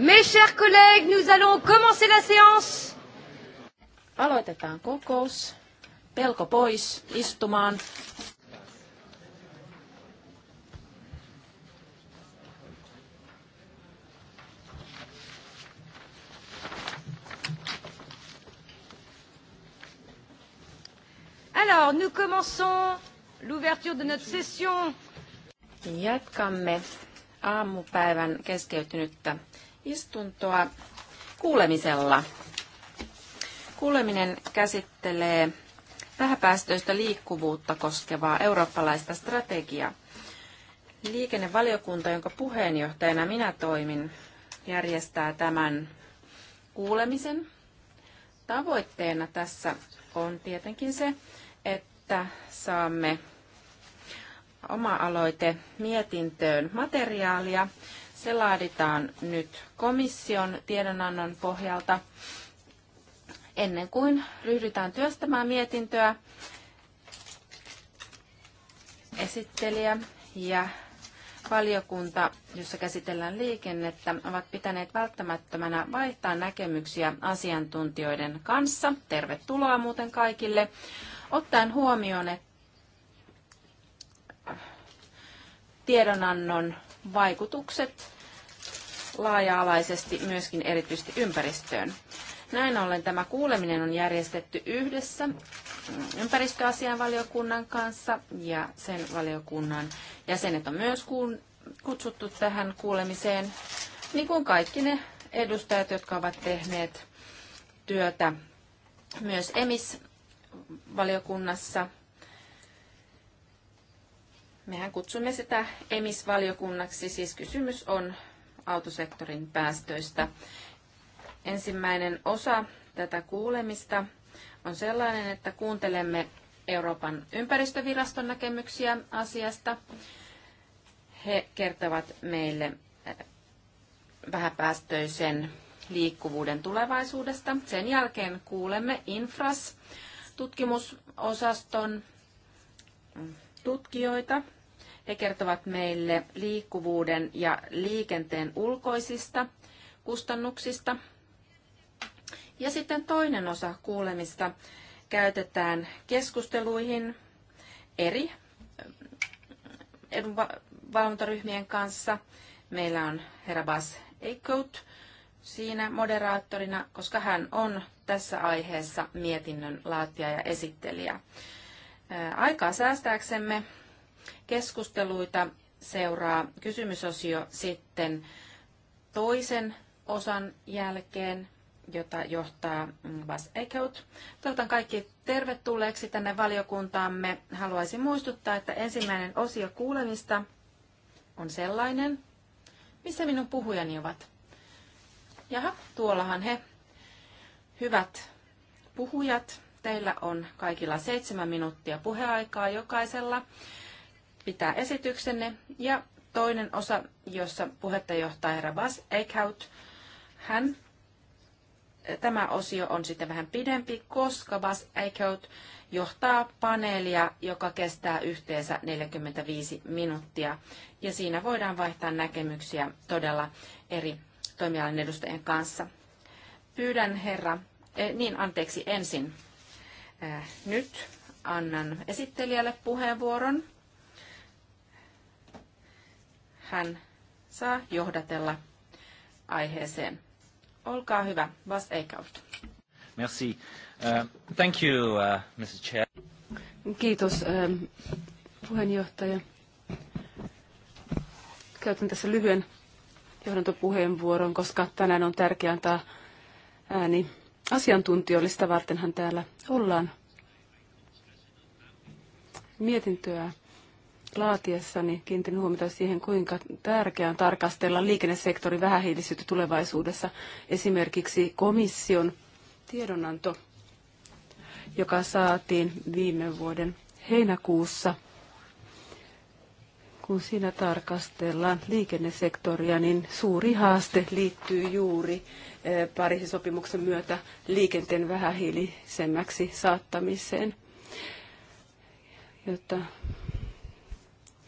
Mes chers collègues, nous allons commencer la séance. Aloitetaan kokous. Pelko pois, istumaan. Alors, nous commençons l'ouverture de notre session. Jatkamme aamupäivän keskeytynyttä istuntoa kuulemisella. Kuuleminen käsittelee vähäpäästöistä liikkuvuutta koskevaa eurooppalaista strategiaa. Liikennevaliokunta, jonka puheenjohtajana minä toimin, järjestää tämän kuulemisen. Tavoitteena tässä on tietenkin se, että saamme oma-aloite mietintöön materiaalia, se laaditaan nyt komission tiedonannon pohjalta. Ennen kuin ryhdytään työstämään mietintöä, esittelijä ja valiokunta, jossa käsitellään liikennettä, ovat pitäneet välttämättömänä vaihtaa näkemyksiä asiantuntijoiden kanssa. Tervetuloa muuten kaikille. Ottaen huomioon, että tiedonannon vaikutukset laaja-alaisesti myöskin erityisesti ympäristöön. Näin ollen tämä kuuleminen on järjestetty yhdessä ympäristöasianvaliokunnan kanssa ja sen valiokunnan jäsenet on myös kutsuttu tähän kuulemiseen, niin kuin kaikki ne edustajat, jotka ovat tehneet työtä myös EMIS-valiokunnassa – Mehän kutsumme sitä emisvaliokunnaksi, siis kysymys on autosektorin päästöistä. Ensimmäinen osa tätä kuulemista on sellainen, että kuuntelemme Euroopan ympäristöviraston näkemyksiä asiasta. He kertovat meille eh, vähäpäästöisen liikkuvuuden tulevaisuudesta. Sen jälkeen kuulemme Infras-tutkimusosaston tutkijoita. He kertovat meille liikkuvuuden ja liikenteen ulkoisista kustannuksista. Ja sitten toinen osa kuulemista käytetään keskusteluihin eri eh, edunvalvontaryhmien kanssa. Meillä on herra Bas Eikout siinä moderaattorina, koska hän on tässä aiheessa mietinnön laatija ja esittelijä aikaa säästääksemme keskusteluita seuraa kysymysosio sitten toisen osan jälkeen, jota johtaa mm, Bas Eckhout. Toivotan kaikki tervetulleeksi tänne valiokuntaamme. Haluaisin muistuttaa, että ensimmäinen osio kuulemista on sellainen, missä minun puhujani ovat. Jaha, tuollahan he, hyvät puhujat. Teillä on kaikilla seitsemän minuuttia puheaikaa jokaisella pitää esityksenne ja toinen osa, jossa puhetta johtaa herra Bas Eichhout. Hän, eh, tämä osio on sitten vähän pidempi, koska Bas Eichhout johtaa paneelia, joka kestää yhteensä 45 minuuttia. Ja siinä voidaan vaihtaa näkemyksiä todella eri toimialan edustajien kanssa. Pyydän herra, eh, niin anteeksi ensin Äh, nyt annan esittelijälle puheenvuoron. Hän saa johdatella aiheeseen. Olkaa hyvä, Bas Eickhout. Merci. Uh, thank you, uh, äh, Mrs. Chair. Kiitos, uh, puheenjohtaja. Käytän tässä lyhyen johdantopuheenvuoron, koska tänään on tärkeää antaa ääni asiantuntijoille. Sitä vartenhan täällä ollaan mietintöä laatiessani kiinnitin huomiota siihen, kuinka tärkeää on tarkastella liikennesektorin vähähiilisyyttä tulevaisuudessa. Esimerkiksi komission tiedonanto, joka saatiin viime vuoden heinäkuussa, kun siinä tarkastellaan liikennesektoria, niin suuri haaste liittyy juuri eh, Pariisin sopimuksen myötä liikenteen vähähiilisemmäksi saattamiseen – jotta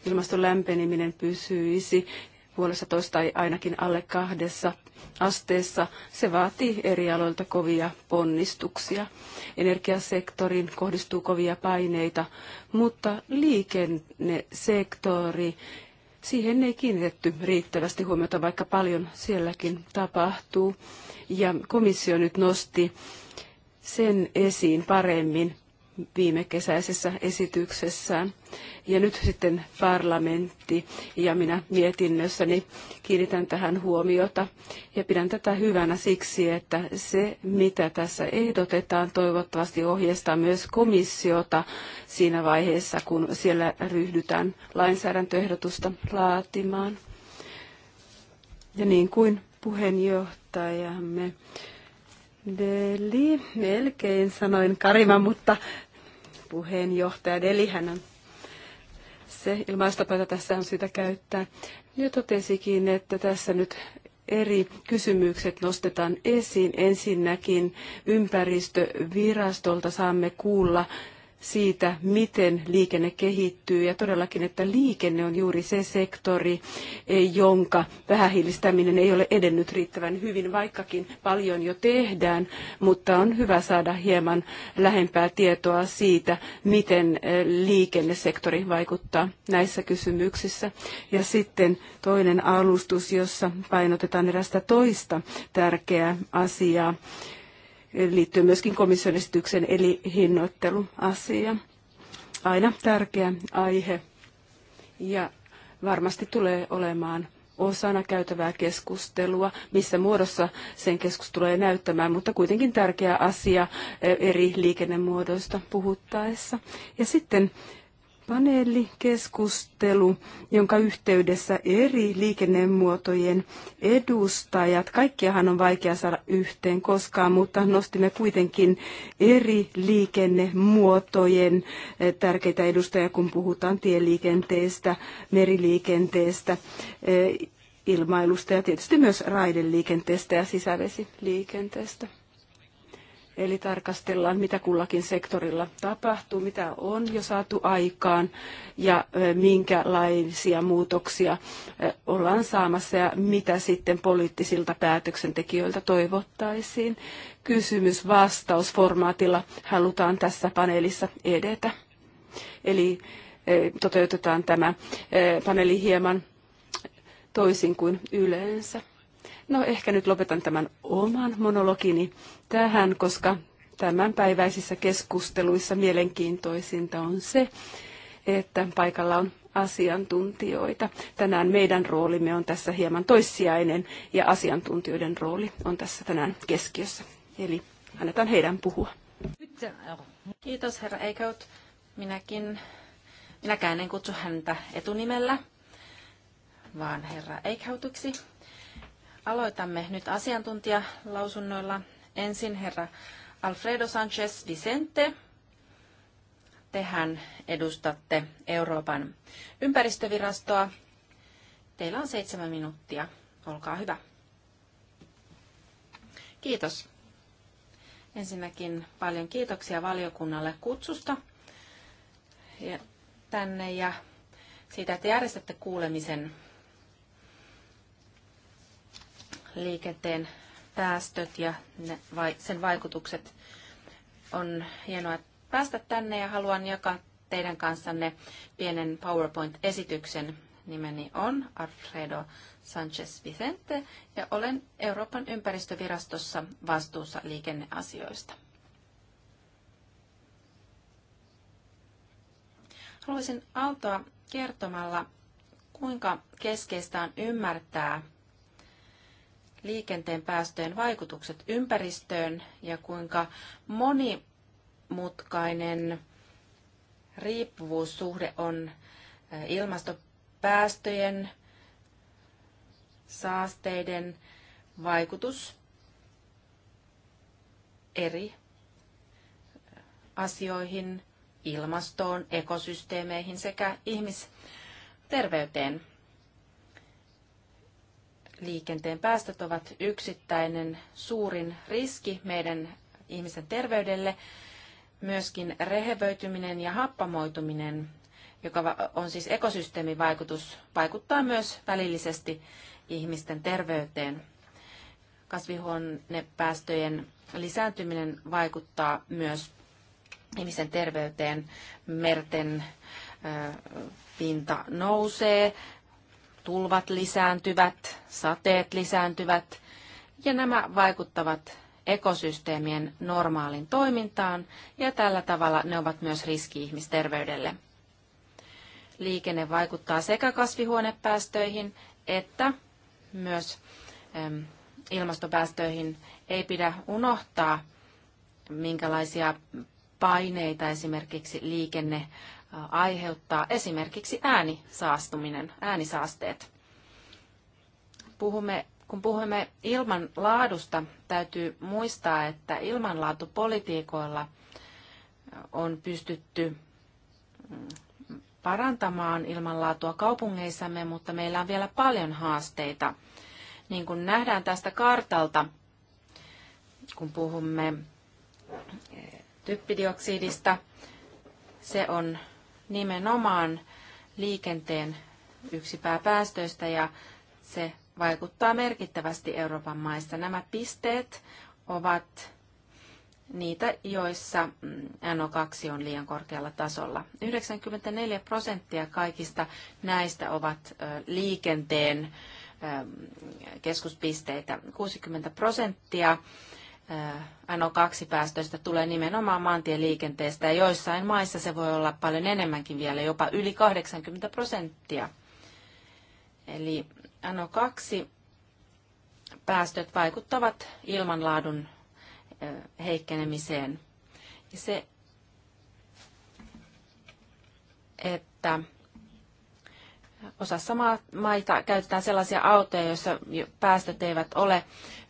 ilmaston lämpeneminen pysyisi puolessa toista tai ainakin alle kahdessa asteessa. Se vaatii eri aloilta kovia ponnistuksia. Energiasektorin kohdistuu kovia paineita, mutta liikennesektori, siihen ei kiinnitetty riittävästi huomiota, vaikka paljon sielläkin tapahtuu. Ja komissio nyt nosti sen esiin paremmin viime kesäisessä esityksessään. Ja nyt sitten parlamentti ja minä mietinnössäni kiinnitän tähän huomiota ja pidän tätä hyvänä siksi, että se mitä tässä ehdotetaan toivottavasti ohjeistaa myös komissiota siinä vaiheessa, kun siellä ryhdytään lainsäädäntöehdotusta laatimaan. Ja niin kuin puheenjohtajamme Deli, melkein sanoin Karima, mutta puheenjohtaja Delihän on se ilmaistapa, jota tässä on sitä käyttää. nyt totesikin, että tässä nyt eri kysymykset nostetaan esiin. Ensinnäkin ympäristövirastolta saamme kuulla siitä, miten liikenne kehittyy ja todellakin, että liikenne on juuri se sektori, eh, jonka vähähiilistäminen ei ole edennyt riittävän hyvin, vaikkakin paljon jo tehdään, mutta on hyvä saada hieman lähempää tietoa siitä, miten eh, liikennesektori vaikuttaa näissä kysymyksissä. Ja sitten toinen alustus, jossa painotetaan erästä toista tärkeää asiaa, liittyy myöskin komission esityksen eli hinnoitteluasia. Aina tärkeä aihe ja varmasti tulee olemaan osana käytävää keskustelua, missä muodossa sen keskustelu tulee näyttämään, mutta kuitenkin tärkeä asia eri liikennemuodoista puhuttaessa. Ja sitten paneelikeskustelu, jonka yhteydessä eri liikennemuotojen edustajat, kaikkiahan on vaikea saada yhteen koskaan, mutta nostimme kuitenkin eri liikennemuotojen eh, tärkeitä edustajia, kun puhutaan tieliikenteestä, meriliikenteestä, eh, ilmailusta ja tietysti myös raideliikenteestä ja sisävesiliikenteestä. Eli tarkastellaan, mitä kullakin sektorilla tapahtuu, mitä on jo saatu aikaan ja minkälaisia muutoksia ollaan saamassa ja mitä sitten poliittisilta päätöksentekijöiltä toivottaisiin. Kysymys-vastausformaatilla halutaan tässä paneelissa edetä. Eli toteutetaan tämä paneeli hieman toisin kuin yleensä. No ehkä nyt lopetan tämän oman monologini tähän, koska tämänpäiväisissä keskusteluissa mielenkiintoisinta on se, että paikalla on asiantuntijoita. Tänään meidän roolimme on tässä hieman toissijainen ja asiantuntijoiden rooli on tässä tänään keskiössä. Eli annetaan heidän puhua. Kiitos herra Eikout. Minäkin, minäkään en kutsu häntä etunimellä, vaan herra Eikhautuksi. Aloitamme nyt asiantuntijalausunnoilla Ensin herra Alfredo Sanchez Vicente. Tehän edustatte Euroopan ympäristövirastoa. Teillä on seitsemän minuuttia. Olkaa hyvä. Kiitos. Ensinnäkin paljon kiitoksia valiokunnalle kutsusta tänne ja siitä, että järjestätte kuulemisen liikenteen päästöt ja ne, vai, sen vaikutukset. On hienoa päästä tänne ja haluan jakaa teidän kanssanne pienen PowerPoint-esityksen. Nimeni on Alfredo Sanchez Vicente ja olen Euroopan ympäristövirastossa vastuussa liikenneasioista. Haluaisin autoa kertomalla, kuinka keskeistä on ymmärtää liikenteen päästöjen vaikutukset ympäristöön ja kuinka monimutkainen riippuvuussuhde on eh, ilmastopäästöjen, saasteiden vaikutus eri eh, asioihin, ilmastoon, ekosysteemeihin sekä ihmisterveyteen liikenteen päästöt ovat yksittäinen suurin riski meidän ihmisen terveydelle. Myöskin rehevöityminen ja happamoituminen, joka on siis ekosysteemivaikutus, vaikuttaa myös välillisesti ihmisten terveyteen. Kasvihuonepäästöjen lisääntyminen vaikuttaa myös ihmisen terveyteen. Merten pinta nousee, tulvat lisääntyvät, sateet lisääntyvät ja nämä vaikuttavat ekosysteemien normaalin toimintaan ja tällä tavalla ne ovat myös riski ihmisterveydelle. Liikenne vaikuttaa sekä kasvihuonepäästöihin että myös ilmastopäästöihin. Ei pidä unohtaa, minkälaisia paineita esimerkiksi liikenne aiheuttaa esimerkiksi äänisaastuminen, äänisaasteet. Puhumme, kun puhumme ilmanlaadusta, täytyy muistaa, että ilmanlaatupolitiikoilla on pystytty mm, parantamaan ilmanlaatua kaupungeissamme, mutta meillä on vielä paljon haasteita. Niin kuin nähdään tästä kartalta, kun puhumme eh, typpidioksidista, se on nimenomaan liikenteen yksi pääpäästöistä ja se vaikuttaa merkittävästi Euroopan maissa. Nämä pisteet ovat niitä, joissa mm, NO2 on liian korkealla tasolla. 94 prosenttia kaikista näistä ovat liikenteen keskuspisteitä. 60 prosenttia NO2-päästöistä tulee nimenomaan maantieliikenteestä ja joissain maissa se voi olla paljon enemmänkin vielä, jopa yli 80 prosenttia. Eli NO2-päästöt vaikuttavat ilmanlaadun heikkenemiseen. Ja se, että osassa maita käytetään sellaisia autoja, joissa päästöt eivät ole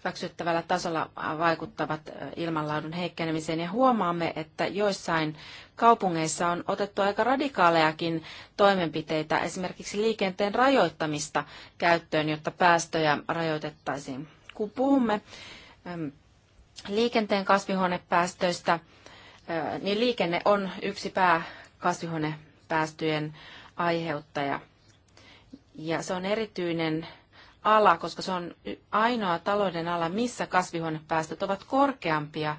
hyväksyttävällä tasolla vaikuttavat ilmanlaadun heikkenemiseen. Ja huomaamme, että joissain kaupungeissa on otettu aika radikaalejakin toimenpiteitä, esimerkiksi liikenteen rajoittamista käyttöön, jotta päästöjä rajoitettaisiin. Kun puhumme liikenteen kasvihuonepäästöistä, niin liikenne on yksi pää kasvihuonepäästöjen aiheuttaja. Ja se on erityinen ala, koska se on ainoa talouden ala, missä kasvihuonepäästöt ovat korkeampia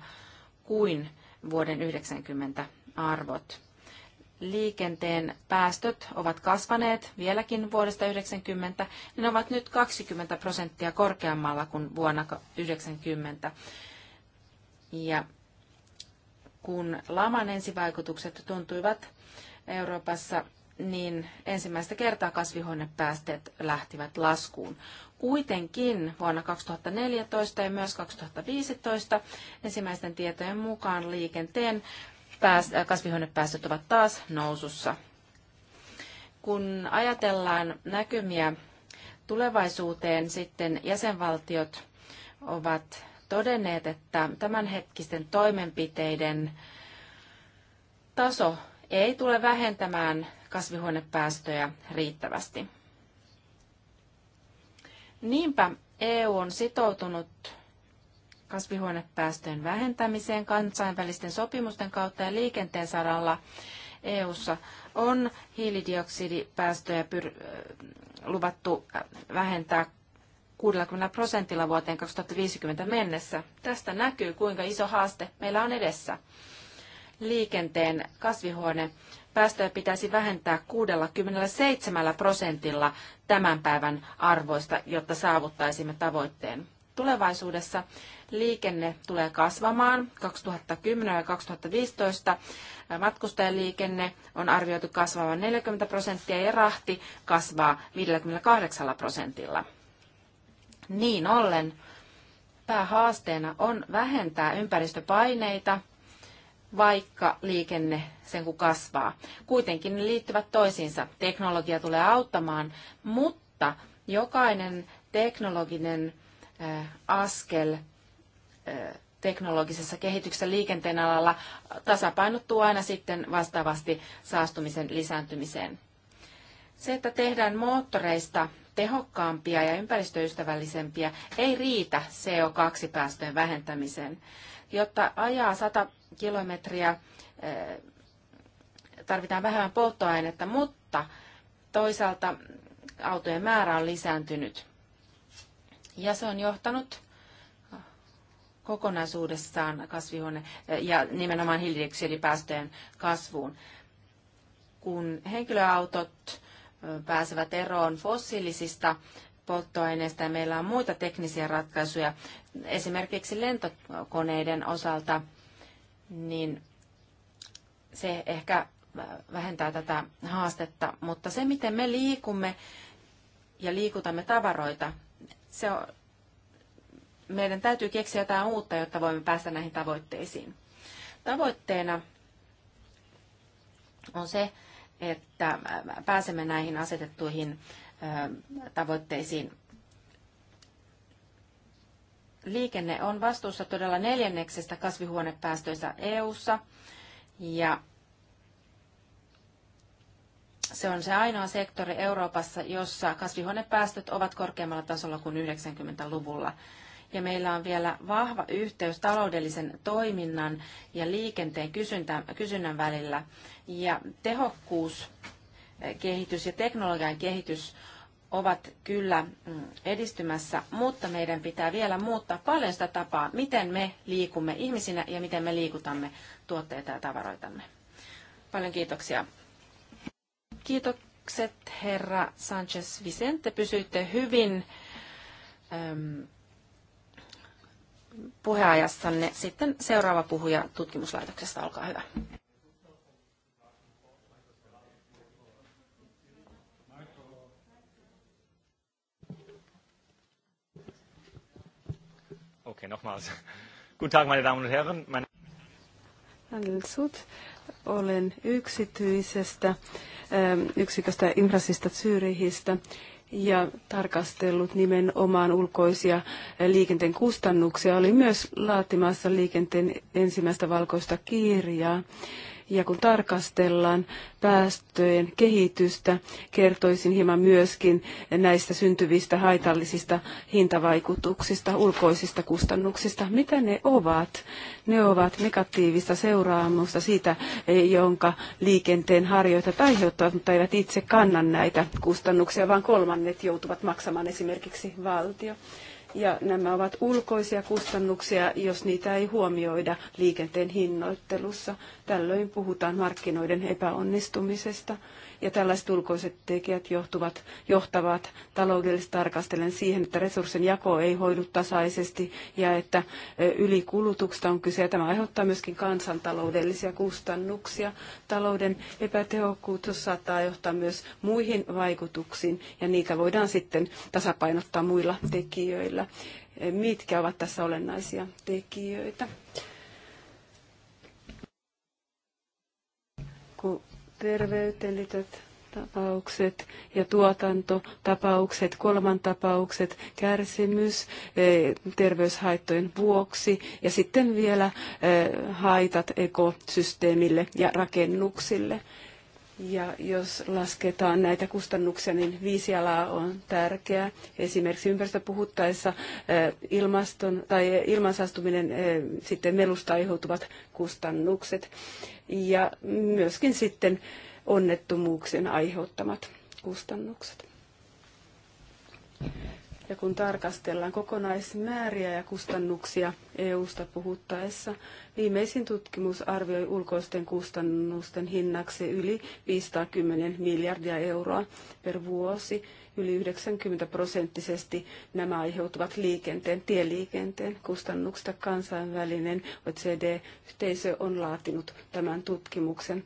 kuin vuoden 90 arvot. Liikenteen päästöt ovat kasvaneet vieläkin vuodesta 90, niin ne ovat nyt 20 prosenttia korkeammalla kuin vuonna 90. Ja kun laman ensivaikutukset tuntuivat Euroopassa niin ensimmäistä kertaa kasvihuonepäästöt lähtivät laskuun. Kuitenkin vuonna 2014 ja myös 2015 ensimmäisten tietojen mukaan liikenteen kasvihuonepäästöt ovat taas nousussa. Kun ajatellaan näkymiä tulevaisuuteen, sitten jäsenvaltiot ovat todenneet, että tämänhetkisten toimenpiteiden taso ei tule vähentämään kasvihuonepäästöjä riittävästi. Niinpä EU on sitoutunut kasvihuonepäästöjen vähentämiseen kansainvälisten sopimusten kautta ja liikenteen saralla EU:ssa on hiilidioksidipäästöjä äh, luvattu vähentää 60 prosentilla vuoteen 2050 mennessä. Tästä näkyy, kuinka iso haaste meillä on edessä. Liikenteen kasvihuone päästöjä pitäisi vähentää 67 prosentilla tämän päivän arvoista, jotta saavuttaisimme tavoitteen. Tulevaisuudessa liikenne tulee kasvamaan 2010 ja 2015. Matkustajaliikenne on arvioitu kasvavan 40 prosenttia ja rahti kasvaa 58 prosentilla. Niin ollen päähaasteena on vähentää ympäristöpaineita – vaikka liikenne sen kun kasvaa. Kuitenkin ne liittyvät toisiinsa. Teknologia tulee auttamaan, mutta jokainen teknologinen äh, askel äh, teknologisessa kehityksessä liikenteen alalla tasapainottuu aina sitten vastaavasti saastumisen lisääntymiseen. Se, että tehdään moottoreista tehokkaampia ja ympäristöystävällisempiä, ei riitä CO2-päästöjen vähentämiseen. Jotta ajaa 100 kilometriä eh, tarvitaan vähemmän polttoainetta, mutta toisaalta autojen määrä on lisääntynyt. Ja se on johtanut kokonaisuudessaan kasvihuone- eh, ja nimenomaan hiilidioksidipäästöjen kasvuun. Kun henkilöautot eh, pääsevät eroon fossiilisista polttoaineista ja meillä on muita teknisiä ratkaisuja, esimerkiksi lentokoneiden osalta – niin se ehkä vähentää tätä haastetta. Mutta se, miten me liikumme ja liikutamme tavaroita, se on, meidän täytyy keksiä jotain uutta, jotta voimme päästä näihin tavoitteisiin. Tavoitteena on se, että pääsemme näihin asetettuihin tavoitteisiin liikenne on vastuussa todella neljänneksestä kasvihuonepäästöistä EU:ssa ja se on se ainoa sektori Euroopassa, jossa kasvihuonepäästöt ovat korkeammalla tasolla kuin 90-luvulla. Ja meillä on vielä vahva yhteys taloudellisen toiminnan ja liikenteen kysynnän välillä. Ja tehokkuuskehitys eh, ja teknologian kehitys ovat kyllä mm, edistymässä, mutta meidän pitää vielä muuttaa paljon sitä tapaa, miten me liikumme ihmisinä ja miten me liikutamme tuotteita ja tavaroitamme. Paljon kiitoksia. Kiitokset herra Sanchez Vicente. Pysyitte hyvin äm, puheajassanne. Sitten seuraava puhuja tutkimuslaitoksesta. Olkaa hyvä. Okay, nochmals. Guten Tag, meine Damen und Herren. Meine Sut. Olen yksityisestä ähm, yksiköstä Infrasista Zyrihistä ja tarkastellut nimenomaan ulkoisia äh, liikenteen kustannuksia. Olin myös laatimassa liikenteen ensimmäistä valkoista kirjaa ja kun tarkastellaan päästöjen kehitystä, kertoisin hieman myöskin näistä syntyvistä haitallisista hintavaikutuksista, ulkoisista kustannuksista. Mitä ne ovat? Ne ovat negatiivista seuraamusta siitä, jonka liikenteen harjoitajat aiheuttavat, mutta eivät itse kanna näitä kustannuksia, vaan kolmannet joutuvat maksamaan esimerkiksi valtio ja nämä ovat ulkoisia kustannuksia, jos niitä ei huomioida liikenteen hinnoittelussa. Tällöin puhutaan markkinoiden epäonnistumisesta ja tällaiset ulkoiset tekijät johtuvat, johtavat taloudellisesti tarkastellen siihen, että resurssin jako ei hoidu tasaisesti ja että ylikulutuksesta on kyse. Ja tämä aiheuttaa myöskin kansantaloudellisia kustannuksia. Talouden epätehokkuus saattaa johtaa myös muihin vaikutuksiin ja niitä voidaan sitten tasapainottaa muilla tekijöillä. Mitkä ovat tässä olennaisia tekijöitä? kun terveyteen liittyvät tapaukset ja tuotantotapaukset, tapaukset, kärsimys eh, terveyshaittojen vuoksi ja sitten vielä eh, haitat ekosysteemille ja rakennuksille. Ja jos lasketaan näitä kustannuksia, niin viisi alaa on tärkeää. Esimerkiksi ympäristö puhuttaessa eh, ilmaston tai eh, ilmansaastuminen, eh, sitten melusta aiheutuvat kustannukset ja myöskin sitten onnettomuuksien aiheuttamat kustannukset. Ja kun tarkastellaan kokonaismääriä ja kustannuksia EU-sta puhuttaessa, viimeisin tutkimus arvioi ulkoisten kustannusten hinnaksi yli 510 miljardia euroa per vuosi. Yli 90 prosenttisesti nämä aiheutuvat liikenteen, tieliikenteen kustannuksista. Kansainvälinen OECD-yhteisö on laatinut tämän tutkimuksen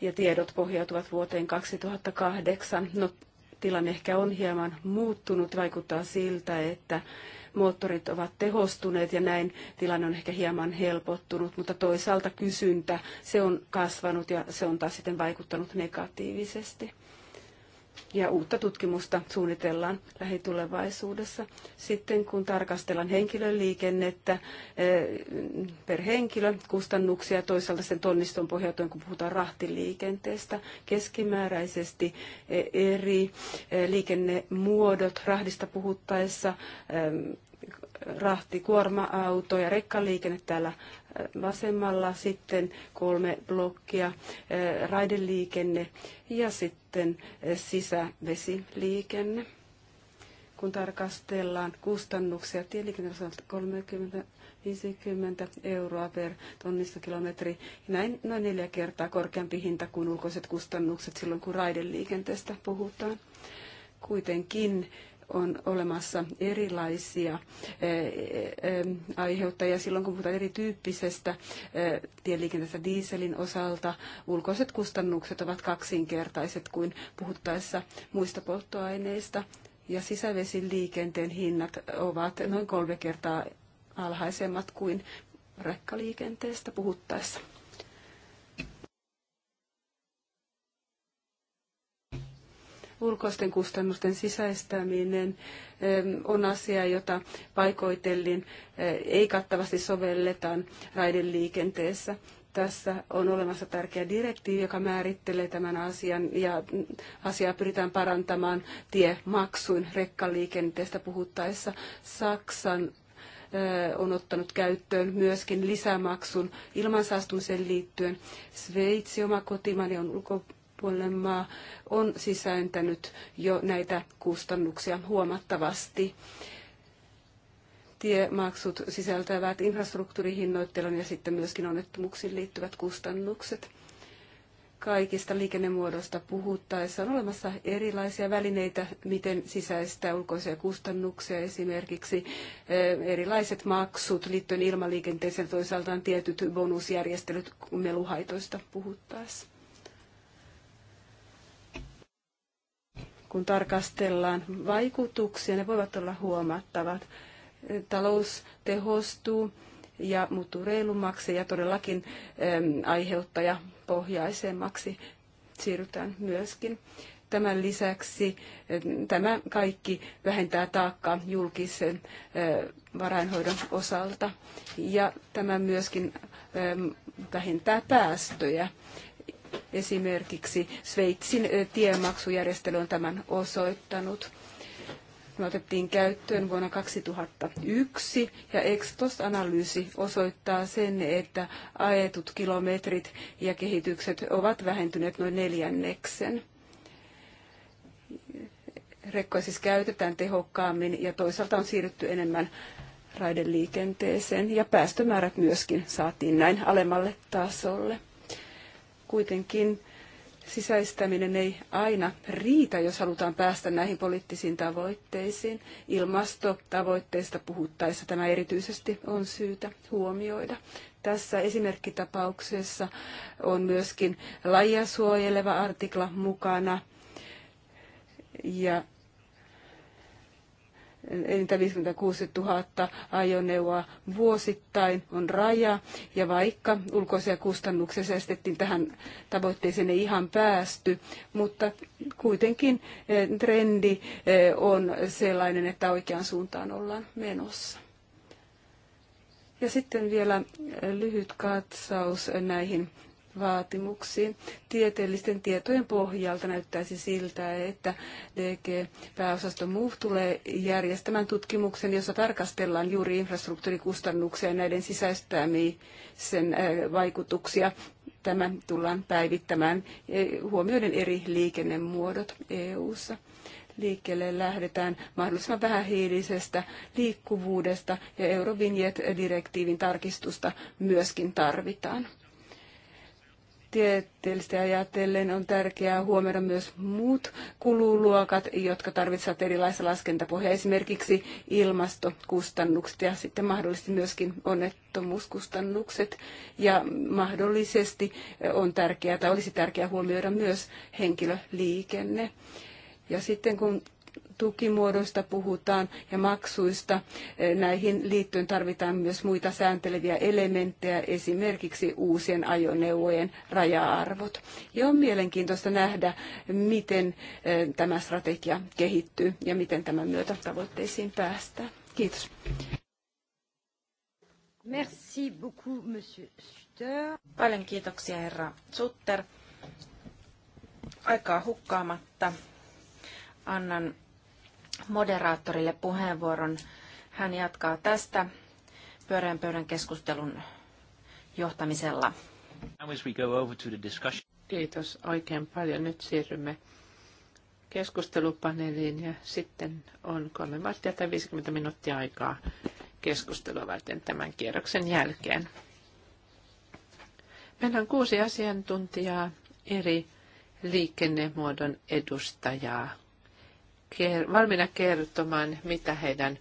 ja tiedot pohjautuvat vuoteen 2008. No, tilanne ehkä on hieman muuttunut. Vaikuttaa siltä, että moottorit ovat tehostuneet ja näin tilanne on ehkä hieman helpottunut, mutta toisaalta kysyntä, se on kasvanut ja se on taas sitten vaikuttanut negatiivisesti ja uutta tutkimusta suunnitellaan lähitulevaisuudessa. Sitten kun tarkastellaan henkilöliikennettä eh, per henkilö, kustannuksia toisaalta sen tonniston pohjautuen, kun puhutaan rahtiliikenteestä, keskimääräisesti eh, eri eh, liikennemuodot rahdista puhuttaessa rahti, kuorma-auto ja rekkaliikenne täällä vasemmalla sitten kolme blokkia, eh, raideliikenne ja sitten eh, sisävesiliikenne. Kun tarkastellaan kustannuksia tieliikenteen 30 50 euroa per kilometri, Näin noin neljä kertaa korkeampi hinta kuin ulkoiset kustannukset silloin, kun raideliikenteestä puhutaan. Kuitenkin on olemassa erilaisia eh, eh, eh, aiheuttajia. Silloin kun puhutaan erityyppisestä tieliikenteestä dieselin osalta, ulkoiset kustannukset ovat kaksinkertaiset kuin puhuttaessa muista polttoaineista. Ja liikenteen hinnat ovat noin kolme kertaa alhaisemmat kuin rekkaliikenteestä puhuttaessa. Ulkoisten kustannusten sisäistäminen on asia, jota paikoitellin e, ei kattavasti sovelletaan raideliikenteessä tässä on olemassa tärkeä direktiivi, joka määrittelee tämän asian ja asiaa pyritään parantamaan tiemaksuin rekkaliikenteestä puhuttaessa. Saksan e, on ottanut käyttöön myöskin lisämaksun ilmansaastumiseen liittyen. Sveitsi, oma kotimani, on puolelle maa on sisääntänyt jo näitä kustannuksia huomattavasti. Tiemaksut sisältävät infrastruktuurihinnoittelun ja sitten myöskin onnettomuuksiin liittyvät kustannukset. Kaikista liikennemuodosta puhuttaessa on olemassa erilaisia välineitä, miten sisäistää ulkoisia kustannuksia, esimerkiksi eh, erilaiset maksut liittyen ilmaliikenteeseen, on tietyt bonusjärjestelyt meluhaitoista puhuttaessa. kun tarkastellaan vaikutuksia, ne voivat olla huomattavat. Talous tehostuu ja muuttuu reilummaksi ja todellakin aiheuttaja-pohjaiseen pohjaisemmaksi siirrytään myöskin. Tämän lisäksi tämä kaikki vähentää taakkaa julkisen varainhoidon osalta ja tämä myöskin vähentää päästöjä. Esimerkiksi Sveitsin tiemaksujärjestely on tämän osoittanut. Me otettiin käyttöön vuonna 2001 ja Expost-analyysi osoittaa sen, että ajetut kilometrit ja kehitykset ovat vähentyneet noin neljänneksen rekkoja siis käytetään tehokkaammin ja toisaalta on siirrytty enemmän raideliikenteeseen ja päästömäärät myöskin saatiin näin alemmalle tasolle. Kuitenkin sisäistäminen ei aina riitä, jos halutaan päästä näihin poliittisiin tavoitteisiin. Ilmastotavoitteista puhuttaessa tämä erityisesti on syytä huomioida. Tässä esimerkkitapauksessa on myöskin lajia suojeleva artikla mukana. Ja enintään 56 000 ajoneuvoa vuosittain on raja, ja vaikka ulkoisia kustannuksia säästettiin tähän tavoitteeseen ei ihan päästy, mutta kuitenkin eh, trendi eh, on sellainen, että oikeaan suuntaan ollaan menossa. Ja sitten vielä eh, lyhyt katsaus näihin vaatimuksiin. Tieteellisten tietojen pohjalta näyttäisi siltä, että dg pääosasto MUV tulee järjestämään tutkimuksen, jossa tarkastellaan juuri infrastruktuurikustannuksia ja näiden sisäistämisen äh, vaikutuksia. Tämä tullaan päivittämään äh, huomioiden eri liikennemuodot EU-ssa liikkeelle lähdetään mahdollisimman vähähiilisestä liikkuvuudesta ja Eurovinjet-direktiivin tarkistusta myöskin tarvitaan. Tieteellisesti ajatellen on tärkeää huomioida myös muut kululuokat, jotka tarvitsevat erilaisia laskentapohjaa, esimerkiksi ilmastokustannukset ja sitten mahdollisesti myöskin onnettomuuskustannukset. Ja mahdollisesti on tärkeää tai olisi tärkeää huomioida myös henkilöliikenne. Ja sitten kun tukimuodoista puhutaan ja maksuista. Eh, näihin liittyen tarvitaan myös muita säänteleviä elementtejä, esimerkiksi uusien ajoneuvojen raja-arvot. Ja on mielenkiintoista nähdä, miten eh, tämä strategia kehittyy ja miten tämän myötä tavoitteisiin päästään. Kiitos. Merci beaucoup, monsieur Sutter. Paljon kiitoksia, herra Sutter. Aikaa hukkaamatta annan moderaattorille puheenvuoron. Hän jatkaa tästä pyöreän pöydän keskustelun johtamisella. Kiitos oikein paljon. Nyt siirrymme keskustelupaneeliin ja sitten on kolme varttia tai 50 minuuttia aikaa keskustelua varten tämän kierroksen jälkeen. Meillä on kuusi asiantuntijaa eri liikennemuodon edustajaa valmiina kertomaan, mitä heidän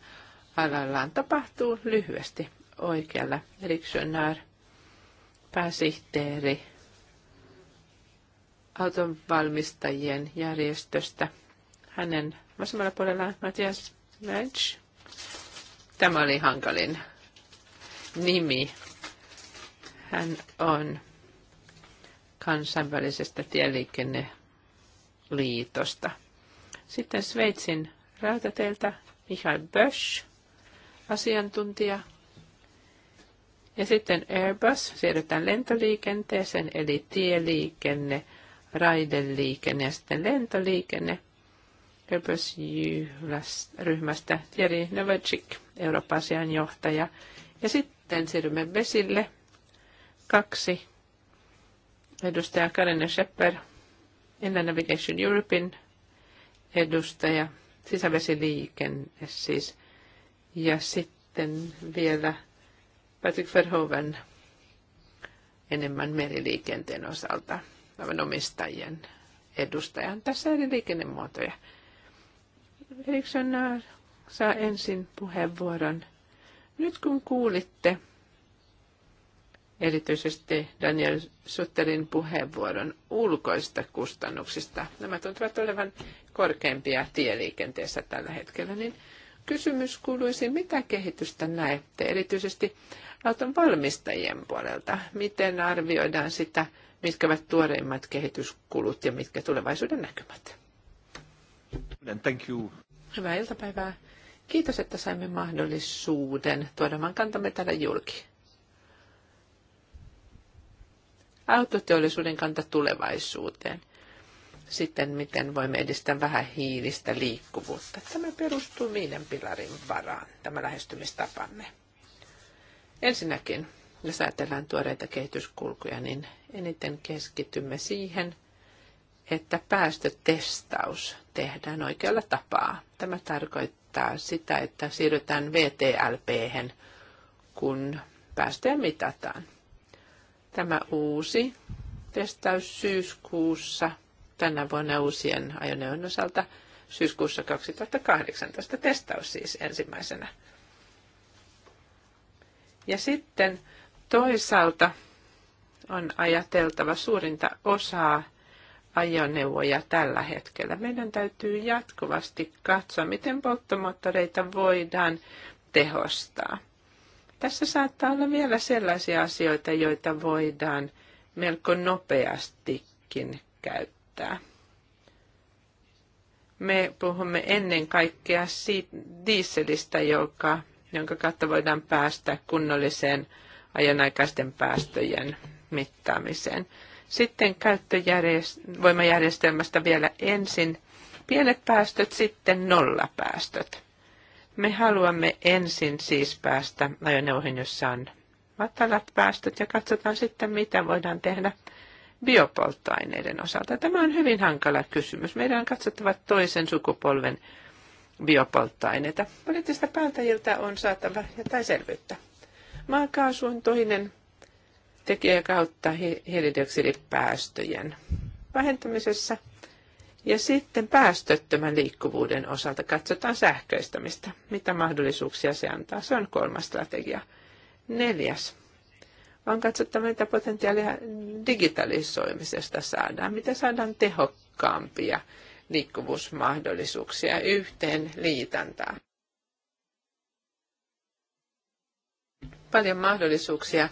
alallaan tapahtuu lyhyesti oikealla. Riksonar, pääsihteeri autonvalmistajien järjestöstä. Hänen vasemmalla puolellaan Matias Mensch. Tämä oli hankalin nimi. Hän on kansainvälisestä tieliikenneliitosta – sitten Sveitsin rautateiltä Michael Bösch, asiantuntija. Ja sitten Airbus, siirrytään lentoliikenteeseen, eli tieliikenne, raideliikenne ja sitten lentoliikenne. Airbus-ryhmästä Thierry Novacik, Euroopan johtaja. Ja sitten siirrymme vesille. Kaksi. Edustaja Karine Schepper, Inland Navigation Europein edustaja, sisävesiliikenne siis. Ja sitten vielä Patrick Verhoeven enemmän meriliikenteen osalta, aivan omistajien edustajan. Tässä eri liikennemuotoja. Eriksson saa ensin puheenvuoron. Nyt kun kuulitte erityisesti Daniel Sutterin puheenvuoron ulkoista kustannuksista. Nämä tuntuvat olevan korkeimpia tieliikenteessä tällä hetkellä, niin kysymys kuuluisi, mitä kehitystä näette erityisesti auton valmistajien puolelta? Miten arvioidaan sitä, mitkä ovat tuoreimmat kehityskulut ja mitkä tulevaisuuden näkymät? Thank you. Hyvää iltapäivää. Kiitos, että saimme mahdollisuuden tuoda kantamme täällä julki. autoteollisuuden kanta tulevaisuuteen. Sitten miten voimme edistää vähän hiilistä liikkuvuutta. Tämä perustuu viiden pilarin varaan, tämä lähestymistapamme. Ensinnäkin, jos ajatellaan tuoreita kehityskulkuja, niin eniten keskitymme siihen, että päästötestaus tehdään oikealla tapaa. Tämä tarkoittaa sitä, että siirrytään VTLP, kun päästöjä mitataan. Tämä uusi testaus syyskuussa tänä vuonna uusien ajoneuvon osalta syyskuussa 2018 testaus siis ensimmäisenä. Ja sitten toisaalta on ajateltava suurinta osaa ajoneuvoja tällä hetkellä. Meidän täytyy jatkuvasti katsoa, miten polttomoottoreita voidaan tehostaa. Tässä saattaa olla vielä sellaisia asioita, joita voidaan melko nopeastikin käyttää. Me puhumme ennen kaikkea dieselistä, joka, jonka kautta voidaan päästä kunnolliseen ajanaikaisten päästöjen mittaamiseen. Sitten käyttövoimajärjestelmästä vielä ensin pienet päästöt, sitten nollapäästöt. Me haluamme ensin siis päästä ajoneuvoihin, jossa on matalat päästöt ja katsotaan sitten, mitä voidaan tehdä biopolttoaineiden osalta. Tämä on hyvin hankala kysymys. Meidän on katsottava toisen sukupolven biopolttoaineita. Poliittista päättäjiltä on saatava jotain selvyyttä. Maakaasu on toinen tekijä kautta hiilidioksidipäästöjen vähentämisessä – ja sitten päästöttömän liikkuvuuden osalta katsotaan sähköistämistä. Mitä mahdollisuuksia se antaa? Se on kolmas strategia. Neljäs. On katsottava, mitä potentiaalia digitalisoimisesta saadaan. mitä saadaan tehokkaampia liikkuvuusmahdollisuuksia yhteen liitantaa. Paljon mahdollisuuksia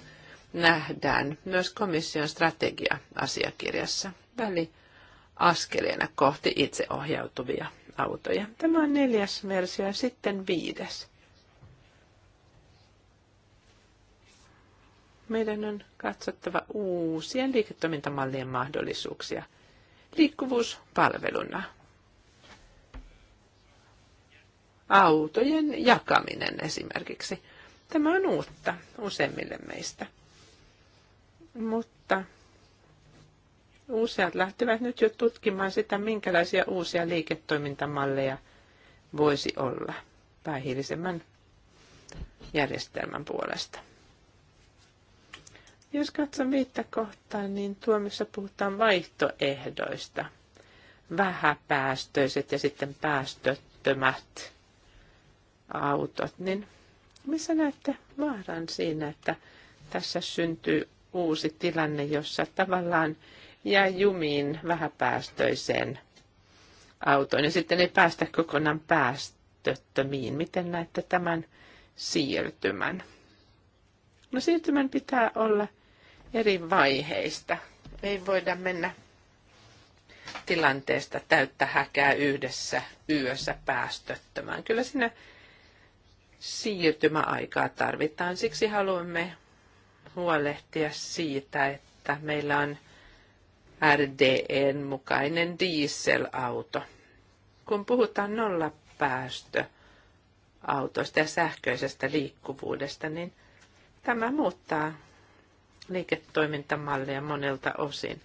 nähdään myös komission strategia-asiakirjassa. Väli askeleena kohti itseohjautuvia autoja. Tämä on neljäs versio ja sitten viides. Meidän on katsottava uusien liiketoimintamallien mahdollisuuksia. liikkuvuuspalveluna. Autojen jakaminen esimerkiksi. Tämä on uutta useimmille meistä. Mutta Useat lähtevät nyt jo tutkimaan sitä, minkälaisia uusia liiketoimintamalleja voisi olla vähähiilisemmän järjestelmän puolesta. Jos katson viittä kohtaa, niin tuomissa puhutaan vaihtoehdoista. Vähäpäästöiset ja sitten päästöttömät autot, niin missä näette vaaran siinä, että tässä syntyy uusi tilanne, jossa tavallaan jää jumiin vähäpäästöiseen autoon ja sitten ei päästä kokonaan päästöttömiin. Miten näette tämän siirtymän? No siirtymän pitää olla eri vaiheista. Ei voida mennä tilanteesta täyttä häkää yhdessä yössä päästöttömään. Kyllä siinä siirtymäaikaa tarvitaan. Siksi haluamme huolehtia siitä, että meillä on RDEn mukainen dieselauto. Kun puhutaan nollapäästöautoista ja sähköisestä liikkuvuudesta, niin tämä muuttaa liiketoimintamallia monelta osin.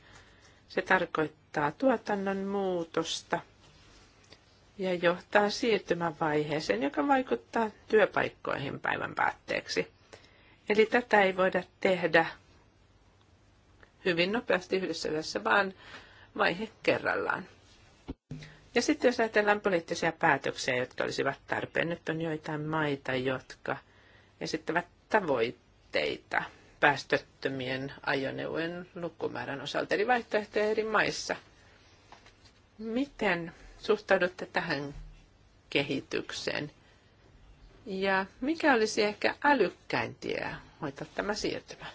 Se tarkoittaa tuotannon muutosta ja johtaa siirtymävaiheeseen, joka vaikuttaa työpaikkoihin päivän päätteeksi. Eli tätä ei voida tehdä hyvin nopeasti yhdessä yössä, vaan vaihe kerrallaan. Ja sitten jos ajatellaan poliittisia päätöksiä, jotka olisivat tarpeen. Nyt on joitain maita, jotka esittävät tavoitteita päästöttömien ajoneuvojen lukumäärän osalta, eli vaihtoehtoja eri maissa. Miten suhtaudutte tähän kehitykseen? Ja mikä olisi ehkä älykkäin tie hoitaa tämä siirtymä?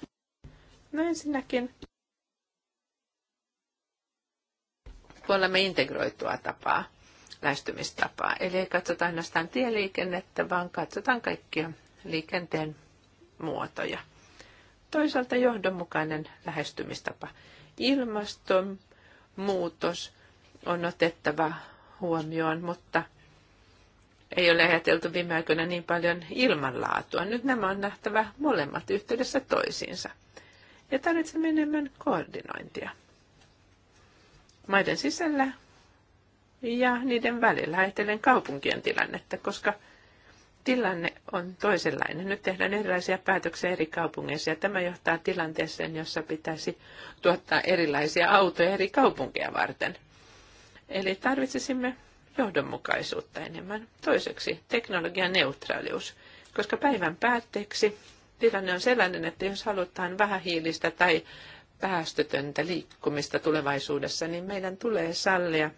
No ensinnäkin me integroitua tapaa, lähestymistapaa. Eli ei katsota ainoastaan tieliikennettä, vaan katsotaan kaikkia liikenteen muotoja. Toisaalta johdonmukainen lähestymistapa. Ilmastonmuutos on otettava huomioon, mutta ei ole ajateltu viime aikoina niin paljon ilmanlaatua. Nyt nämä on nähtävä molemmat yhteydessä toisiinsa. Ja tarvitsemme enemmän koordinointia maiden sisällä ja niiden välillä ajatellen kaupunkien tilannetta, koska tilanne on toisenlainen. Nyt tehdään erilaisia päätöksiä eri kaupungeissa ja tämä johtaa tilanteeseen, jossa pitäisi tuottaa erilaisia autoja eri kaupunkeja varten. Eli tarvitsisimme johdonmukaisuutta enemmän. Toiseksi teknologian neutraalius, koska päivän päätteeksi tilanne on sellainen, että jos halutaan vähähiilistä tai päästötöntä liikkumista tulevaisuudessa, niin meidän tulee sallia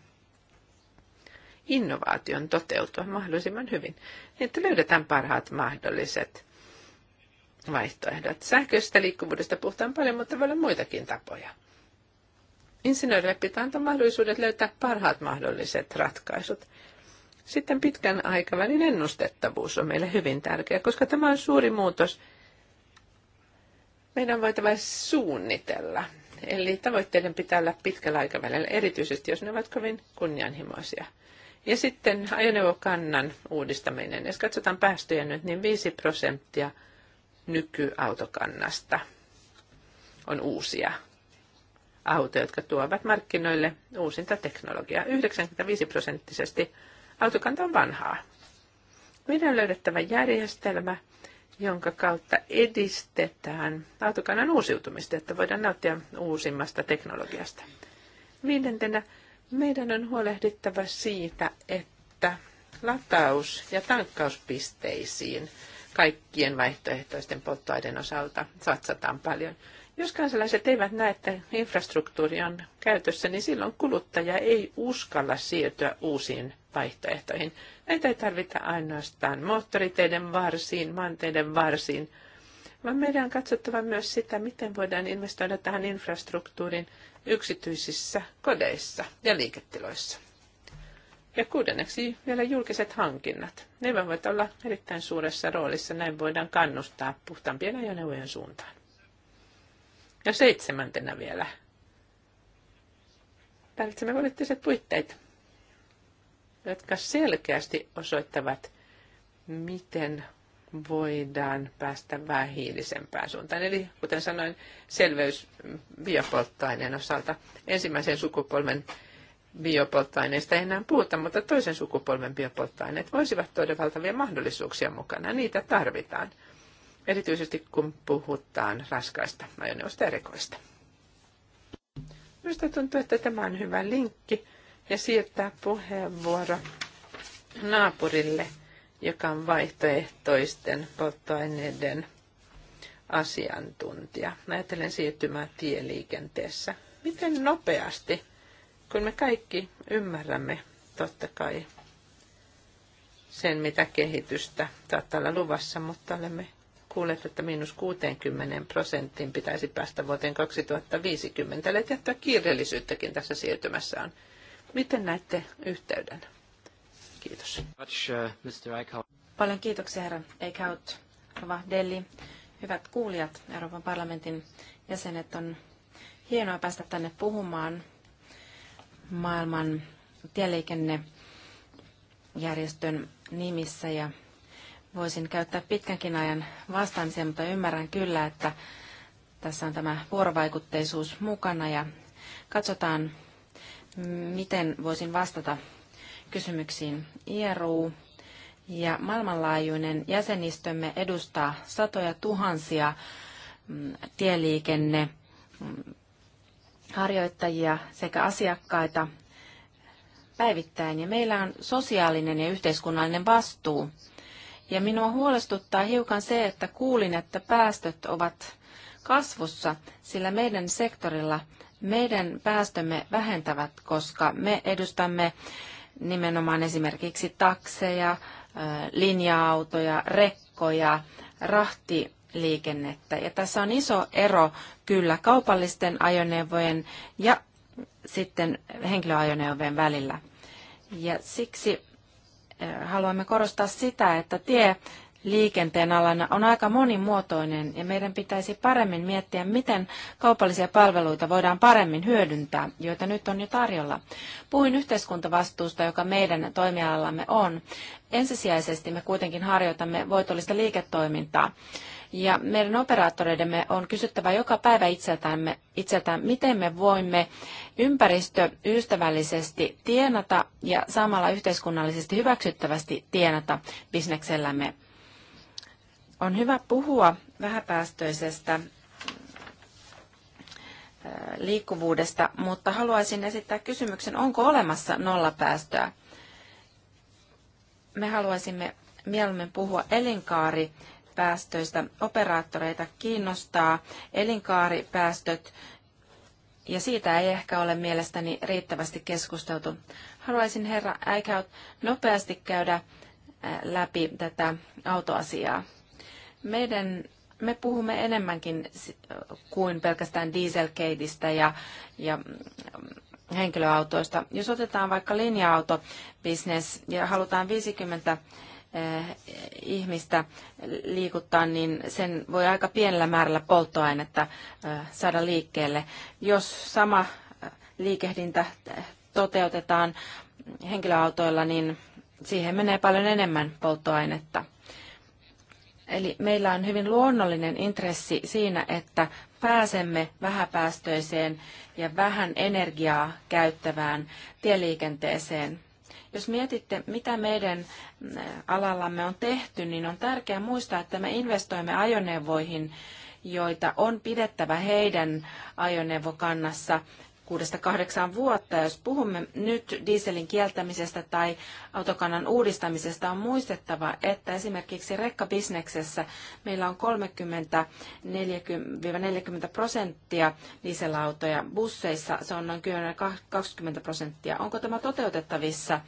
innovaation toteutua mahdollisimman hyvin, niin että löydetään parhaat mahdolliset vaihtoehdot. Sähköisestä liikkuvuudesta puhutaan paljon, mutta voi olla muitakin tapoja. Insinöörille pitää antaa mahdollisuudet löytää parhaat mahdolliset ratkaisut. Sitten pitkän aikavälin ennustettavuus on meille hyvin tärkeä, koska tämä on suuri muutos – meidän on voitava suunnitella. Eli tavoitteiden pitää olla pitkällä aikavälillä, erityisesti jos ne ovat kovin kunnianhimoisia. Ja sitten ajoneuvokannan uudistaminen. Jos katsotaan päästöjä nyt, niin 5 prosenttia nykyautokannasta on uusia autoja, jotka tuovat markkinoille uusinta teknologiaa. 95 prosenttisesti autokanta on vanhaa. Meidän on löydettävä järjestelmä, jonka kautta edistetään autokannan uusiutumista, että voidaan nauttia uusimmasta teknologiasta. Viidentenä meidän on huolehdittava siitä, että lataus- ja tankkauspisteisiin kaikkien vaihtoehtoisten polttoaiden osalta satsataan paljon. Jos kansalaiset eivät näe, että infrastruktuuri on käytössä, niin silloin kuluttaja ei uskalla siirtyä uusiin vaihtoehtoihin. Näitä ei tarvita ainoastaan moottoriteiden varsiin, maanteiden varsiin, vaan meidän on katsottava myös sitä, miten voidaan investoida tähän infrastruktuurin yksityisissä kodeissa ja liiketiloissa. Ja kuudenneksi vielä julkiset hankinnat. Ne voivat olla erittäin suuressa roolissa, näin voidaan kannustaa puhtaampien ajoneuvojen suuntaan. Ja seitsemäntenä vielä. Tarvitsemme poliittiset puitteet, jotka selkeästi osoittavat, miten voidaan päästä vähän hiilisempään suuntaan. Eli kuten sanoin, selveys biopolttoaineen osalta. Ensimmäisen sukupolven biopolttoaineista ei enää puhuta, mutta toisen sukupolven biopolttoaineet voisivat tuoda valtavia mahdollisuuksia mukana. Niitä tarvitaan erityisesti kun puhutaan raskaista ajoneuvoista ja rekoista. Minusta tuntuu, että tämä on hyvä linkki ja siirtää puheenvuoro naapurille, joka on vaihtoehtoisten polttoaineiden asiantuntija. Ajattelen siirtymää tieliikenteessä. Miten nopeasti, kun me kaikki ymmärrämme totta kai sen, mitä kehitystä saattaa olla luvassa, mutta olemme Kuulet, että miinus 60 prosenttiin pitäisi päästä vuoteen 2050. Eli jättää kiireellisyyttäkin tässä siirtymässä on. Miten näette yhteyden? Kiitos. Uh, Paljon kiitoksia, herra Eichhout, Rova Delli. Hyvät kuulijat, Euroopan parlamentin jäsenet, on hienoa päästä tänne puhumaan maailman tieliikennejärjestön nimissä ja voisin käyttää pitkänkin ajan vastaamiseen, mutta ymmärrän kyllä, että tässä on tämä vuorovaikutteisuus mukana ja katsotaan, miten voisin vastata kysymyksiin. IRU ja maailmanlaajuinen jäsenistömme edustaa satoja tuhansia mm, tieliikenne mm, harjoittajia sekä asiakkaita päivittäin. Ja meillä on sosiaalinen ja yhteiskunnallinen vastuu ja minua huolestuttaa hiukan se, että kuulin, että päästöt ovat kasvussa, sillä meidän sektorilla meidän päästömme vähentävät, koska me edustamme nimenomaan esimerkiksi takseja, linja-autoja, rekkoja, rahtiliikennettä. Ja tässä on iso ero kyllä kaupallisten ajoneuvojen ja sitten henkilöajoneuvojen välillä. Ja siksi Eh, haluamme korostaa sitä, että tie liikenteen alana on aika monimuotoinen ja meidän pitäisi paremmin miettiä, miten kaupallisia palveluita voidaan paremmin hyödyntää, joita nyt on jo tarjolla. Puhuin yhteiskuntavastuusta, joka meidän toimialallamme on. Ensisijaisesti me kuitenkin harjoitamme voitollista liiketoimintaa. Ja meidän operaattoreidemme on kysyttävä joka päivä itseltämme, itseltään, miten me voimme ympäristöystävällisesti tienata ja samalla yhteiskunnallisesti hyväksyttävästi tienata bisneksellämme. On hyvä puhua vähäpäästöisestä äh, liikkuvuudesta, mutta haluaisin esittää kysymyksen, onko olemassa nollapäästöä? Me haluaisimme mieluummin puhua elinkaari päästöistä operaattoreita kiinnostaa elinkaaripäästöt, ja siitä ei ehkä ole mielestäni riittävästi keskusteltu. Haluaisin herra Äikäyt nopeasti käydä äh, läpi tätä autoasiaa. Meidän, me puhumme enemmänkin kuin pelkästään dieselkeitistä ja, ja mm, henkilöautoista. Jos otetaan vaikka linja-autobisnes ja halutaan 50 Eh, ihmistä liikuttaa, niin sen voi aika pienellä määrällä polttoainetta eh, saada liikkeelle. Jos sama eh, liikehdintä toteutetaan henkilöautoilla, niin siihen menee paljon enemmän polttoainetta. Eli meillä on hyvin luonnollinen intressi siinä, että pääsemme vähäpäästöiseen ja vähän energiaa käyttävään tieliikenteeseen. Jos mietitte, mitä meidän mm, alallamme on tehty, niin on tärkeää muistaa, että me investoimme ajoneuvoihin, joita on pidettävä heidän ajoneuvokannassa kuudesta kahdeksaan vuotta. Jos puhumme nyt dieselin kieltämisestä tai autokannan uudistamisesta, on muistettava, että esimerkiksi rekkabisneksessä meillä on 30-40 prosenttia dieselautoja. Busseissa se on noin 20 prosenttia. Onko tämä toteutettavissa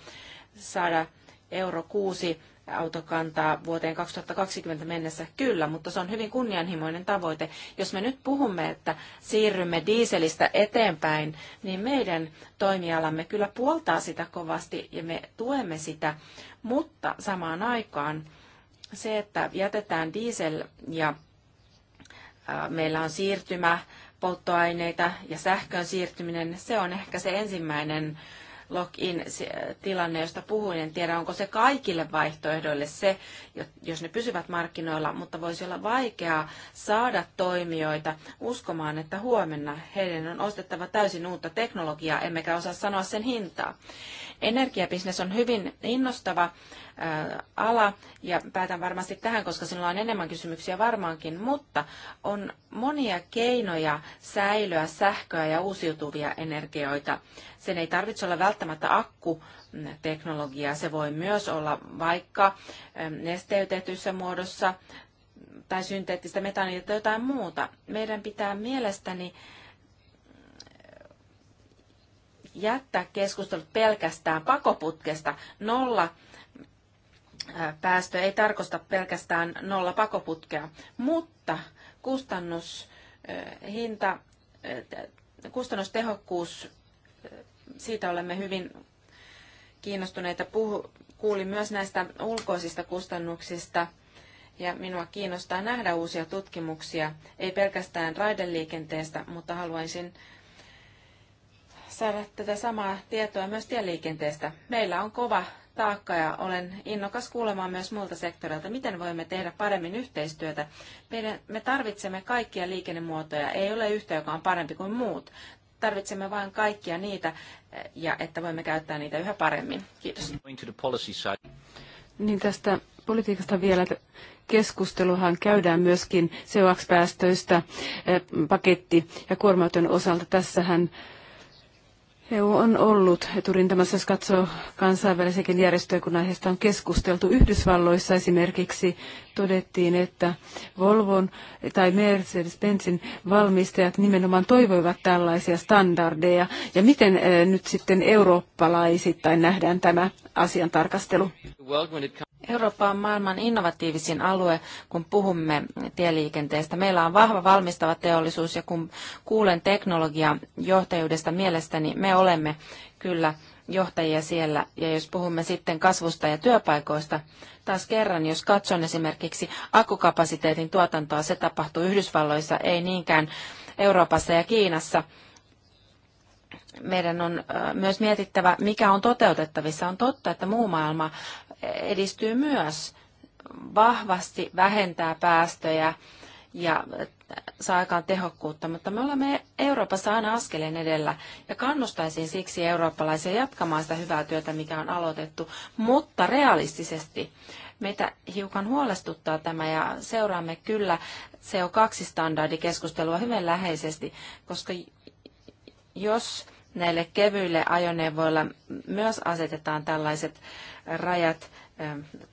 saada euro 6 autokantaa vuoteen 2020 mennessä. Kyllä, mutta se on hyvin kunnianhimoinen tavoite. Jos me nyt puhumme, että siirrymme diiselistä eteenpäin, niin meidän toimialamme kyllä puoltaa sitä kovasti ja me tuemme sitä, mutta samaan aikaan se, että jätetään diesel ja meillä on siirtymä polttoaineita ja sähkön siirtyminen, se on ehkä se ensimmäinen lock-in-tilanne, josta puhuin. En tiedä, onko se kaikille vaihtoehdoille se, jos ne pysyvät markkinoilla, mutta voisi olla vaikeaa saada toimijoita uskomaan, että huomenna heidän on ostettava täysin uutta teknologiaa, emmekä osaa sanoa sen hintaa. Energiabisnes on hyvin innostava äh, ala ja päätän varmasti tähän, koska sinulla on enemmän kysymyksiä varmaankin, mutta on monia keinoja säilyä sähköä ja uusiutuvia energioita. Sen ei tarvitse olla välttämättä akkuteknologiaa, se voi myös olla vaikka ähm, nesteytetyssä muodossa tai synteettistä metaania tai jotain muuta. Meidän pitää mielestäni jättää keskustelut pelkästään pakoputkesta. Nolla päästö ei tarkoita pelkästään nolla pakoputkea, mutta kustannus, hinta, kustannustehokkuus, siitä olemme hyvin kiinnostuneita. Puhu, kuulin myös näistä ulkoisista kustannuksista ja minua kiinnostaa nähdä uusia tutkimuksia, ei pelkästään raideliikenteestä, mutta haluaisin saada tätä samaa tietoa myös tieliikenteestä. Meillä on kova taakka ja olen innokas kuulemaan myös muilta sektoreilta, miten voimme tehdä paremmin yhteistyötä. Meidän, me tarvitsemme kaikkia liikennemuotoja, ei ole yhtä, joka on parempi kuin muut. Tarvitsemme vain kaikkia niitä eh, ja että voimme käyttää niitä yhä paremmin. Kiitos. Niin tästä politiikasta vielä keskusteluhan käydään myöskin CO2-päästöistä eh, paketti- ja kuormaton osalta. Tässähän EU on ollut eturintamassa, jos katsoo kansainvälisiäkin järjestöjä, kun aiheesta on keskusteltu. Yhdysvalloissa esimerkiksi todettiin, että Volvon tai Mercedes-Benzin valmistajat nimenomaan toivoivat tällaisia standardeja. Ja miten e, nyt sitten eurooppalaisittain nähdään tämä asian tarkastelu? Eurooppa on maailman innovatiivisin alue, kun puhumme tieliikenteestä. Meillä on vahva valmistava teollisuus ja kun kuulen teknologia johtajuudesta mielestäni, niin me olemme kyllä johtajia siellä. Ja jos puhumme sitten kasvusta ja työpaikoista, taas kerran, jos katson esimerkiksi akkukapasiteetin tuotantoa, se tapahtuu Yhdysvalloissa, ei niinkään Euroopassa ja Kiinassa – meidän on myös mietittävä, mikä on toteutettavissa. On totta, että muu maailma edistyy myös vahvasti, vähentää päästöjä ja saa aikaan tehokkuutta, mutta me olemme Euroopassa aina askeleen edellä ja kannustaisin siksi eurooppalaisia jatkamaan sitä hyvää työtä, mikä on aloitettu, mutta realistisesti. Meitä hiukan huolestuttaa tämä ja seuraamme kyllä CO2-standardikeskustelua hyvin läheisesti, koska jos näille kevyille ajoneuvoille myös asetetaan tällaiset rajat.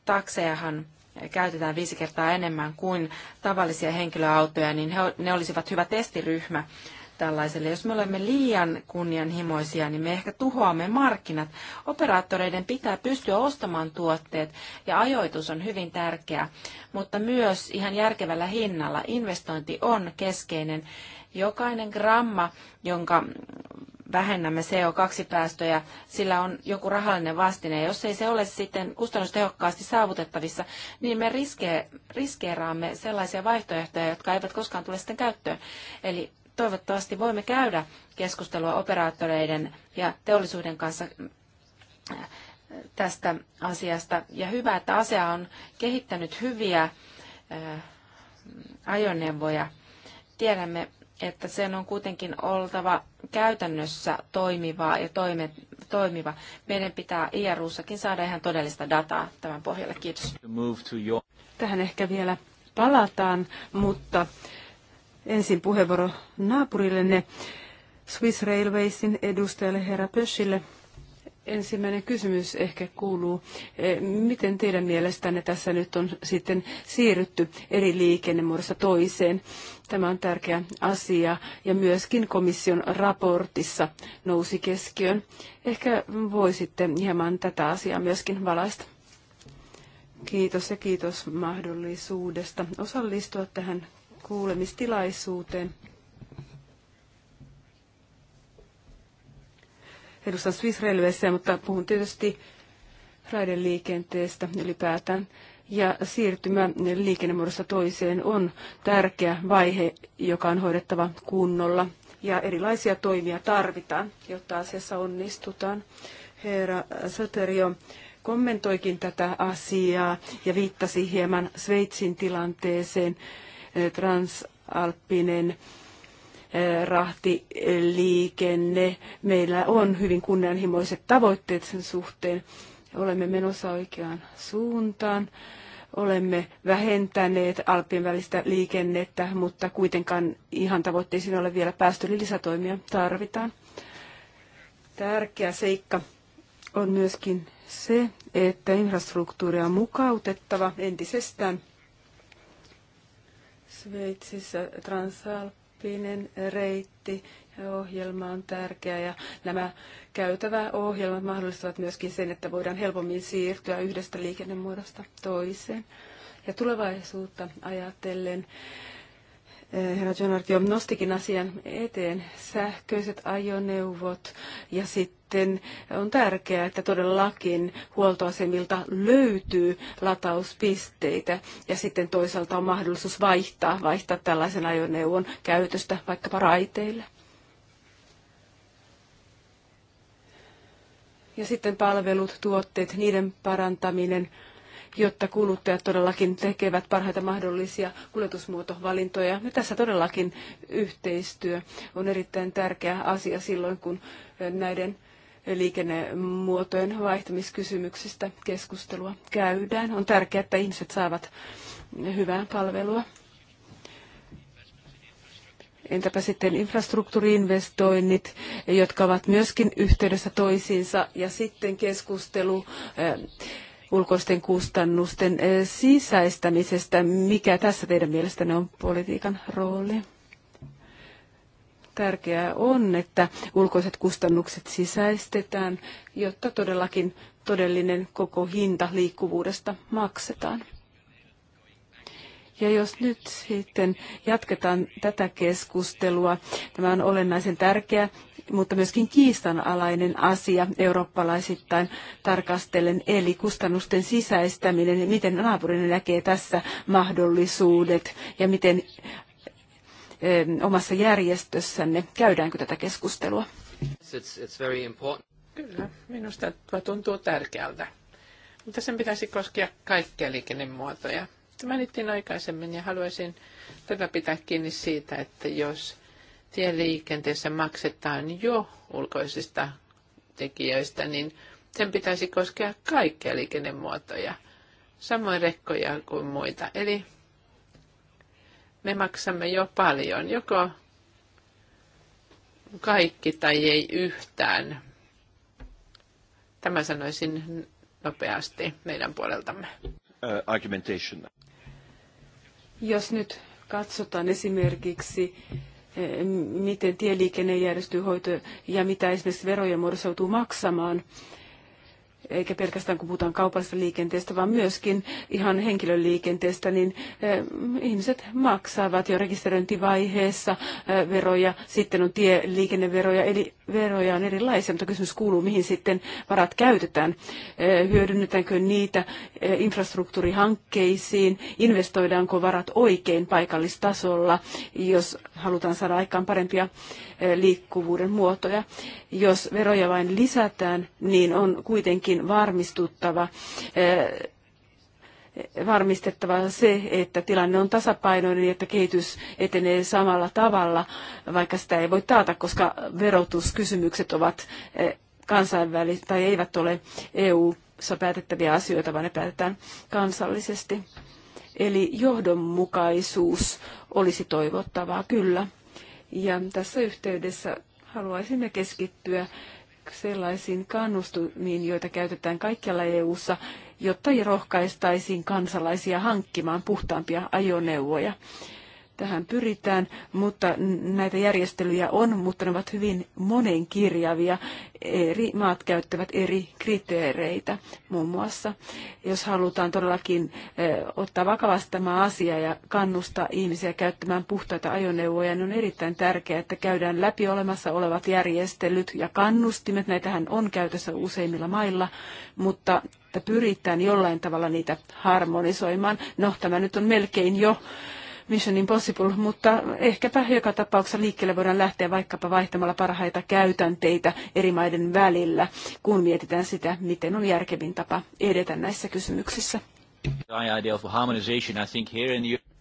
Taksejahan käytetään viisi kertaa enemmän kuin tavallisia henkilöautoja, niin he, ne olisivat hyvä testiryhmä tällaiselle. Jos me olemme liian kunnianhimoisia, niin me ehkä tuhoamme markkinat. Operaattoreiden pitää pystyä ostamaan tuotteet ja ajoitus on hyvin tärkeä, mutta myös ihan järkevällä hinnalla. Investointi on keskeinen. Jokainen gramma, jonka vähennämme CO2-päästöjä, sillä on joku rahallinen vastine. Ja jos ei se ole sitten kustannustehokkaasti saavutettavissa, niin me riske, riskeeraamme sellaisia vaihtoehtoja, jotka eivät koskaan tule sitten käyttöön. Eli toivottavasti voimme käydä keskustelua operaattoreiden ja teollisuuden kanssa äh, tästä asiasta. Ja hyvä, että asia e on kehittänyt hyviä äh, ajoneuvoja. Tiedämme että sen on kuitenkin oltava käytännössä toimiva ja toime, toimiva. Meidän pitää IRUssakin saada ihan todellista dataa tämän pohjalle. Kiitos. Tähän ehkä vielä palataan, mutta ensin puheenvuoro naapurillenne Swiss Railwaysin edustajalle herra Pössille. Ensimmäinen kysymys ehkä kuuluu, eh, miten teidän mielestänne tässä nyt on sitten siirrytty eri liikennemuodossa toiseen? Tämä on tärkeä asia ja myöskin komission raportissa nousi keskiön. Ehkä voisitte hieman tätä asiaa myöskin valaista. Kiitos ja kiitos mahdollisuudesta osallistua tähän kuulemistilaisuuteen. edustan Swiss Railwaysia, mutta puhun tietysti raideliikenteestä ylipäätään. Ja siirtymä liikennemuodosta toiseen on tärkeä vaihe, joka on hoidettava kunnolla. Ja erilaisia toimia tarvitaan, jotta asiassa onnistutaan. Herra Soterio kommentoikin tätä asiaa ja viittasi hieman Sveitsin tilanteeseen. Eh, transalppinen rahtiliikenne. Meillä on hyvin kunnianhimoiset tavoitteet sen suhteen. Olemme menossa oikeaan suuntaan. Olemme vähentäneet Alppien välistä liikennettä, mutta kuitenkaan ihan tavoitteisiin ole vielä päästy, eli lisätoimia tarvitaan. Tärkeä seikka on myöskin se, että infrastruktuuria on mukautettava entisestään. Sveitsissä Transalp strateginen reitti ja ohjelma on tärkeä ja nämä käytäväohjelmat mahdollistavat myöskin sen, että voidaan helpommin siirtyä yhdestä liikennemuodosta toiseen. Ja tulevaisuutta ajatellen Eh, herra John Arkio nostikin asian eteen, sähköiset ajoneuvot ja sitten on tärkeää, että todellakin huoltoasemilta löytyy latauspisteitä ja sitten toisaalta on mahdollisuus vaihtaa, vaihtaa tällaisen ajoneuvon käytöstä vaikkapa raiteille. Ja sitten palvelut, tuotteet, niiden parantaminen, jotta kuluttajat todellakin tekevät parhaita mahdollisia kuljetusmuotovalintoja. Ja tässä todellakin yhteistyö on erittäin tärkeä asia silloin, kun näiden liikennemuotojen vaihtamiskysymyksistä keskustelua käydään. On tärkeää, että ihmiset saavat hyvää palvelua. Entäpä sitten infrastruktuuriinvestoinnit, jotka ovat myöskin yhteydessä toisiinsa, ja sitten keskustelu ulkoisten kustannusten eh, sisäistämisestä. Mikä tässä teidän mielestänne on politiikan rooli? Tärkeää on, että ulkoiset kustannukset sisäistetään, jotta todellakin todellinen koko hinta liikkuvuudesta maksetaan. Ja jos nyt sitten jatketaan tätä keskustelua, tämä on olennaisen tärkeä mutta myöskin kiistanalainen asia eurooppalaisittain tarkastellen, eli kustannusten sisäistäminen, miten naapurin näkee tässä mahdollisuudet ja miten omassa järjestössänne. Käydäänkö tätä keskustelua? It's, it's very important. Kyllä, minusta tämä tuntuu tärkeältä. Mutta sen pitäisi koskea kaikkia liikennemuotoja. Mainittiin aikaisemmin ja haluaisin tätä pitää kiinni siitä, että jos tieliikenteessä maksetaan jo ulkoisista tekijöistä, niin sen pitäisi koskea kaikkia liikennemuotoja, samoin rekkoja kuin muita. Eli me maksamme jo paljon, joko kaikki tai ei yhtään. Tämä sanoisin nopeasti meidän puoleltamme. Uh, argumentation. Jos nyt katsotaan esimerkiksi miten tieliikenne järjestyy hoito ja mitä esimerkiksi verojen muodossa joutuu maksamaan. Eikä pelkästään kun puhutaan kaupallisesta liikenteestä, vaan myöskin ihan henkilöliikenteestä, niin ihmiset maksavat jo rekisteröintivaiheessa veroja, sitten on tieliikenneveroja, eli veroja on erilaisia, mutta kysymys kuuluu, mihin sitten varat käytetään. Hyödynnetäänkö niitä infrastruktuurihankkeisiin, investoidaanko varat oikein paikallistasolla, jos halutaan saada aikaan parempia liikkuvuuden muotoja. Jos veroja vain lisätään, niin on kuitenkin varmistuttava varmistettava se, että tilanne on tasapainoinen ja että kehitys etenee samalla tavalla, vaikka sitä ei voi taata, koska verotuskysymykset ovat eh, kansainvälisiä tai eivät ole EU-ssa päätettäviä asioita, vaan ne päätetään kansallisesti. Eli johdonmukaisuus olisi toivottavaa, kyllä. Ja tässä yhteydessä haluaisimme keskittyä sellaisiin kannustumiin, joita käytetään kaikkialla EU-ssa, jotta rohkaistaisiin kansalaisia hankkimaan puhtaampia ajoneuvoja tähän pyritään, mutta näitä järjestelyjä on, mutta ne ovat hyvin monenkirjavia. Eri maat käyttävät eri kriteereitä muun muassa. Jos halutaan todellakin eh, ottaa vakavasti tämä asia ja kannustaa ihmisiä käyttämään puhtaita ajoneuvoja, niin on erittäin tärkeää, että käydään läpi olemassa olevat järjestelyt ja kannustimet. Näitähän on käytössä useimmilla mailla, mutta että pyritään jollain tavalla niitä harmonisoimaan. No, tämä nyt on melkein jo Mission Impossible, mutta ehkäpä joka tapauksessa liikkeelle voidaan lähteä vaikkapa vaihtamalla parhaita käytänteitä eri maiden välillä, kun mietitään sitä, miten on järkevin tapa edetä näissä kysymyksissä.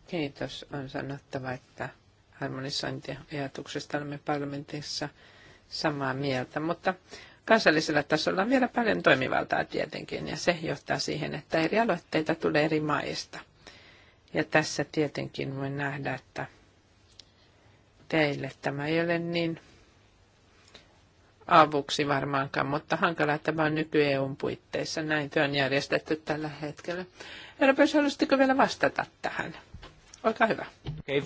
Kiitos. On sanottava, että harmonisointiajatuksesta olemme parlamentissa samaa mieltä, mutta kansallisella tasolla on vielä paljon toimivaltaa tietenkin, ja se johtaa siihen, että eri aloitteita tulee eri maista – ja tässä tietenkin voi nähdä, että teille tämä ei ole niin avuksi varmaankaan, mutta hankala tämä on nyky EUn puitteissa. Näin työ on järjestetty tällä hetkellä. Herra Pöys, haluaisitteko vielä vastata tähän? Olkaa hyvä. Okay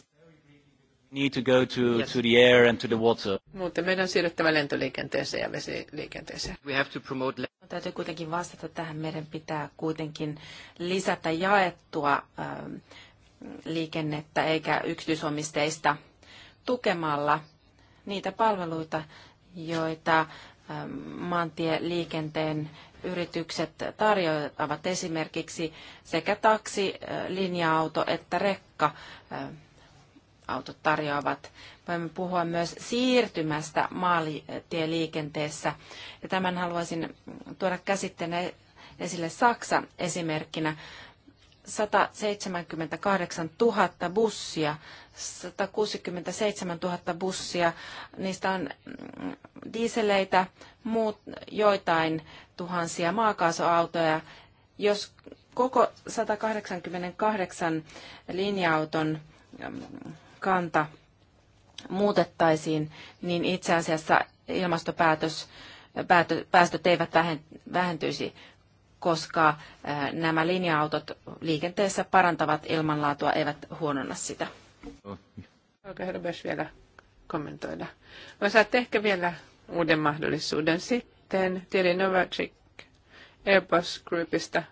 need to go to, yes. to the air and to the water. Mutta meidän on siirryttävä lentoliikenteeseen ja vesiliikenteeseen. We have to promote... Täytyy kuitenkin vastata tähän. Meidän pitää kuitenkin lisätä jaettua ähm, liikennettä eikä yksityisomisteista tukemalla niitä palveluita, joita ähm, maantieliikenteen yritykset tarjoavat esimerkiksi sekä taksi, äh, linja-auto että rekka. Äh, autot tarjoavat. Voimme puhua myös siirtymästä maalitieliikenteessä. Ja tämän haluaisin tuoda käsitteenä esille Saksa esimerkkinä. 178 000 bussia, 167 000 bussia, niistä on diiseleitä, muut joitain tuhansia maakaasuautoja. Jos koko 188 linja-auton kanta muutettaisiin, niin itse asiassa ilmastopäätös, päätö, päästöt eivät vähentyisi, koska nämä linja-autot liikenteessä parantavat ilmanlaatua, eivät huononna sitä. Olkaa herra myös vielä kommentoida. Voi saatte ehkä vielä uuden mahdollisuuden sitten. Tieli Novacik Airbus Groupista.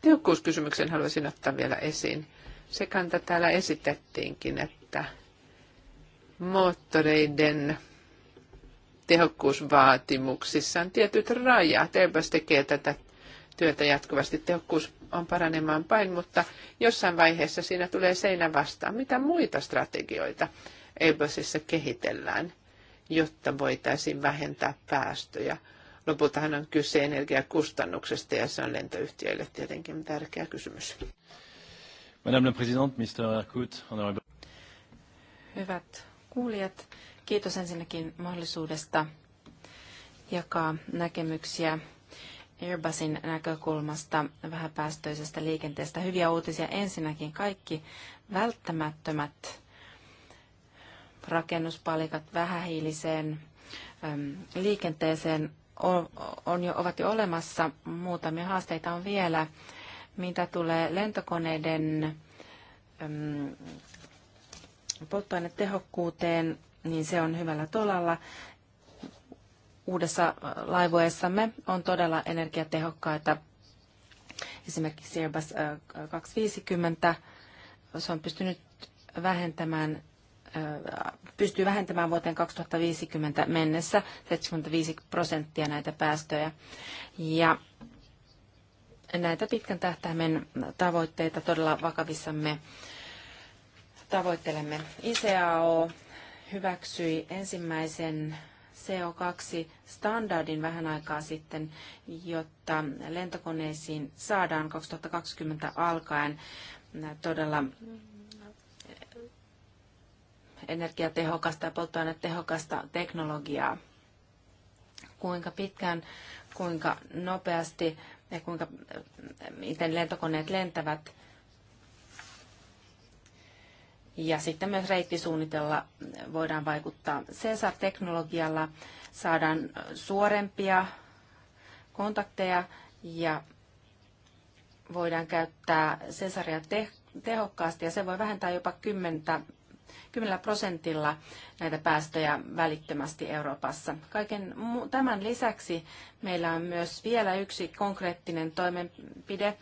Tiukkuuskysymyksen haluaisin ottaa vielä esiin. Se kanta täällä esitettiinkin, että että moottoreiden tehokkuusvaatimuksissa on tietyt rajat. Airbus tekee tätä työtä jatkuvasti. Tehokkuus on paranemaan päin, mutta jossain vaiheessa siinä tulee seinä vastaan. Mitä muita strategioita Airbusissa kehitellään, jotta voitaisiin vähentää päästöjä? Lopultahan on kyse energiakustannuksesta ja se on lentoyhtiöille tietenkin tärkeä kysymys. Madame la Présidente, Mr. Erkut, honorable... Hyvät kuulijat, kiitos ensinnäkin mahdollisuudesta jakaa näkemyksiä Airbusin näkökulmasta vähäpäästöisestä liikenteestä. Hyviä uutisia ensinnäkin kaikki välttämättömät rakennuspalikat vähähiiliseen liikenteeseen on jo, ovat jo olemassa. Muutamia haasteita on vielä, mitä tulee lentokoneiden polttoainetehokkuuteen, niin se on hyvällä tolalla. Uudessa äh, laivoessamme on todella energiatehokkaita. Esimerkiksi Airbus 250, äh, se on pystynyt vähentämään äh, pystyy vähentämään vuoteen 2050 mennessä 75 prosenttia näitä päästöjä. Ja näitä pitkän tähtäimen tavoitteita todella vakavissamme tavoittelemme. ICAO hyväksyi ensimmäisen CO2-standardin vähän aikaa sitten, jotta lentokoneisiin saadaan 2020 alkaen todella energiatehokasta ja polttoainetehokasta teknologiaa. Kuinka pitkään, kuinka nopeasti ja kuinka, miten lentokoneet lentävät, ja sitten myös reittisuunnitella voidaan vaikuttaa. CESAR-teknologialla saadaan suorempia kontakteja ja voidaan käyttää Cesaria te- tehokkaasti ja se voi vähentää jopa 10, 10 prosentilla näitä päästöjä välittömästi Euroopassa. Kaiken tämän lisäksi meillä on myös vielä yksi konkreettinen toimenpide,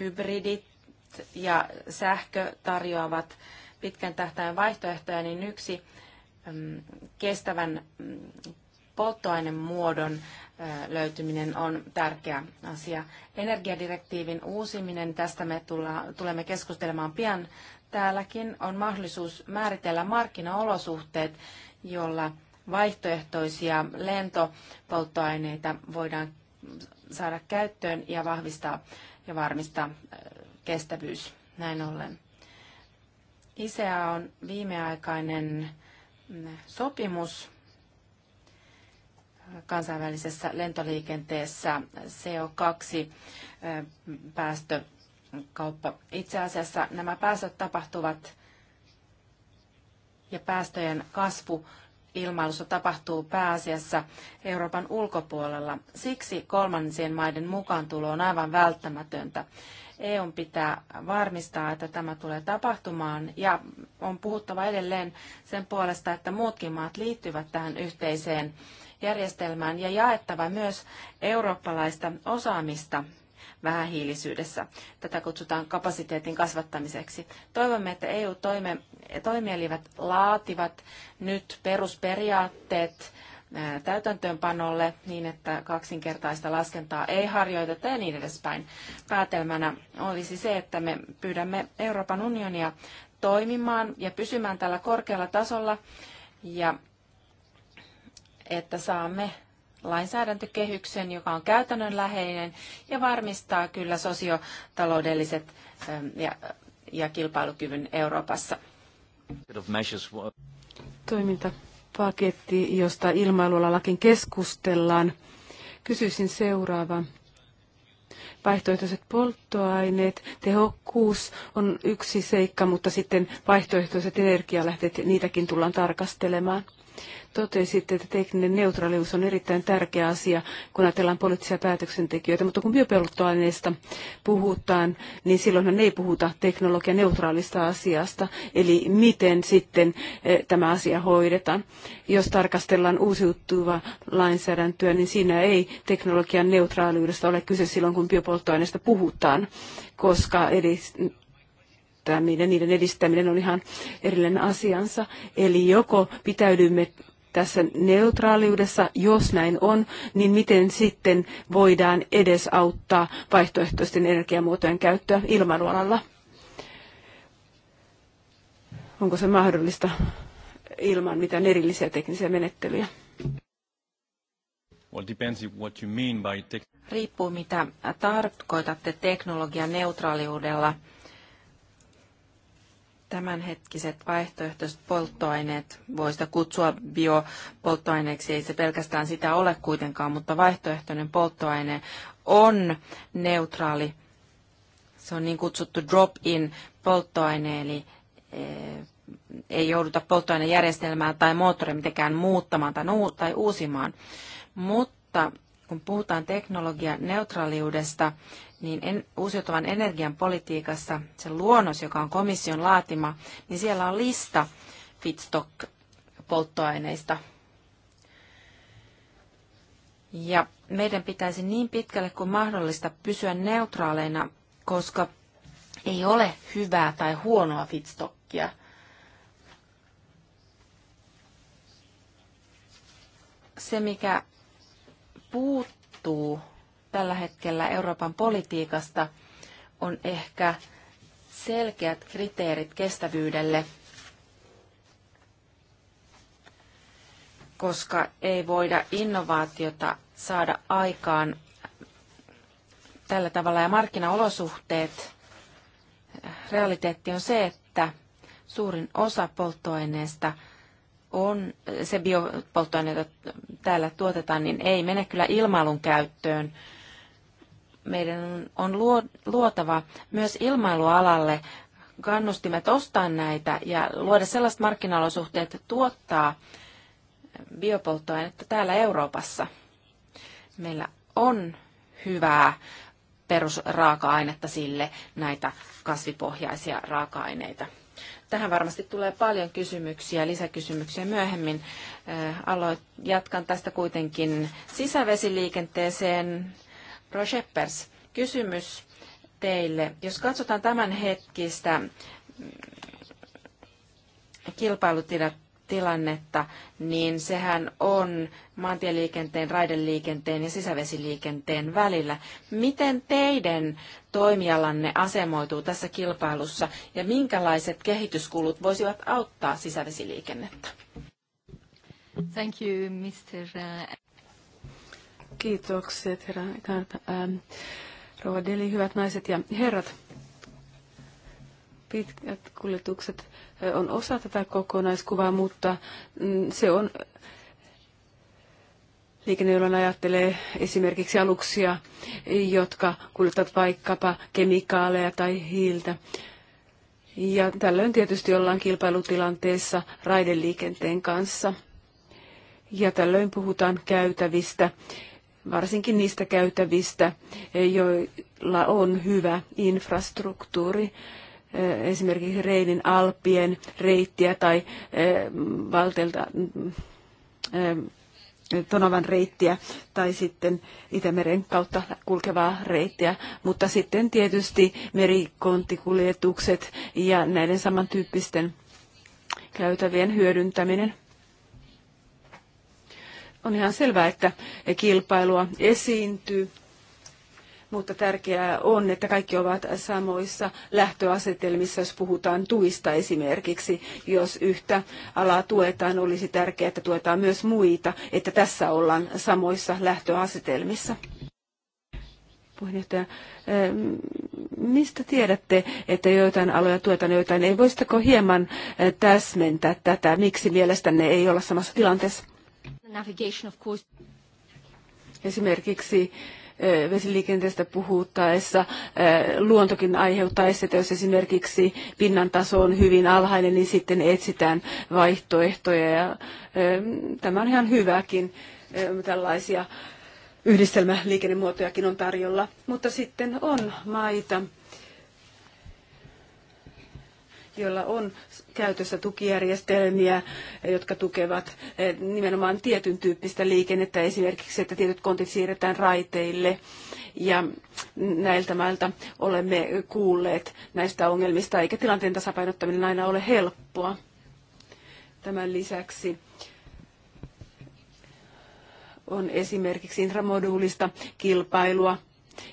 hybridit ja sähkö tarjoavat pitkän tähtäimen vaihtoehtoja, niin yksi mm, kestävän mm, polttoainemuodon löytyminen on tärkeä asia. Energiadirektiivin uusiminen, tästä me tulla, tulemme keskustelemaan pian. Täälläkin on mahdollisuus määritellä markkinaolosuhteet, jolla vaihtoehtoisia lentopolttoaineita voidaan saada käyttöön ja vahvistaa ja varmistaa kestävyys näin ollen. ISEA on viimeaikainen sopimus kansainvälisessä lentoliikenteessä CO2-päästökauppa. Itse asiassa nämä päästöt tapahtuvat ja päästöjen kasvu ilmailussa tapahtuu pääasiassa Euroopan ulkopuolella. Siksi kolmansien maiden mukaantulo on aivan välttämätöntä. EU pitää varmistaa, että tämä tulee tapahtumaan ja on puhuttava edelleen sen puolesta, että muutkin maat liittyvät tähän yhteiseen järjestelmään ja jaettava myös eurooppalaista osaamista vähähiilisyydessä. Tätä kutsutaan kapasiteetin kasvattamiseksi. Toivomme, että EU-toimielivät laativat nyt perusperiaatteet täytäntöönpanolle niin, että kaksinkertaista laskentaa ei harjoiteta ja niin edespäin. Päätelmänä olisi se, että me pyydämme Euroopan unionia toimimaan ja pysymään tällä korkealla tasolla ja että saamme lainsäädäntökehyksen, joka on käytännönläheinen ja varmistaa kyllä sosiotaloudelliset ja, ja kilpailukyvyn Euroopassa. Toiminta paketti, josta ilmailualallakin keskustellaan. Kysyisin seuraava. Vaihtoehtoiset polttoaineet, tehokkuus on yksi seikka, mutta sitten vaihtoehtoiset energialähteet, niitäkin tullaan tarkastelemaan. Totesitte, että tekninen neutraalius on erittäin tärkeä asia, kun ajatellaan poliittisia päätöksentekijöitä, mutta kun biopolttoaineista puhutaan, niin silloinhan ei puhuta teknologian neutraalista asiasta, eli miten sitten eh, tämä asia hoidetaan. Jos tarkastellaan uusiutuvaa lainsäädäntöä, niin siinä ei teknologian neutraaliudesta ole kyse silloin, kun biopolttoaineista puhutaan, koska eli niiden edistäminen on ihan erillinen asiansa. Eli joko pitäydymme tässä neutraaliudessa, jos näin on, niin miten sitten voidaan edesauttaa vaihtoehtoisten energiamuotojen käyttöä ilmailualalla? Onko se mahdollista ilman mitään erillisiä teknisiä menettelyjä? Well, depends what you mean by Riippuu mitä tarkoitatte teknologian neutraaliudella tämänhetkiset vaihtoehtoiset polttoaineet, voi sitä kutsua biopolttoaineeksi, ei se pelkästään sitä ole kuitenkaan, mutta vaihtoehtoinen polttoaine on neutraali. Se on niin kutsuttu drop-in polttoaine, eli eh, ei jouduta polttoainejärjestelmään tai moottoria mitenkään muuttamaan tai uusimaan. Mutta kun puhutaan teknologian neutraaliudesta, niin en, uusiutuvan energian politiikassa se luonnos, joka on komission laatima, niin siellä on lista feedstock-polttoaineista. Ja meidän pitäisi niin pitkälle kuin mahdollista pysyä neutraaleina, koska ei ole hyvää tai huonoa feedstockia. Se, mikä puuttuu tällä hetkellä Euroopan politiikasta on ehkä selkeät kriteerit kestävyydelle, koska ei voida innovaatiota saada aikaan tällä tavalla. Ja markkinaolosuhteet, realiteetti on se, että suurin osa polttoaineesta on, se biopolttoaineita täällä tuotetaan, niin ei mene kyllä ilmailun käyttöön, meidän on luotava myös ilmailualalle kannustimet ostaa näitä ja luoda sellaiset markkinaolosuhteet tuottaa biopolttoainetta täällä Euroopassa. Meillä on hyvää perusraaka-ainetta sille, näitä kasvipohjaisia raaka-aineita. Tähän varmasti tulee paljon kysymyksiä, lisäkysymyksiä myöhemmin. Aloit, jatkan tästä kuitenkin sisävesiliikenteeseen. Rojeppers, kysymys teille. Jos katsotaan tämän hetkistä mm, kilpailutilannetta, niin sehän on maantieliikenteen, raideliikenteen ja sisävesiliikenteen välillä. Miten teidän toimialanne asemoituu tässä kilpailussa ja minkälaiset kehityskulut voisivat auttaa sisävesiliikennettä? Thank you, Mr. Kiitokset, herra ähm, rouva Deli, hyvät naiset ja herrat. Pitkät kuljetukset äh, on osa tätä kokonaiskuvaa, mutta mm, se on liikenne, jolloin ajattelee esimerkiksi aluksia, jotka kuljettavat vaikkapa kemikaaleja tai hiiltä. Ja tällöin tietysti ollaan kilpailutilanteessa raideliikenteen kanssa. Ja tällöin puhutaan käytävistä, varsinkin niistä käytävistä, eh, joilla on hyvä infrastruktuuri eh, esimerkiksi Reinin Alppien reittiä tai eh, valtelta Tonavan reittiä tai sitten Itämeren kautta kulkevaa reittiä, mutta sitten tietysti merikonttikuljetukset ja näiden samantyyppisten käytävien hyödyntäminen. On ihan selvää, että kilpailua esiintyy, mutta tärkeää on, että kaikki ovat samoissa lähtöasetelmissa, jos puhutaan tuista esimerkiksi. Jos yhtä alaa tuetaan, olisi tärkeää, että tuetaan myös muita, että tässä ollaan samoissa lähtöasetelmissa puheenjohtaja, mistä tiedätte, että joitain aloja tuetaan joitain? Ei voisitteko hieman eh, täsmentää tätä, miksi mielestänne ei olla samassa tilanteessa? Navigation, of course. Esimerkiksi eh, vesiliikenteestä puhuttaessa eh, luontokin aiheuttaa että jos esimerkiksi pinnan taso on hyvin alhainen, niin sitten etsitään vaihtoehtoja ja eh, tämä on ihan hyväkin tällaisia yhdistelmäliikennemuotojakin on tarjolla, mutta sitten on maita, joilla on käytössä tukijärjestelmiä, jotka tukevat eh, nimenomaan tietyn tyyppistä liikennettä, esimerkiksi että tietyt kontit siirretään raiteille. Ja näiltä mailta olemme kuulleet näistä ongelmista, eikä tilanteen tasapainottaminen aina ole helppoa. Tämän lisäksi on esimerkiksi intramoduulista kilpailua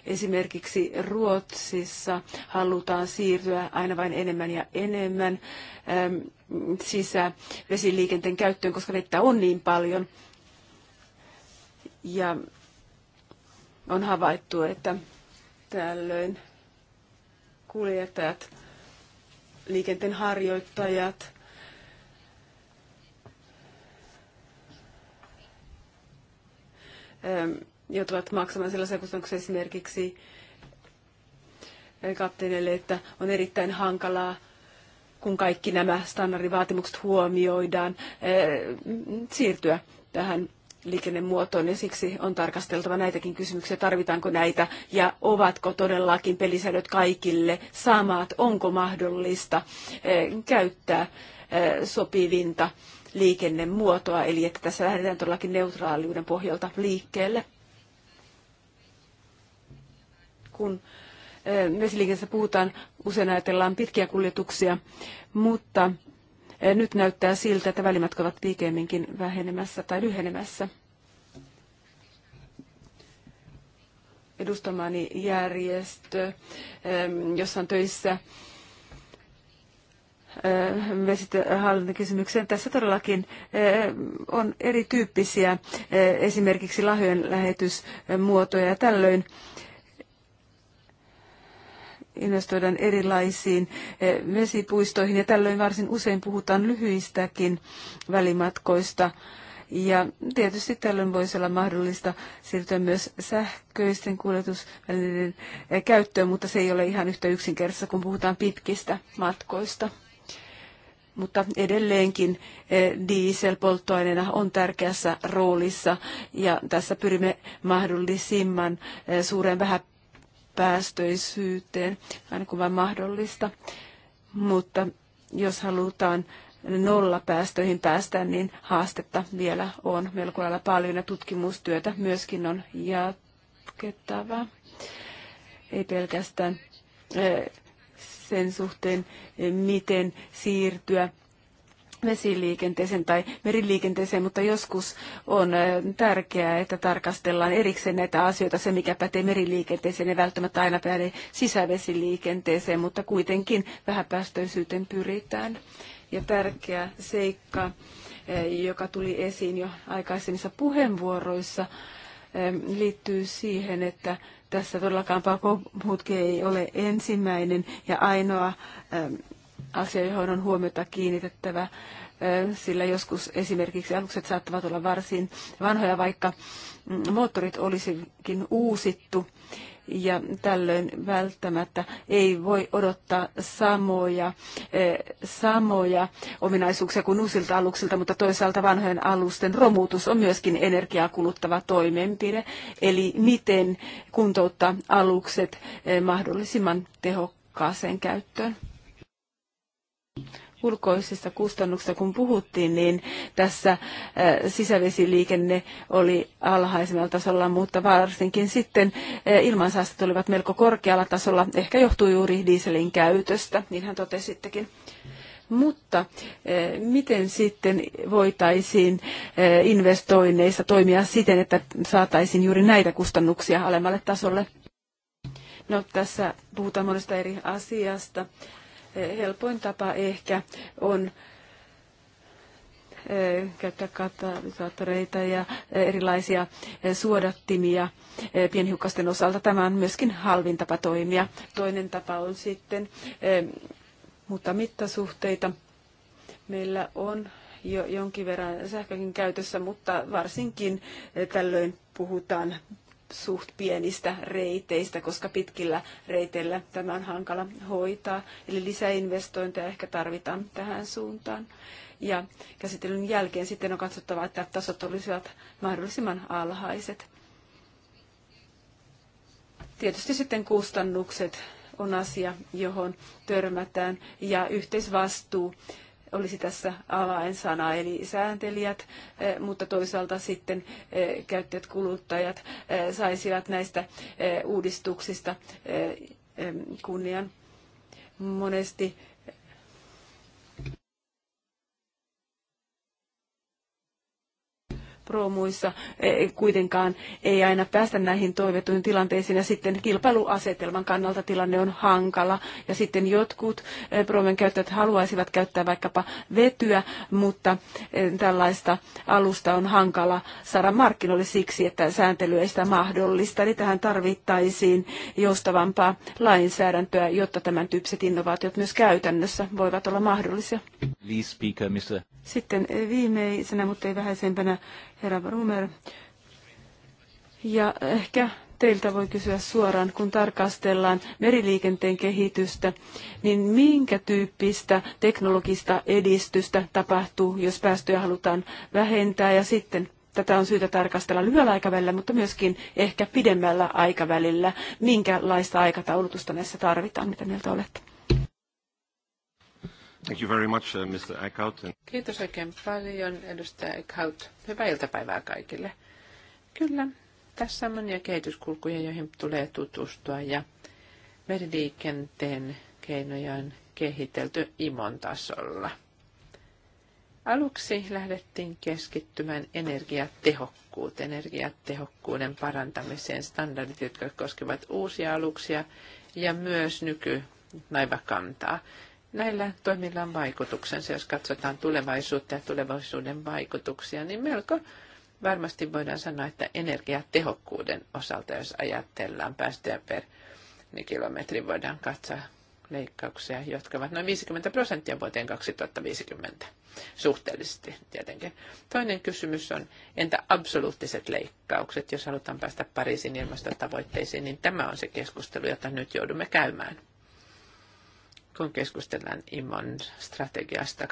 Esimerkiksi Ruotsissa halutaan siirtyä aina vain enemmän ja enemmän ähm, sisävesiliikenteen käyttöön, koska vettä on niin paljon. Ja on havaittu, että tällöin kuljettajat, liikenteen harjoittajat, ähm, joutuvat maksamaan sellaisia kustannuksia esimerkiksi kapteenille, että on erittäin hankalaa kun kaikki nämä standardivaatimukset huomioidaan, eh, siirtyä tähän liikennemuotoon ja siksi on tarkasteltava näitäkin kysymyksiä, tarvitaanko näitä ja ovatko todellakin pelisäädöt kaikille samat, onko mahdollista eh, käyttää eh, sopivinta liikennemuotoa, eli että tässä lähdetään todellakin neutraaliuden pohjalta liikkeelle kun eh, vesiliikenteessä puhutaan, usein ajatellaan pitkiä kuljetuksia, mutta eh, nyt näyttää siltä, että välimatkat ovat pikemminkin vähenemässä tai lyhenemässä. Edustamani järjestö, jossa on töissä vesihallintakysymykseen. Tässä todellakin on erityyppisiä esimerkiksi lahjojen lähetysmuotoja. Tällöin investoidaan erilaisiin eh, vesipuistoihin ja tällöin varsin usein puhutaan lyhyistäkin välimatkoista. Ja tietysti tällöin voisi olla mahdollista siirtyä myös sähköisten kuljetusvälineiden eh, käyttöön, mutta se ei ole ihan yhtä yksinkertaista, kun puhutaan pitkistä matkoista. Mutta edelleenkin eh, dieselpolttoaineena on tärkeässä roolissa ja tässä pyrimme mahdollisimman suureen vähän päästöisyyteen, aina kun vain mahdollista. Mutta jos halutaan nolla päästöihin päästä, niin haastetta vielä on melko lailla paljon ja tutkimustyötä myöskin on jatkettava. Ei pelkästään eh, sen suhteen, eh, miten siirtyä vesiliikenteeseen tai meriliikenteeseen, mutta joskus on tärkeää, että tarkastellaan erikseen näitä asioita. Se, mikä pätee meriliikenteeseen, ei välttämättä aina päde sisävesiliikenteeseen, mutta kuitenkin vähäpäästöisyyteen pyritään. Ja tärkeä seikka, joka tuli esiin jo aikaisemmissa puheenvuoroissa, liittyy siihen, että tässä todellakaan pakoputki ei ole ensimmäinen ja ainoa asia, johon on huomiota kiinnitettävä, sillä joskus esimerkiksi alukset saattavat olla varsin vanhoja, vaikka mm, moottorit olisikin uusittu ja tällöin välttämättä ei voi odottaa samoja, samoja ominaisuuksia kuin uusilta aluksilta, mutta toisaalta vanhojen alusten romutus on myöskin energiaa kuluttava toimenpide, eli miten kuntouttaa alukset mahdollisimman tehokkaaseen käyttöön ulkoisista kustannuksista kun puhuttiin, niin tässä äh, sisävesiliikenne oli alhaisemmalla tasolla, mutta varsinkin sitten äh, ilmansaastat olivat melko korkealla tasolla, ehkä johtuu juuri dieselin käytöstä, niin hän totesittekin. Mutta äh, miten sitten voitaisiin investoinneissa toimia siten, että saataisiin juuri näitä kustannuksia alemmalle tasolle? No, tässä puhutaan monesta eri asiasta helpoin tapa ehkä on käyttää katalysaattoreita ja erilaisia suodattimia pienhiukkasten osalta. Tämä on myöskin halvin tapa toimia. Toinen tapa on sitten mutta mittasuhteita. Meillä on jo jonkin verran sähkökin käytössä, mutta varsinkin tällöin puhutaan suht pienistä reiteistä, koska pitkillä reiteillä tämä on hankala hoitaa. Eli lisäinvestointeja ehkä tarvitaan tähän suuntaan. Ja käsittelyn jälkeen sitten on katsottava, että tasot olisivat mahdollisimman alhaiset. Tietysti sitten kustannukset on asia, johon törmätään, ja yhteisvastuu olisi tässä avainsana, eli sääntelijät, eh, mutta toisaalta sitten eh, käyttäjät, kuluttajat eh, saisivat näistä uudistuksista kunnian. Monesti promuissa e, kuitenkaan ei aina päästä näihin toivettuihin tilanteisiin ja sitten kilpailuasetelman kannalta tilanne on hankala ja sitten jotkut e, promen käyttäjät haluaisivat käyttää vaikkapa vetyä, mutta e, tällaista alusta on hankala saada markkinoille siksi, että sääntely ei sitä mahdollista. Eli tähän tarvittaisiin joustavampaa lainsäädäntöä, jotta tämän tyyppiset innovaatiot myös käytännössä voivat olla mahdollisia. Uh, sitten viimeisenä, mutta ei vähäisempänä, herra Brumer. Ja ehkä teiltä voi kysyä suoraan, kun tarkastellaan meriliikenteen kehitystä, niin minkä tyyppistä teknologista edistystä tapahtuu, jos päästöjä halutaan vähentää ja sitten tätä on syytä tarkastella lyhyellä aikavälillä, mutta myöskin ehkä pidemmällä aikavälillä. Minkälaista aikataulutusta näissä tarvitaan, mitä mieltä olette? Thank you very much, uh, Mr. Kiitos oikein paljon, edustaja Eckhout. Hyvää iltapäivää kaikille. Kyllä, tässä on monia kehityskulkuja, joihin tulee tutustua ja meriliikenteen keinoja on kehitelty imon tasolla. Aluksi lähdettiin keskittymään energiatehokkuuteen, energiatehokkuuden parantamiseen, standardit, jotka koskevat uusia aluksia ja myös nykylaivakantaa näillä toimilla on vaikutuksensa, jos katsotaan tulevaisuutta ja tulevaisuuden vaikutuksia, niin melko varmasti voidaan sanoa, että energiatehokkuuden osalta, jos ajatellaan päästöjä per niin kilometri, voidaan katsoa leikkauksia, jotka ovat noin 50 prosenttia vuoteen 2050 suhteellisesti tietenkin. Toinen kysymys on, entä absoluuttiset leikkaukset, jos halutaan päästä Pariisin ilmastotavoitteisiin, niin tämä on se keskustelu, jota nyt joudumme käymään kun keskustellaan IMON strategiasta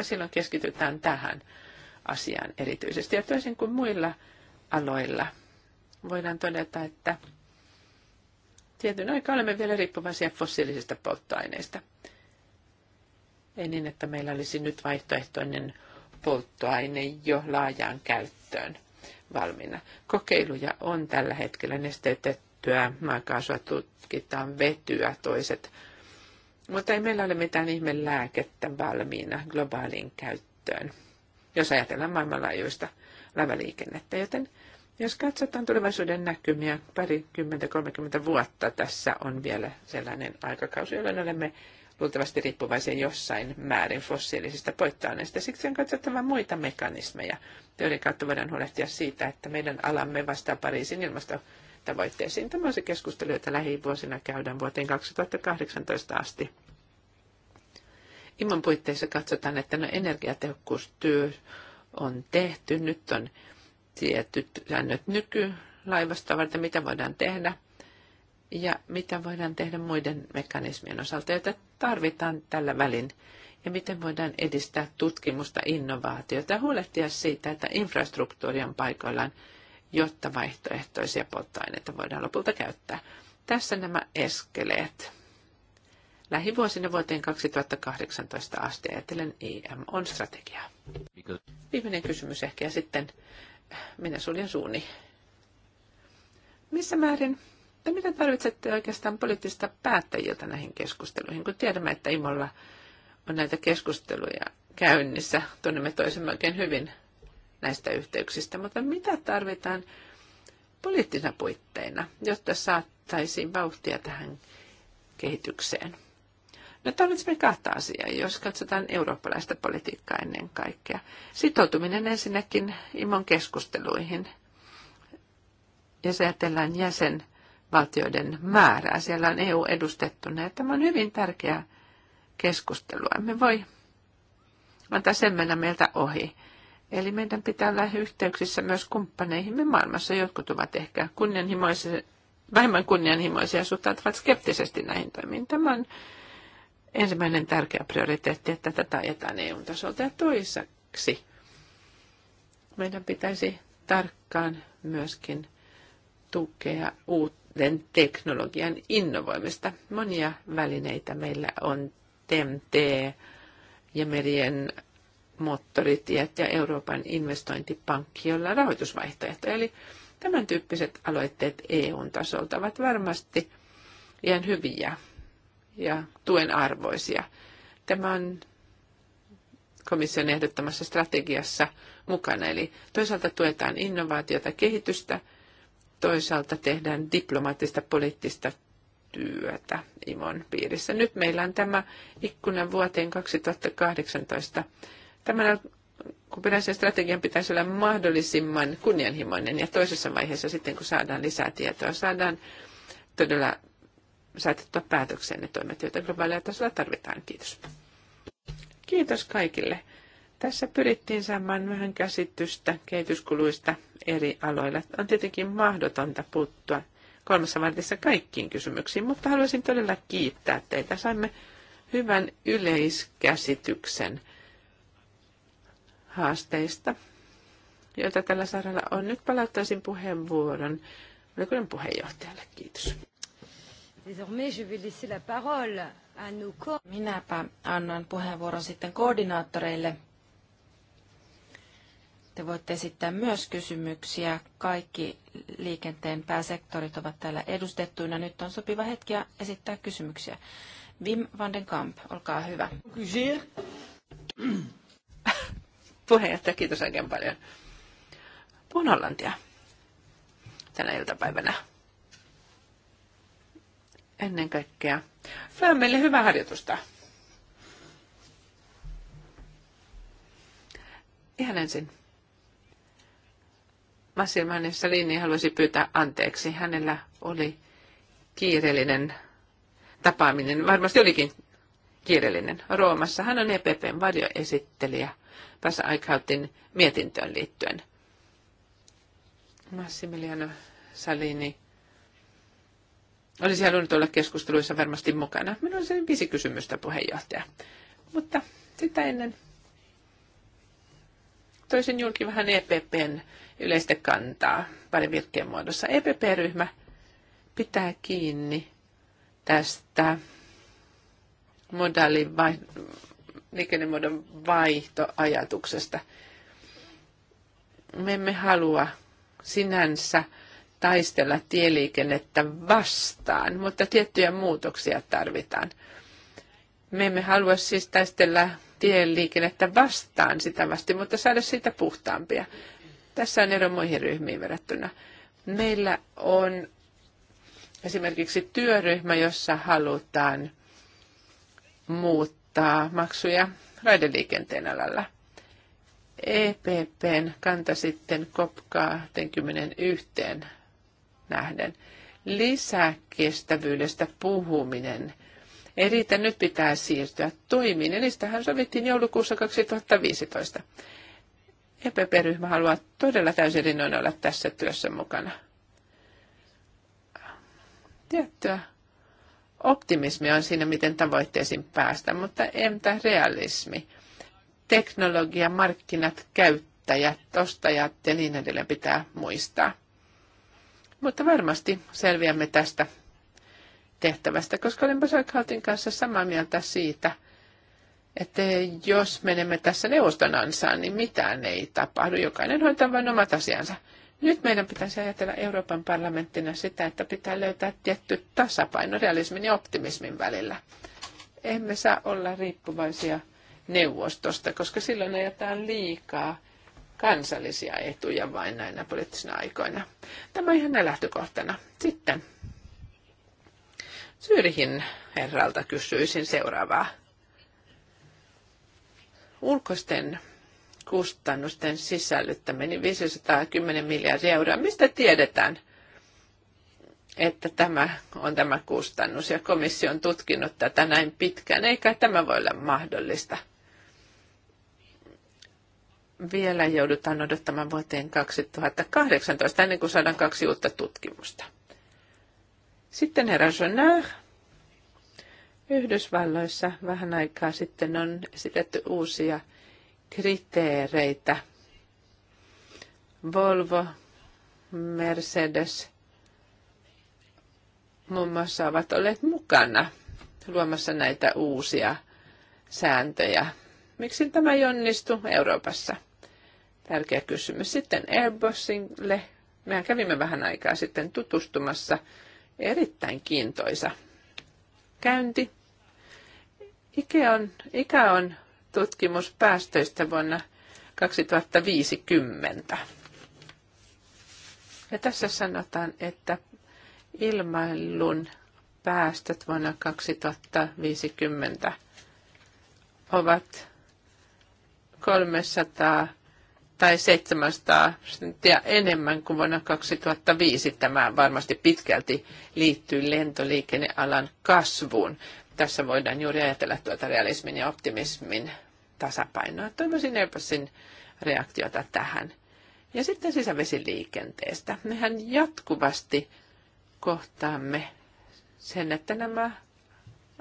2018-2023. Silloin keskitytään tähän asiaan erityisesti. Ja toisin kuin muilla aloilla voidaan todeta, että tietyn aikaa olemme vielä riippuvaisia fossiilisista polttoaineista. Ei niin, että meillä olisi nyt vaihtoehtoinen polttoaine jo laajaan käyttöön valmiina. Kokeiluja on tällä hetkellä nesteytetty öljyä, maakaasua tutkitaan, vetyä toiset. Mutta ei meillä ole mitään ihme lääkettä valmiina globaaliin käyttöön, jos ajatellaan maailmanlaajuista läväliikennettä. Joten jos katsotaan tulevaisuuden näkymiä, pari 10 kolmekymmentä vuotta tässä on vielä sellainen aikakausi, jolloin olemme luultavasti riippuvaisia jossain määrin fossiilisista poittoaineista. Siksi on katsottava muita mekanismeja, joiden kautta voidaan huolehtia siitä, että meidän alamme vastaa Pariisin ilmasto että Tämä on se keskustelu, lähivuosina käydään vuoteen 2018 asti. Imman puitteissa katsotaan, että no energiatehokkuustyö on tehty, nyt on tietyt säännöt nykylaivasta varten, mitä voidaan tehdä ja mitä voidaan tehdä muiden mekanismien osalta, joita tarvitaan tällä välin ja miten voidaan edistää tutkimusta, innovaatiota ja huolehtia siitä, että infrastruktuuri on paikoillaan – jotta vaihtoehtoisia polttoaineita voidaan lopulta käyttää. Tässä nämä eskeleet. Lähivuosina vuoteen 2018 asti ajatellen IM on strategia. Viimeinen kysymys ehkä ja sitten minä suljen suuni. Missä määrin tai mitä tarvitsette oikeastaan poliittista päättäjiltä näihin keskusteluihin, kun tiedämme, että Imolla on näitä keskusteluja käynnissä, tunnemme toisemme oikein hyvin näistä yhteyksistä, mutta mitä tarvitaan poliittisina puitteina, jotta saattaisiin vauhtia tähän kehitykseen? No tarvitsemme kahta asiaa, jos katsotaan eurooppalaista politiikkaa ennen kaikkea. Sitoutuminen ensinnäkin imon keskusteluihin. Jos ajatellaan jäsenvaltioiden määrää, siellä on EU edustettuna, ja tämä on hyvin tärkeä keskustelu, emme voi antaa sen mennä meiltä ohi. Eli meidän pitää olla yhteyksissä myös kumppaneihimme maailmassa. Jotkut ovat ehkä kunnianhimoisia, vähemmän kunnianhimoisia ja suhtautuvat skeptisesti näihin toimiin. Tämä on ensimmäinen tärkeä prioriteetti, että tätä ajetaan EU-tasolta. Ja toiseksi meidän pitäisi tarkkaan myöskin tukea uuden teknologian innovoimista. Monia välineitä meillä on TMT ja merien moottoritiet ja Euroopan investointipankki, jolla on rahoitusvaihtoehto. Eli tämän tyyppiset aloitteet eu tasolta ovat varmasti ihan hyviä ja tuen arvoisia. Tämä on komission ehdottamassa strategiassa mukana. Eli toisaalta tuetaan innovaatiota, kehitystä, toisaalta tehdään diplomaattista poliittista työtä IMON piirissä. Nyt meillä on tämä ikkuna vuoteen 2018 Tämän alkuperäisen strategian pitäisi olla mahdollisimman kunnianhimoinen ja toisessa vaiheessa sitten, kun saadaan lisää tietoa, saadaan todella saatettua päätökseen ne toimet, joita globaalilla tasolla tarvitaan. Kiitos. Kiitos kaikille. Tässä pyrittiin saamaan vähän käsitystä kehityskuluista eri aloilla. On tietenkin mahdotonta puuttua kolmessa vartissa kaikkiin kysymyksiin, mutta haluaisin todella kiittää teitä. Saimme hyvän yleiskäsityksen haasteista, joita tällä saralla on. Nyt palauttaisin puheenvuoron valiokunnan puheenjohtajalle. Kiitos. Minäpä annan puheenvuoron sitten koordinaattoreille. Te voitte esittää myös kysymyksiä. Kaikki liikenteen pääsektorit ovat täällä edustettuina. Nyt on sopiva hetki esittää kysymyksiä. Wim van den Kamp, olkaa hyvä. Kysyä puheenjohtaja, kiitos oikein paljon. Puhun hollantia tänä iltapäivänä. Ennen kaikkea Flammelle hyvää harjoitusta. Ihan ensin. Massilmanin Salini haluaisi pyytää anteeksi. Hänellä oli kiireellinen tapaaminen. Varmasti olikin kiireellinen Roomassa. Hän on EPPn varjoesittelijä päässä Aikautin mietintöön liittyen. Massimiliano Salini olisi halunnut olla keskusteluissa varmasti mukana. Minulla on sen viisi kysymystä, puheenjohtaja. Mutta sitä ennen toisin julki vähän EPPn yleistä kantaa parin virkkeen muodossa. EPP-ryhmä pitää kiinni tästä modaalin liikennemuodon vaihtoajatuksesta. Me emme halua sinänsä taistella tieliikennettä vastaan, mutta tiettyjä muutoksia tarvitaan. Me emme halua siis taistella tieliikennettä vastaan sitä vasti, mutta saada siitä puhtaampia. Tässä on ero muihin ryhmiin verrattuna. Meillä on esimerkiksi työryhmä, jossa halutaan muut korottaa maksuja raideliikenteen alalla. EPPn kanta sitten COP21 nähden. Lisäkestävyydestä puhuminen ei riitä, nyt pitää siirtyä toimiin. Ja niistähän sovittiin joulukuussa 2015. EPP-ryhmä haluaa todella täysin rinnoin olla tässä työssä mukana. Tiettyä Optimismi on siinä, miten tavoitteisiin päästä, mutta entä realismi? Teknologia, markkinat, käyttäjät, ostajat ja niin edelleen pitää muistaa. Mutta varmasti selviämme tästä tehtävästä, koska olen Basakaltin kanssa samaa mieltä siitä, että jos menemme tässä neuvoston ansaan, niin mitään ei tapahdu. Jokainen hoitaa vain omat asiansa. Nyt meidän pitäisi ajatella Euroopan parlamenttina sitä, että pitää löytää tietty tasapaino realismin ja optimismin välillä. Emme saa olla riippuvaisia neuvostosta, koska silloin ajetaan liikaa kansallisia etuja vain näinä poliittisina aikoina. Tämä on ihan lähtökohtana. Sitten Syyrihin herralta kysyisin seuraavaa. Ulkoisten kustannusten sisällyttäminen 510 niin miljardia euroa. Mistä tiedetään, että tämä on tämä kustannus ja komissio on tutkinut tätä näin pitkään, eikä tämä voi olla mahdollista. Vielä joudutaan odottamaan vuoteen 2018 ennen kuin saadaan kaksi uutta tutkimusta. Sitten herra Jonah. Yhdysvalloissa vähän aikaa sitten on esitetty uusia kriteereitä. Volvo, Mercedes muun muassa ovat olleet mukana luomassa näitä uusia sääntöjä. Miksi tämä ei onnistu Euroopassa? Tärkeä kysymys. Sitten Airbusille. Mehän kävimme vähän aikaa sitten tutustumassa. Erittäin kiintoisa käynti. Ike on, ikä on tutkimus päästöistä vuonna 2050. Ja tässä sanotaan, että ilmailun päästöt vuonna 2050 ovat 300 tai 700 senttiä enemmän kuin vuonna 2005. Tämä varmasti pitkälti liittyy lentoliikennealan kasvuun. Tässä voidaan juuri ajatella tuota realismin ja optimismin tasapainoa. Toivoisin Airbusin reaktiota tähän. Ja sitten sisävesiliikenteestä. Mehän jatkuvasti kohtaamme sen, että nämä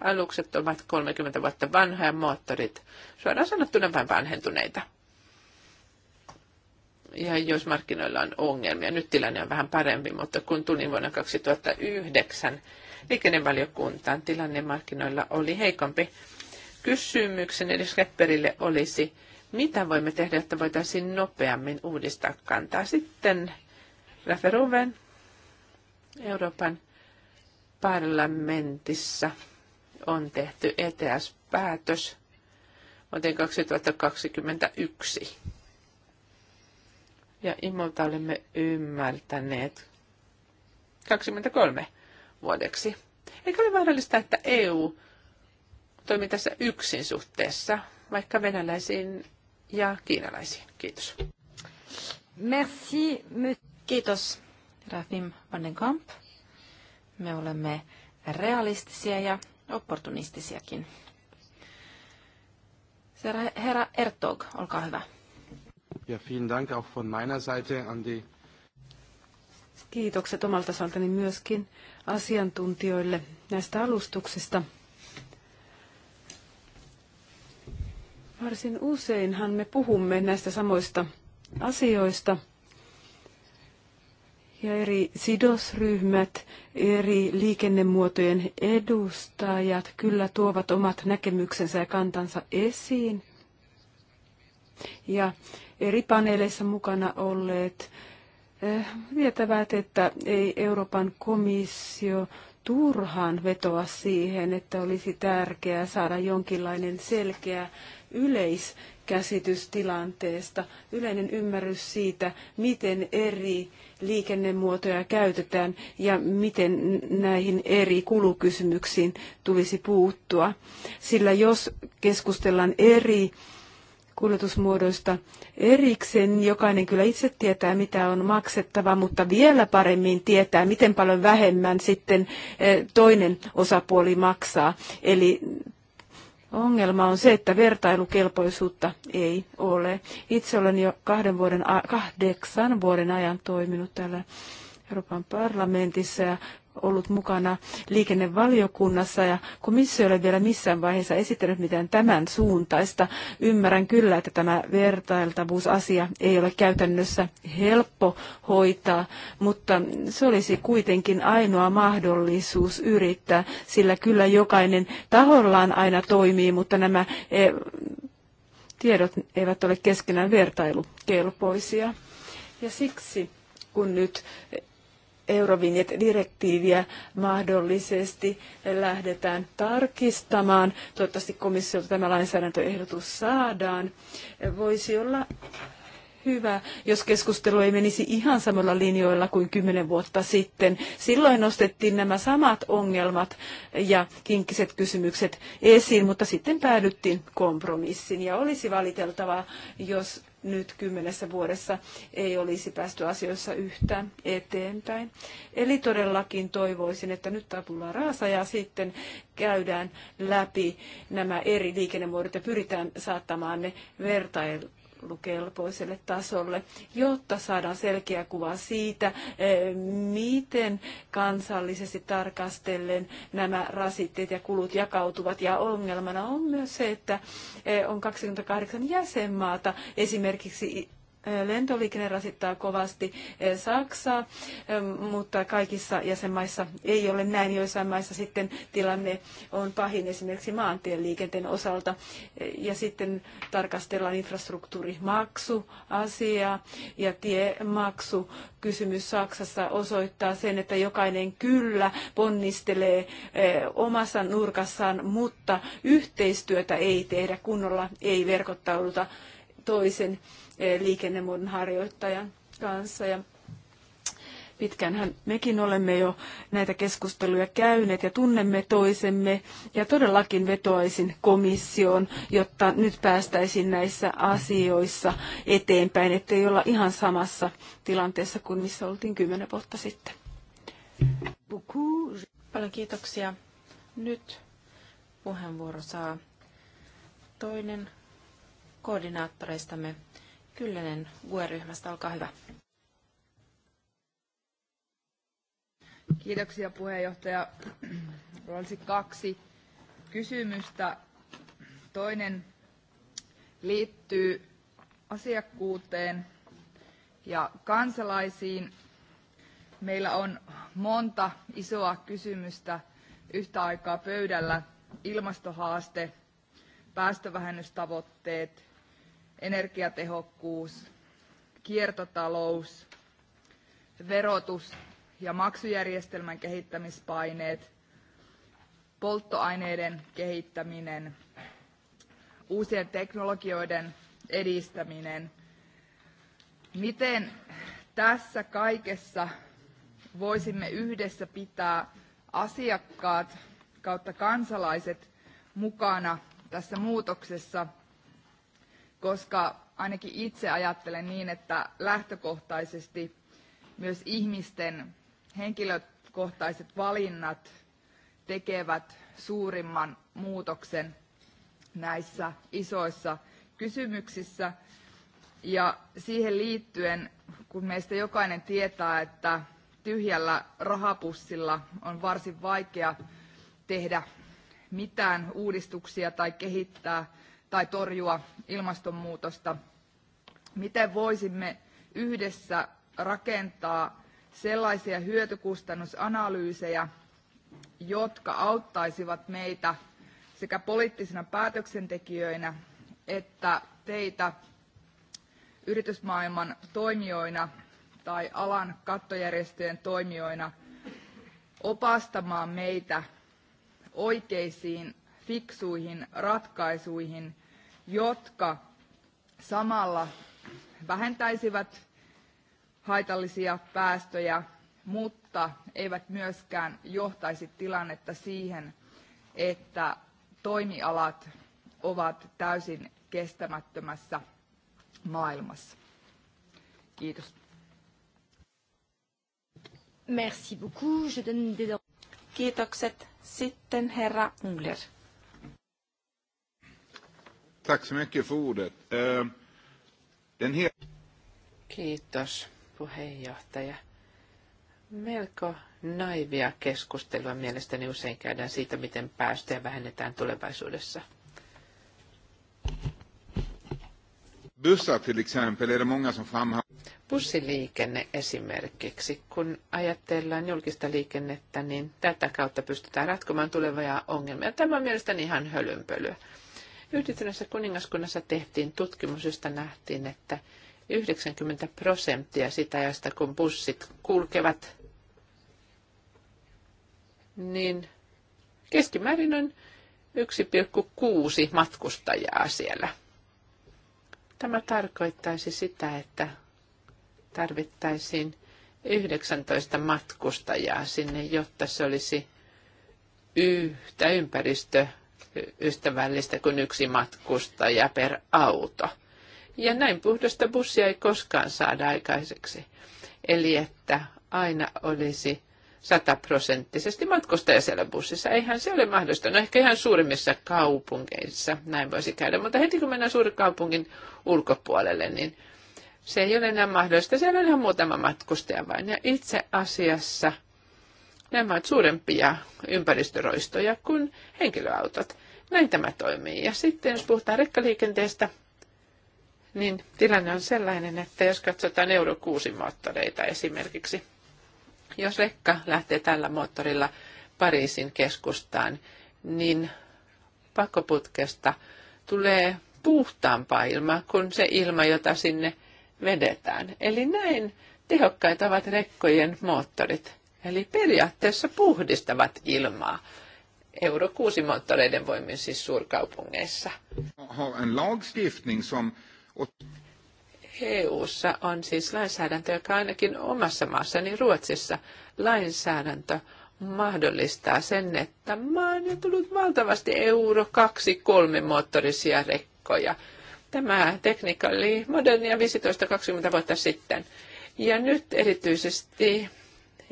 alukset ovat 30 vuotta vanhoja, moottorit suoraan sanottuna vain vanhentuneita. Ja jos markkinoilla on ongelmia, nyt tilanne on vähän parempi, mutta kun tulin vuonna 2009 liikennevaliokuntaan, tilanne markkinoilla oli heikompi. Kysymyksen edes Repperille olisi, mitä voimme tehdä, että voitaisiin nopeammin uudistaa kantaa. Sitten Läferuven Euroopan parlamentissa on tehty ETS-päätös vuoteen 2021. Ja Imolta olemme ymmärtäneet 23 vuodeksi. Eikä ole vaarallista, että EU toimin tässä yksin suhteessa vaikka venäläisiin ja kiinalaisiin. Kiitos. Merci. Kiitos, Rafim Vandenkamp. Me olemme realistisia ja opportunistisiakin. Herra Ertog, olkaa hyvä. Ja vielen Dank auch von meiner Seite an die Kiitokset omalta osaltani myöskin asiantuntijoille näistä alustuksista. Varsin useinhan me puhumme näistä samoista asioista ja eri sidosryhmät, eri liikennemuotojen edustajat kyllä tuovat omat näkemyksensä ja kantansa esiin. Ja eri paneeleissa mukana olleet vietävät, eh, että ei Euroopan komissio turhaan vetoa siihen, että olisi tärkeää saada jonkinlainen selkeä yleiskäsitys tilanteesta, yleinen ymmärrys siitä, miten eri liikennemuotoja käytetään ja miten näihin eri kulukysymyksiin tulisi puuttua. Sillä jos keskustellaan eri kuljetusmuodoista erikseen. Niin jokainen kyllä itse tietää, mitä on maksettava, mutta vielä paremmin tietää, miten paljon vähemmän sitten eh, toinen osapuoli maksaa. Eli Ongelma on se, että vertailukelpoisuutta ei ole. Itse olen jo kahden vuoden, kahdeksan vuoden ajan toiminut täällä Euroopan parlamentissa ja ollut mukana liikennevaliokunnassa ja komissio ei ole vielä missään vaiheessa esittänyt mitään tämän suuntaista. Ymmärrän kyllä, että tämä vertailtavuusasia ei ole käytännössä helppo hoitaa, mutta se olisi kuitenkin ainoa mahdollisuus yrittää, sillä kyllä jokainen tahollaan aina toimii, mutta nämä e, tiedot eivät ole keskenään vertailukelpoisia. Ja siksi, kun nyt Eurovinjet-direktiiviä mahdollisesti lähdetään tarkistamaan. Toivottavasti komissiolta tämä lainsäädäntöehdotus saadaan. Voisi olla hyvä, jos keskustelu ei menisi ihan samalla linjoilla kuin kymmenen vuotta sitten. Silloin nostettiin nämä samat ongelmat ja kinkkiset kysymykset esiin, mutta sitten päädyttiin kompromissiin. Ja olisi valiteltavaa, jos nyt kymmenessä vuodessa ei olisi päästy asioissa yhtään eteenpäin. Eli todellakin toivoisin, että nyt tapulla raasa ja sitten käydään läpi nämä eri liikennemuodot ja pyritään saattamaan ne vertailu lukelpoiselle tasolle, jotta saadaan selkeä kuva siitä, eh, miten kansallisesti tarkastellen nämä rasitteet ja kulut jakautuvat. Ja ongelmana on myös se, että eh, on 28 jäsenmaata esimerkiksi Lentoliikenne rasittaa kovasti eh, Saksaa, eh, mutta kaikissa jäsenmaissa ei ole näin. Joissain maissa sitten tilanne on pahin esimerkiksi maantien liikenteen osalta. Eh, ja sitten tarkastellaan infrastruktuurimaksuasiaa ja tiemaksu. Kysymys Saksassa osoittaa sen, että jokainen kyllä ponnistelee omassa nurkassaan, mutta yhteistyötä ei tehdä kunnolla, ei verkottauduta toisen eh, liikennemuodon harjoittajan kanssa. Ja pitkänhän mekin olemme jo näitä keskusteluja käyneet ja tunnemme toisemme. Ja todellakin vetoaisin komissioon, jotta nyt päästäisiin näissä asioissa eteenpäin, ettei olla ihan samassa tilanteessa kuin missä oltiin kymmenen vuotta sitten. Paljon kiitoksia. Nyt puheenvuoro saa toinen koordinaattoreistamme. Kyllönen GUE-ryhmästä, olkaa hyvä. Kiitoksia puheenjohtaja. olisi kaksi kysymystä. Toinen liittyy asiakkuuteen ja kansalaisiin. Meillä on monta isoa kysymystä yhtä aikaa pöydällä. Ilmastohaaste, päästövähennystavoitteet, energiatehokkuus, kiertotalous, verotus ja maksujärjestelmän kehittämispaineet, polttoaineiden kehittäminen, uusien teknologioiden edistäminen. Miten tässä kaikessa voisimme yhdessä pitää asiakkaat kautta kansalaiset mukana tässä muutoksessa – koska ainakin itse ajattelen niin, että lähtökohtaisesti myös ihmisten henkilökohtaiset valinnat tekevät suurimman muutoksen näissä isoissa kysymyksissä. Ja siihen liittyen, kun meistä jokainen tietää, että tyhjällä rahapussilla on varsin vaikea tehdä mitään uudistuksia tai kehittää tai torjua ilmastonmuutosta, miten voisimme yhdessä rakentaa sellaisia hyötykustannusanalyysejä, jotka auttaisivat meitä sekä poliittisina päätöksentekijöinä että teitä yritysmaailman toimijoina tai alan kattojärjestöjen toimijoina opastamaan meitä oikeisiin fiksuihin ratkaisuihin, jotka samalla vähentäisivät haitallisia päästöjä, mutta eivät myöskään johtaisi tilannetta siihen, että toimialat ovat täysin kestämättömässä maailmassa. Kiitos. Merci beaucoup. Je donne des... Kiitokset. Sitten herra Ungler. Tack så mycket för ordet. Ehm, den Kiitos puheenjohtaja. Melko naivia keskustelua mielestäni usein käydään siitä, miten päästöjä vähennetään tulevaisuudessa. Bussiliikenne esimerkiksi, kun ajatellaan julkista liikennettä, niin tätä kautta pystytään ratkomaan tulevia ongelmia. Tämä on mielestäni ihan hölynpölyä. Yhdistyneessä kuningaskunnassa tehtiin tutkimus, josta nähtiin, että 90 prosenttia sitä ajasta, kun bussit kulkevat, niin keskimäärin on 1,6 matkustajaa siellä. Tämä tarkoittaisi sitä, että tarvittaisiin 19 matkustajaa sinne, jotta se olisi yhtä ympäristö ystävällistä kuin yksi matkustaja per auto. Ja näin puhdasta bussia ei koskaan saada aikaiseksi. Eli että aina olisi sataprosenttisesti matkustaja siellä bussissa. Eihän se ole mahdollista. No ehkä ihan suurimmissa kaupungeissa näin voisi käydä, mutta heti kun mennään kaupungin ulkopuolelle, niin se ei ole enää mahdollista. Siellä on ihan muutama matkustaja vain. Ja itse asiassa – Nämä ovat suurempia ympäristöroistoja kuin henkilöautot. Näin tämä toimii. Ja sitten jos puhutaan rekkaliikenteestä, niin tilanne on sellainen, että jos katsotaan Euro 6 moottoreita esimerkiksi, jos rekka lähtee tällä moottorilla Pariisin keskustaan, niin pakoputkesta tulee puhtaampaa ilmaa kuin se ilma, jota sinne vedetään. Eli näin tehokkaita ovat rekkojen moottorit. Eli periaatteessa puhdistavat ilmaa. Euro 6 moottoreiden voimin siis suurkaupungeissa. EU:ssa e on siis lainsäädäntö, joka ainakin omassa maassani Ruotsissa lainsäädäntö mahdollistaa sen, että maan on tullut valtavasti euro 2-3 moottorisia rekkoja. Tämä tekniikka oli modernia 15-20 vuotta sitten. Ja nyt erityisesti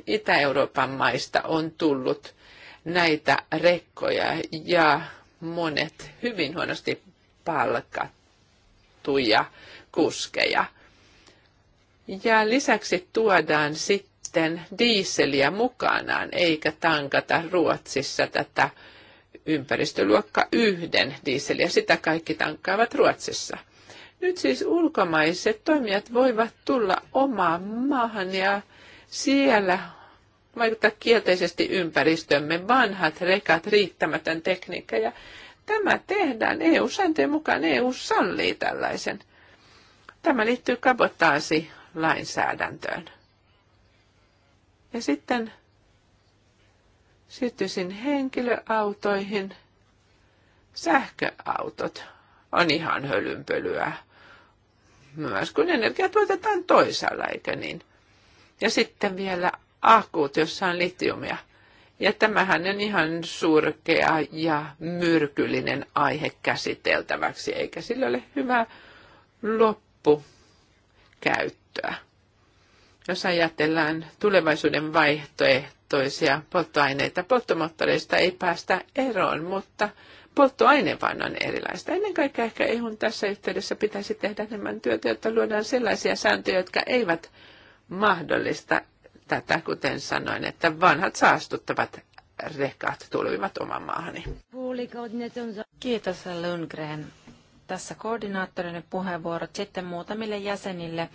Itä-Euroopan maista on tullut näitä rekkoja ja monet hyvin huonosti palkattuja kuskeja. Ja lisäksi tuodaan sitten diiseliä mukanaan, eikä tankata Ruotsissa tätä ympäristöluokka yhden diiseliä. Sitä kaikki tankkaavat Ruotsissa. Nyt siis ulkomaiset toimijat voivat tulla omaan maahan ja siellä vaikuttaa kielteisesti ympäristömme, vanhat rekat, riittämätön tekniikka ja tämä tehdään EU-sääntöjen mukaan, EU sallii tällaisen. Tämä liittyy kabotaasi lainsäädäntöön. Ja sitten siirtyisin henkilöautoihin. Sähköautot on ihan hölynpölyä. Myös kun energia tuotetaan toisaalla, eikö niin? Ja sitten vielä akut, jossa on litiumia. Ja tämähän on ihan surkea ja myrkyllinen aihe käsiteltäväksi, eikä sillä ole hyvä loppukäyttöä. Jos ajatellaan tulevaisuuden vaihtoehtoisia polttoaineita, polttomoottoreista ei päästä eroon, mutta polttoaine vaan on erilaista. Ennen kaikkea ehkä EUn tässä yhteydessä pitäisi tehdä enemmän työtä, jotta luodaan sellaisia sääntöjä, jotka eivät mahdollista tätä, kuten sanoin, että vanhat saastuttavat rekat tulivat oman maahani. Kiitos Lundgren. Tässä koordinaattorin puheenvuoro sitten muutamille jäsenille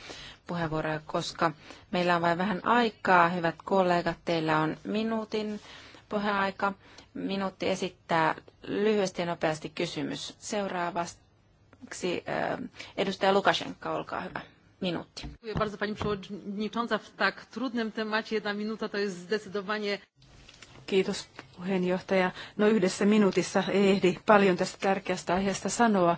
puheenvuoroja, koska meillä on vain vähän aikaa. Hyvät kollegat, teillä on minuutin puheaika. Minuutti esittää lyhyesti ja nopeasti kysymys. Seuraavaksi äh, edustaja Lukashenka, olkaa hyvä minuutti. bardzo pani przewodnicząca. W tak trudnym temacie jedna minuta to jest zdecydowanie... Kiitos puheenjohtaja. No yhdessä minuutissa ei ehdi paljon tästä tärkeästä aiheesta sanoa,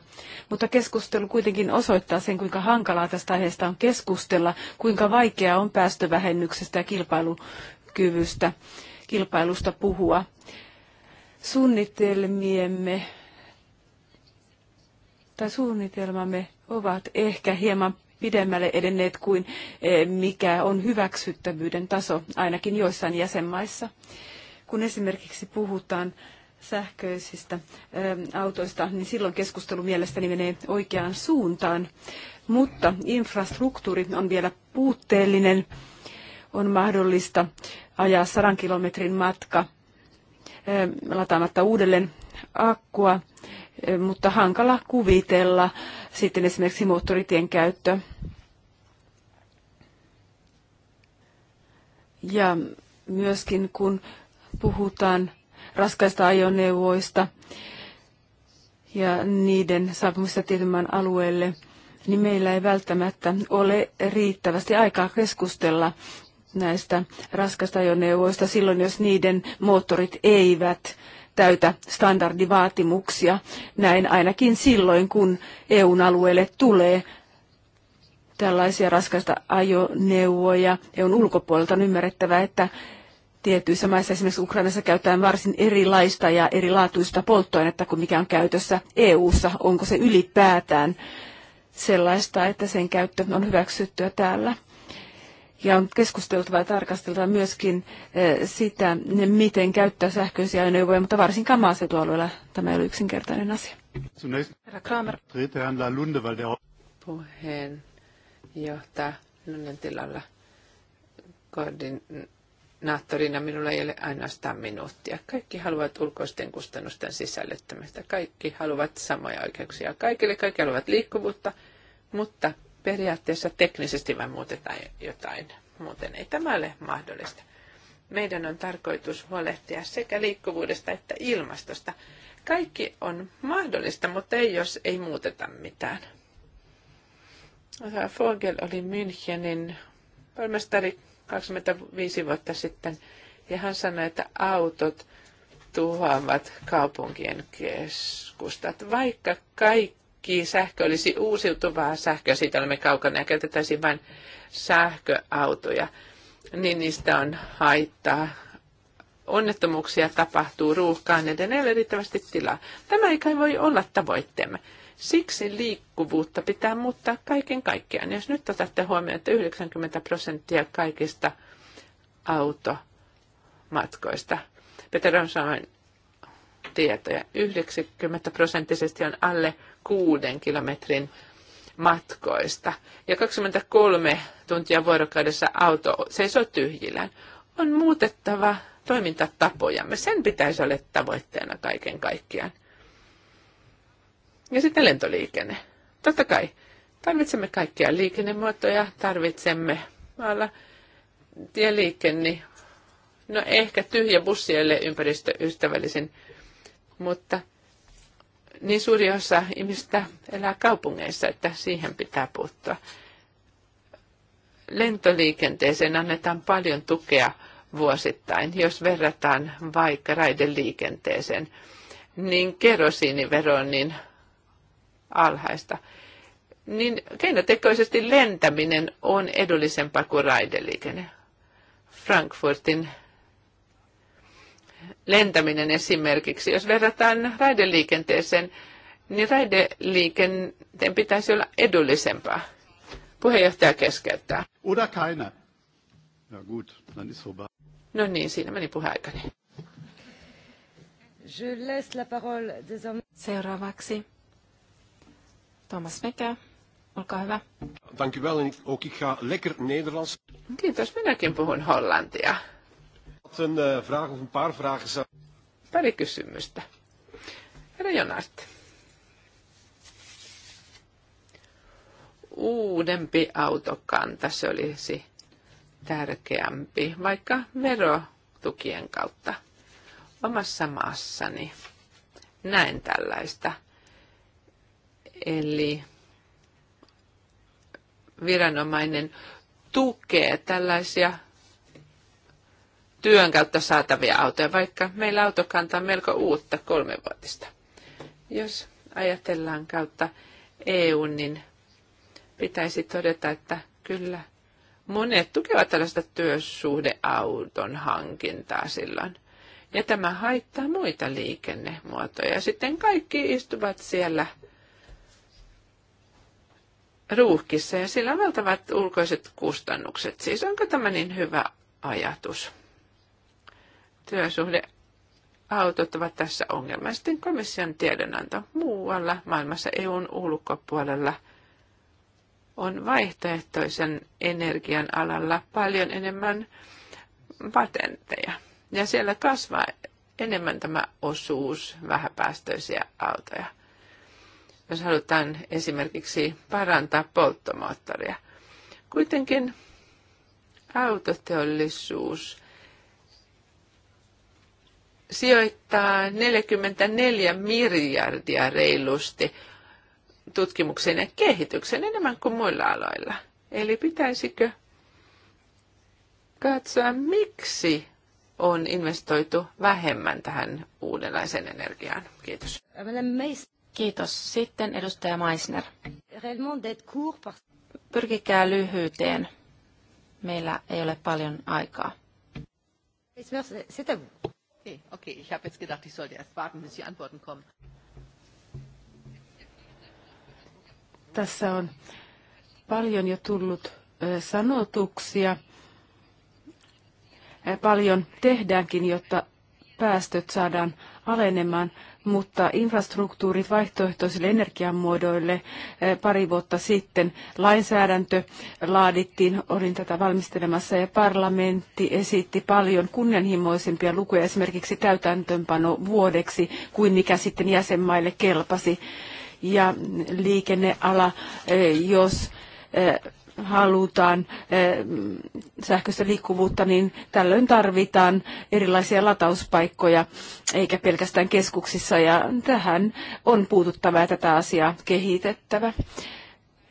mutta keskustelu kuitenkin osoittaa sen, kuinka hankalaa tästä aiheesta on keskustella, kuinka vaikeaa on päästövähennyksestä ja kilpailukyvystä, kilpailusta puhua. Suunnitelmiemme tai suunnitelmamme ovat ehkä hieman pidemmälle edenneet kuin eh, mikä on hyväksyttävyyden taso ainakin joissain jäsenmaissa. Kun esimerkiksi puhutaan sähköisistä eh, autoista, niin silloin keskustelu mielestäni menee oikeaan suuntaan. Mutta infrastruktuuri on vielä puutteellinen. On mahdollista ajaa sadan kilometrin matka eh, lataamatta uudelleen akkua, mutta hankala kuvitella sitten esimerkiksi moottoritien käyttö. Ja myöskin kun puhutaan raskaista ajoneuvoista ja niiden saapumista tietymään alueelle, niin meillä ei välttämättä ole riittävästi aikaa keskustella näistä raskaista ajoneuvoista silloin, jos niiden moottorit eivät täytä standardivaatimuksia, näin ainakin silloin, kun EUn alueelle tulee tällaisia raskaista ajoneuvoja. EUn ulkopuolelta on ymmärrettävä, että tietyissä maissa, esimerkiksi Ukrainassa, käytetään varsin erilaista ja erilaatuista polttoainetta kuin mikä on käytössä EU:ssa. Onko se ylipäätään sellaista, että sen käyttö on hyväksyttyä täällä? ja on keskusteltava ja tarkasteltava myöskin eh, sitä, miten käyttää sähköisiä ajoneuvoja, mutta varsinkaan maaseutualueella tämä ei ole yksinkertainen asia. Herra Kramer. Puheenjohtaja Lunden tilalla koordinaattorina minulla ei ole ainoastaan minuuttia. Kaikki haluavat ulkoisten kustannusten sisällyttämistä. Kaikki haluavat samoja oikeuksia kaikille. Kaikki haluavat liikkuvuutta, mutta periaatteessa teknisesti vain muutetaan jotain. Muuten ei tämä ole mahdollista. Meidän on tarkoitus huolehtia sekä liikkuvuudesta että ilmastosta. Kaikki on mahdollista, mutta ei jos ei muuteta mitään. Vogel oli Münchenin pormestari 25 vuotta sitten ja hän sanoi, että autot tuhoavat kaupunkien keskustat, vaikka kaikki kaikki sähkö olisi uusiutuvaa sähköä, siitä olemme kaukana ja käytettäisiin vain sähköautoja, niin niistä on haittaa. Onnettomuuksia tapahtuu ruuhkaan, edelleen ei ole riittävästi tilaa. Tämä ei kai voi olla tavoitteemme. Siksi liikkuvuutta pitää muuttaa kaiken kaikkiaan. Jos nyt otatte huomioon, että 90 prosenttia kaikista automatkoista, Peter on saanut tietoja, 90 prosenttisesti on alle kuuden kilometrin matkoista. Ja 23 tuntia vuorokaudessa auto seisoo tyhjillään. On muutettava toimintatapojamme. Sen pitäisi olla tavoitteena kaiken kaikkiaan. Ja sitten lentoliikenne. Totta kai, tarvitsemme kaikkia liikennemuotoja, tarvitsemme maalla tieliikenne. No ehkä tyhjä bussi ei ole ympäristöystävällisin, mutta niin suuri osa ihmistä elää kaupungeissa, että siihen pitää puuttua. Lentoliikenteeseen annetaan paljon tukea vuosittain, jos verrataan vaikka raideliikenteeseen, niin kerosiinivero on niin alhaista. Niin keinotekoisesti lentäminen on edullisempaa kuin raideliikenne. Frankfurtin lentäminen esimerkiksi, jos verrataan raideliikenteeseen, niin raideliikenteen pitäisi olla edullisempaa. Puheenjohtaja keskeyttää. Oder keine. Ja gut, dann ist vorbei. No niin, siinä meni puheaikani. Je laisse la parole Seuraavaksi Thomas Mekä, olkaa hyvä. Dank u wel ook ik ga lekker Nederlands. Kiitos, minäkin puhun hollantia. Eh, Pari kysymystä. Herra Jonart. Uudempi autokanta, se olisi tärkeämpi, vaikka verotukien kautta omassa maassani näin tällaista. Eli viranomainen tukee tällaisia työn kautta saatavia autoja, vaikka meillä autokanta on melko uutta kolmevuotista. Jos ajatellaan kautta EU, niin pitäisi todeta, että kyllä monet tukevat tällaista työsuhdeauton hankintaa silloin. Ja tämä haittaa muita liikennemuotoja. Sitten kaikki istuvat siellä ruuhkissa ja sillä on valtavat ulkoiset kustannukset. Siis onko tämä niin hyvä ajatus? työsuhdeautot ovat tässä ongelma. Sitten komission tiedonanto muualla maailmassa EUn ulkopuolella on vaihtoehtoisen energian alalla paljon enemmän patentteja. Ja siellä kasvaa enemmän tämä osuus vähäpäästöisiä autoja. Jos halutaan esimerkiksi parantaa polttomoottoria. Kuitenkin autoteollisuus sijoittaa 44 miljardia reilusti tutkimukseen ja kehitykseen enemmän kuin muilla aloilla. Eli pitäisikö katsoa, miksi on investoitu vähemmän tähän uudenlaiseen energiaan. Kiitos. Kiitos. Sitten edustaja Meissner. Pyrkikää lyhyyteen. Meillä ei ole paljon aikaa. Okay, okay. ich habe jetzt gedacht, ich sollte erst warten, bis die Antworten kommen. Tässä on paljon jo tullut sanotuksia. Paljon tehdäänkin, jotta päästöt saadaan alenemaan, mutta infrastruktuurit vaihtoehtoisille energiamuodoille eh, pari vuotta sitten lainsäädäntö laadittiin, olin tätä valmistelemassa ja parlamentti esitti paljon kunnianhimoisempia lukuja esimerkiksi täytäntöönpano vuodeksi kuin mikä sitten jäsenmaille kelpasi. Ja liikenneala, eh, jos eh, halutaan eh, sähköistä liikkuvuutta, niin tällöin tarvitaan erilaisia latauspaikkoja, eikä pelkästään keskuksissa, ja tähän on puututtava ja tätä asiaa kehitettävä.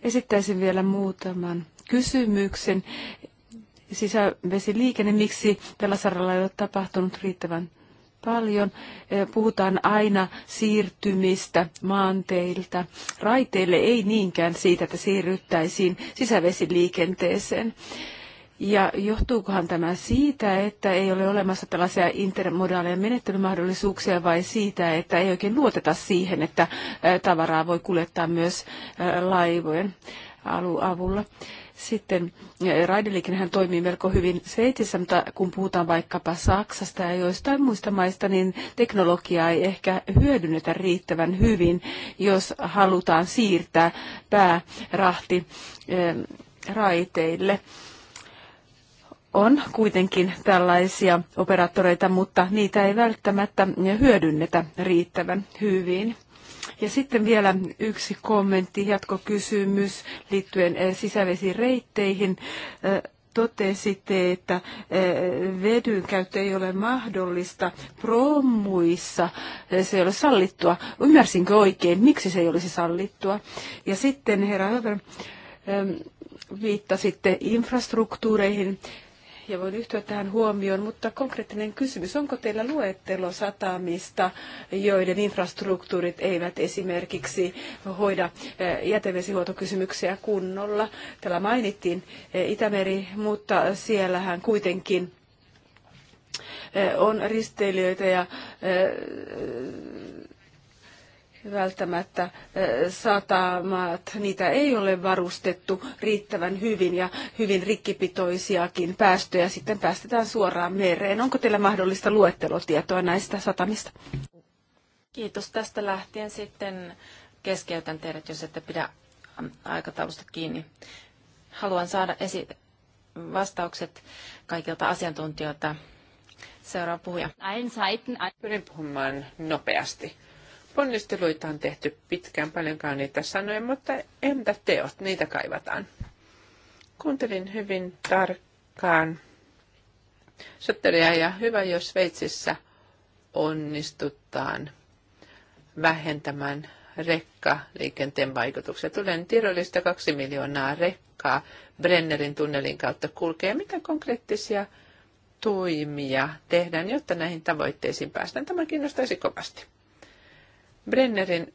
Esittäisin vielä muutaman kysymyksen. Sisävesiliikenne, miksi tällä saralla ei ole tapahtunut riittävän paljon. Puhutaan aina siirtymistä maanteilta. Raiteille ei niinkään siitä, että siirryttäisiin sisävesiliikenteeseen. Ja johtuukohan tämä siitä, että ei ole olemassa tällaisia intermodaaleja menettelymahdollisuuksia vai siitä, että ei oikein luoteta siihen, että tavaraa voi kuljettaa myös laivojen avulla? Sitten raideliikennehän toimii melko hyvin Sveitsissä, mutta kun puhutaan vaikkapa Saksasta ja joistain muista maista, niin teknologiaa ei ehkä hyödynnetä riittävän hyvin, jos halutaan siirtää päärahti eh, raiteille on kuitenkin tällaisia operaattoreita, mutta niitä ei välttämättä hyödynnetä riittävän hyvin. Ja sitten vielä yksi kommentti, jatkokysymys liittyen eh, sisävesireitteihin eh, totesitte, että eh, vedyn käyttö ei ole mahdollista promuissa, se ei ole sallittua. Ymmärsinkö oikein, miksi se ei olisi sallittua? Ja sitten herra Höber, viittasitte infrastruktuureihin ja voin yhtyä tähän huomioon, mutta konkreettinen kysymys, onko teillä luettelo satamista, joiden infrastruktuurit eivät esimerkiksi hoida eh, jätevesihuoltokysymyksiä kunnolla? Täällä mainittiin eh, Itämeri, mutta siellähän kuitenkin eh, on risteilijöitä ja välttämättä satamat, niitä ei ole varustettu riittävän hyvin ja hyvin rikkipitoisiakin päästöjä sitten päästetään suoraan mereen. Onko teillä mahdollista luettelotietoa näistä satamista? Kiitos. Tästä lähtien sitten keskeytän teidät, jos ette pidä aikataulusta kiinni. Haluan saada esi- vastaukset kaikilta asiantuntijoilta. Seuraava puhuja. Pyrin puhumaan nopeasti Ponnisteluita on tehty pitkään, paljon kauniita sanoja, mutta entä teot, niitä kaivataan. Kuuntelin hyvin tarkkaan sotteria ja hyvä, jos Sveitsissä onnistutaan vähentämään rekkaliikenteen vaikutuksia. Tulen Tirolista kaksi miljoonaa rekkaa Brennerin tunnelin kautta kulkee. Mitä konkreettisia toimia tehdään, jotta näihin tavoitteisiin päästään? Tämä kiinnostaisi kovasti. Brennerin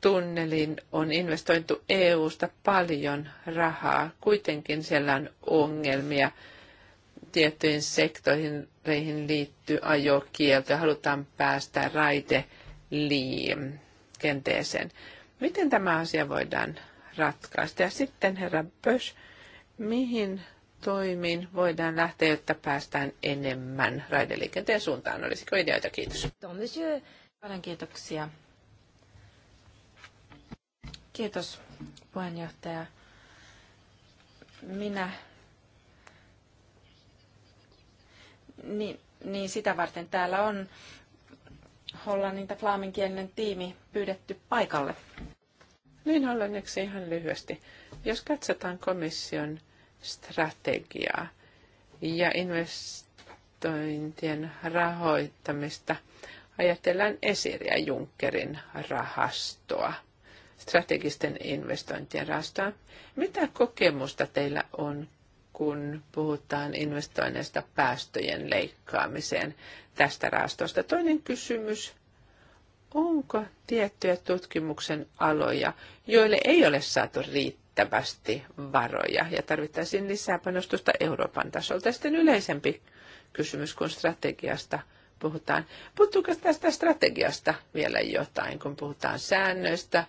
tunnelin on investointu EUsta paljon rahaa. Kuitenkin siellä on ongelmia tiettyihin sektoreihin liittyy ajokielto ja halutaan päästä raite kenteeseen. Miten tämä asia voidaan ratkaista? Ja sitten herra Bösch, mihin toimiin voidaan lähteä, jotta päästään enemmän raideliikenteen suuntaan? Olisiko ideoita? Kiitos. Paljon kiitoksia Kiitos puheenjohtaja. Minä niin, niin sitä varten täällä on hollannin tai flaaminkielinen tiimi pyydetty paikalle. Niin hollanniksi ihan lyhyesti. Jos katsotaan komission strategiaa ja investointien rahoittamista, ajatellaan esiriä Junckerin rahastoa – strategisten investointien rahastoa. Mitä kokemusta teillä on, kun puhutaan investoinneista päästöjen leikkaamiseen tästä rahastosta? Toinen kysymys. Onko tiettyjä tutkimuksen aloja, joille ei ole saatu riittävästi varoja ja tarvittaisiin lisää panostusta Euroopan tasolta? Sitten yleisempi kysymys, kun strategiasta puhutaan. Puuttuuko tästä strategiasta vielä jotain, kun puhutaan säännöistä,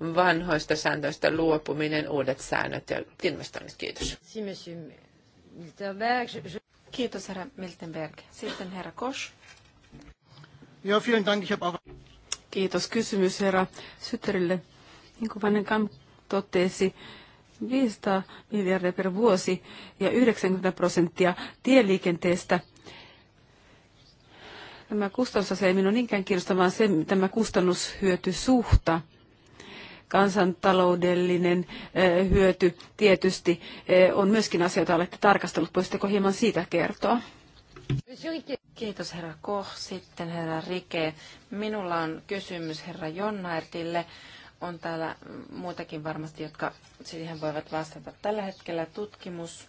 vanhoista sääntöistä luopuminen, uudet säännöt ja investoinnit. Kiitos. Kiitos herra Miltenberg. Sitten herra Kosch. Kiitos. Kysymys herra Syterille. Niin kuin Kamp totesi, 500 miljardia per vuosi ja 90 prosenttia tieliikenteestä tämä kustannusasia ei minun niinkään kiinnosta, vaan se, tämä kustannushyötysuhta. suhta kansantaloudellinen hyöty tietysti on myöskin asia, jota olette tarkastellut. Voisitteko hieman siitä kertoa? Kiitos herra Koh. Sitten herra Rike. Minulla on kysymys herra Jonnaertille. On täällä muitakin varmasti, jotka siihen voivat vastata. Tällä hetkellä tutkimus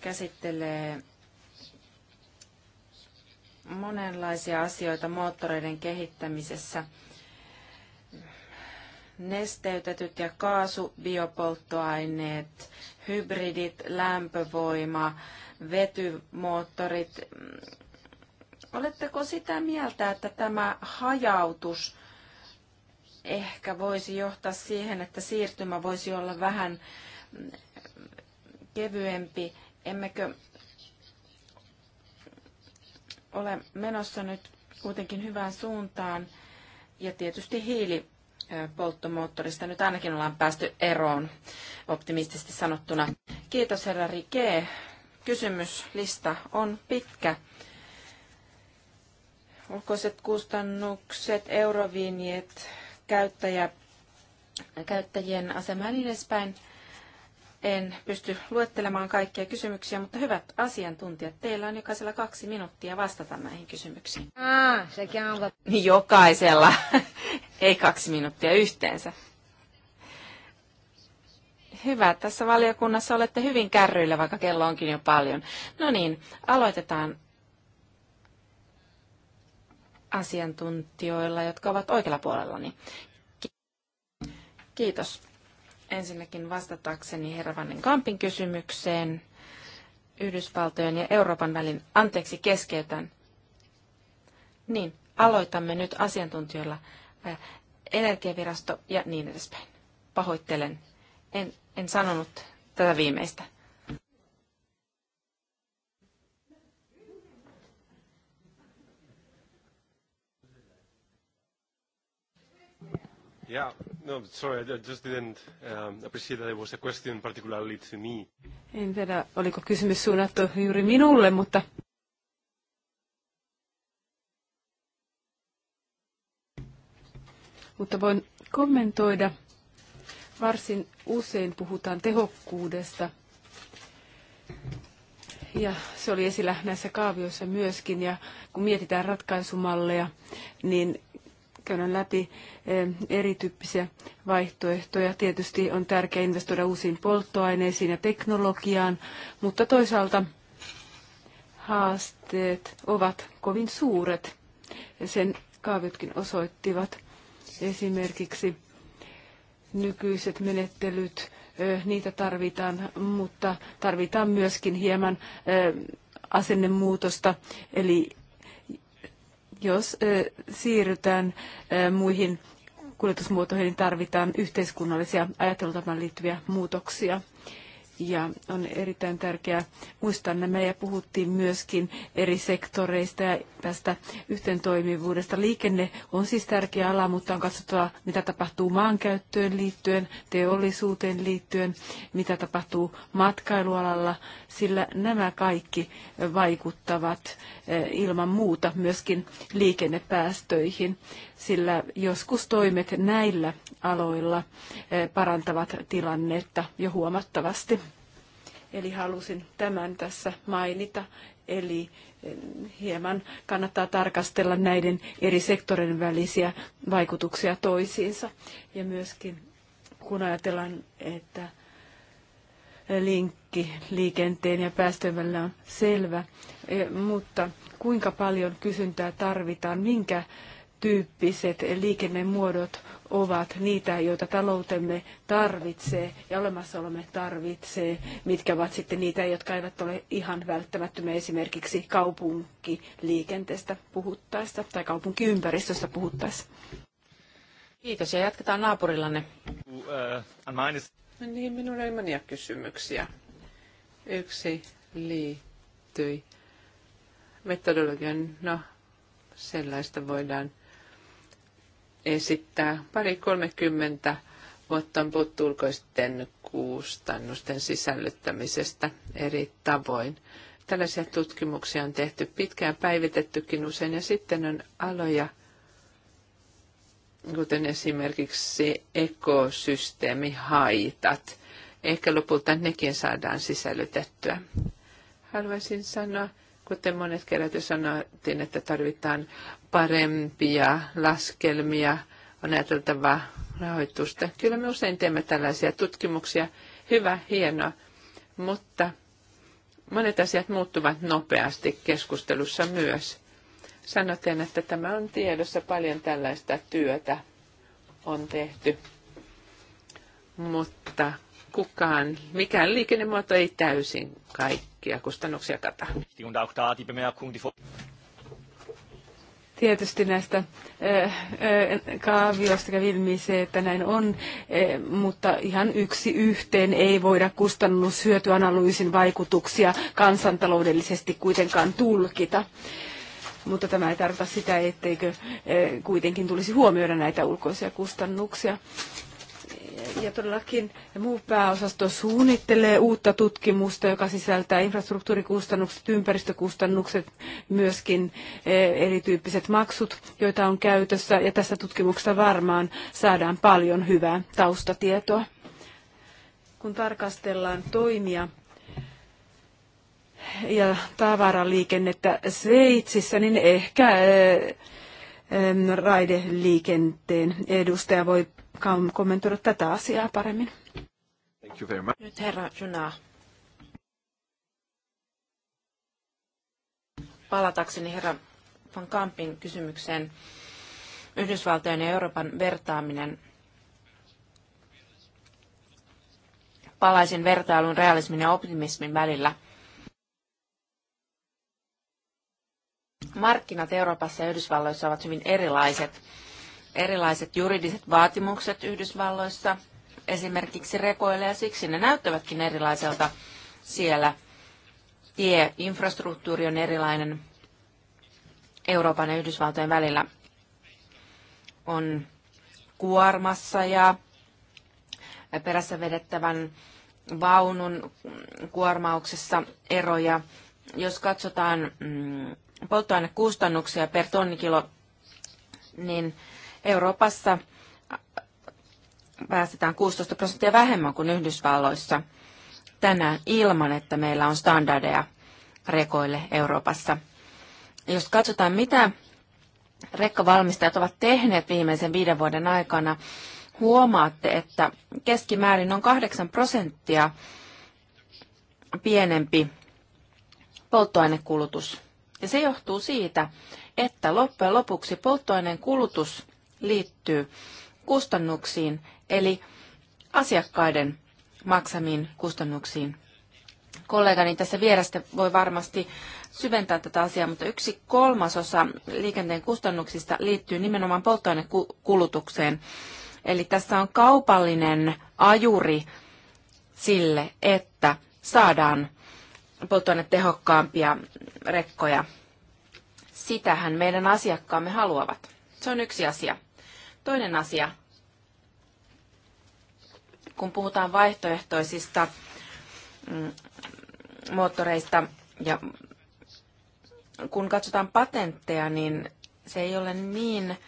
käsittelee monenlaisia asioita moottoreiden kehittämisessä – nesteytetyt ja kaasubiopolttoaineet, hybridit, lämpövoima, vetymoottorit. Mm, oletteko sitä mieltä, että tämä hajautus ehkä voisi johtaa siihen, että siirtymä voisi olla vähän mm, kevyempi? Emmekö ole menossa nyt kuitenkin hyvään suuntaan? Ja tietysti hiili polttomoottorista nyt ainakin ollaan päästy eroon, optimistisesti sanottuna. Kiitos herra Rike. Kysymyslista on pitkä. Ulkoiset kustannukset, eurovinjet, käyttäjä, käyttäjien asema ja niin edespäin. En pysty luettelemaan kaikkia kysymyksiä, mutta hyvät asiantuntijat, teillä on jokaisella kaksi minuuttia vastata näihin kysymyksiin. Aa, sekin on... Jokaisella ei kaksi minuuttia yhteensä. Hyvä, tässä valiokunnassa olette hyvin kärryillä, vaikka kello onkin jo paljon. No niin, aloitetaan asiantuntijoilla, jotka ovat oikealla puolellani. Niin Kiitos. Ensinnäkin vastatakseni herra Vannen Kampin kysymykseen Yhdysvaltojen ja Euroopan välin. Anteeksi, keskeytän. Niin, aloitamme nyt asiantuntijoilla energiavirasto ja niin edespäin. Pahoittelen, en, en sanonut tätä viimeistä. Yeah. No, sorry, I just didn't um, appreciate that it was a question particularly to me. En tiedä, oliko kysymys suunnattu juuri minulle, mutta mutta voin kommentoida. Varsin usein puhutaan tehokkuudesta. Ja se oli esillä näissä kaavioissa myöskin. Ja kun mietitään ratkaisumalleja, niin käydään läpi eh, erityyppisiä vaihtoehtoja. Tietysti on tärkeää investoida uusiin polttoaineisiin ja teknologiaan, mutta toisaalta haasteet ovat kovin suuret. Sen kaaviotkin osoittivat esimerkiksi nykyiset menettelyt, niitä tarvitaan, mutta tarvitaan myöskin hieman asennemuutosta, eli jos siirrytään muihin kuljetusmuotoihin, niin tarvitaan yhteiskunnallisia ajattelutapaan liittyviä muutoksia ja on erittäin tärkeää muistaa nämä ja puhuttiin myöskin eri sektoreista ja tästä yhteentoimivuudesta. Liikenne on siis tärkeä ala, mutta on katsottava, mitä tapahtuu maankäyttöön liittyen, teollisuuteen liittyen, mitä tapahtuu matkailualalla, sillä nämä kaikki vaikuttavat eh, ilman muuta myöskin liikennepäästöihin, sillä joskus toimet näillä aloilla eh, parantavat tilannetta jo huomattavasti. Eli halusin tämän tässä mainita. Eli hieman kannattaa tarkastella näiden eri sektoreiden välisiä vaikutuksia toisiinsa. Ja myöskin kun ajatellaan, että linkki liikenteen ja päästöjen välillä on selvä, e, mutta kuinka paljon kysyntää tarvitaan, minkä tyyppiset liikennemuodot ovat niitä, joita taloutemme tarvitsee ja olemassaolomme tarvitsee, mitkä ovat sitten niitä, jotka eivät ole ihan välttämättömiä esimerkiksi kaupunkiliikenteestä puhuttaessa tai kaupunkiympäristöstä puhuttaessa. Kiitos ja jatketaan naapurillanne. No niin, minulla oli monia kysymyksiä. Yksi liittyi metodologian, no sellaista voidaan esittää pari 30 vuotta on puhuttu ulkoisten kustannusten sisällyttämisestä eri tavoin. Tällaisia tutkimuksia on tehty pitkään päivitettykin usein ja sitten on aloja, kuten esimerkiksi ekosysteemihaitat. Ehkä lopulta nekin saadaan sisällytettyä. Haluaisin sanoa, Kuten monet kerrat jo sanottiin, että tarvitaan parempia laskelmia, on ajateltava rahoitusta. Kyllä me usein teemme tällaisia tutkimuksia. Hyvä, hienoa. Mutta monet asiat muuttuvat nopeasti keskustelussa myös. Sanoten, että tämä on tiedossa, paljon tällaista työtä on tehty. Mutta kukaan, mikään liikennemuoto ei täysin kaikkia kustannuksia kata. Tietysti näistä eh, eh, kaavioista kävi ilmi se, että näin on, eh, mutta ihan yksi yhteen ei voida kustannushyötyanalyysin vaikutuksia kansantaloudellisesti kuitenkaan tulkita mutta tämä ei tarkoita sitä, etteikö kuitenkin tulisi huomioida näitä ulkoisia kustannuksia. Ja todellakin muu pääosasto suunnittelee uutta tutkimusta, joka sisältää infrastruktuurikustannukset, ympäristökustannukset, myöskin eh, erityyppiset maksut, joita on käytössä. Ja tässä tutkimuksessa varmaan saadaan paljon hyvää taustatietoa. Kun tarkastellaan toimia ja tavaraliikennettä Sveitsissä, niin ehkä eh, raideliikenteen edustaja voi kommentoida tätä asiaa paremmin. Thank you very much. Nyt herra Junaa. Palatakseni herra Van Kampin kysymykseen. Yhdysvaltojen ja Euroopan vertaaminen. Palaisin vertailun realismin ja optimismin välillä. Markkinat Euroopassa ja Yhdysvalloissa ovat hyvin erilaiset erilaiset juridiset vaatimukset Yhdysvalloissa esimerkiksi rekoille ja siksi ne näyttävätkin erilaiselta siellä. Tie, infrastruktuuri on erilainen Euroopan ja Yhdysvaltojen välillä. On kuormassa ja perässä vedettävän vaunun kuormauksessa eroja. Jos katsotaan mm, polttoainekustannuksia per tonnikilo, niin Euroopassa päästetään 16 prosenttia vähemmän kuin Yhdysvalloissa tänään ilman, että meillä on standardeja rekoille Euroopassa. Jos katsotaan, mitä rekkavalmistajat ovat tehneet viimeisen viiden vuoden aikana, huomaatte, että keskimäärin on 8 prosenttia pienempi polttoainekulutus. Ja se johtuu siitä, että loppujen lopuksi polttoaineen kulutus liittyy kustannuksiin, eli asiakkaiden maksamiin kustannuksiin. Kollegani tässä vierestä voi varmasti syventää tätä asiaa, mutta yksi kolmasosa liikenteen kustannuksista liittyy nimenomaan polttoainekulutukseen. Eli tässä on kaupallinen ajuri sille, että saadaan polttoainetehokkaampia rekkoja. Sitähän meidän asiakkaamme haluavat. Se on yksi asia. Toinen asia, kun puhutaan vaihtoehtoisista mm, moottoreista ja kun katsotaan patentteja, niin se ei ole niin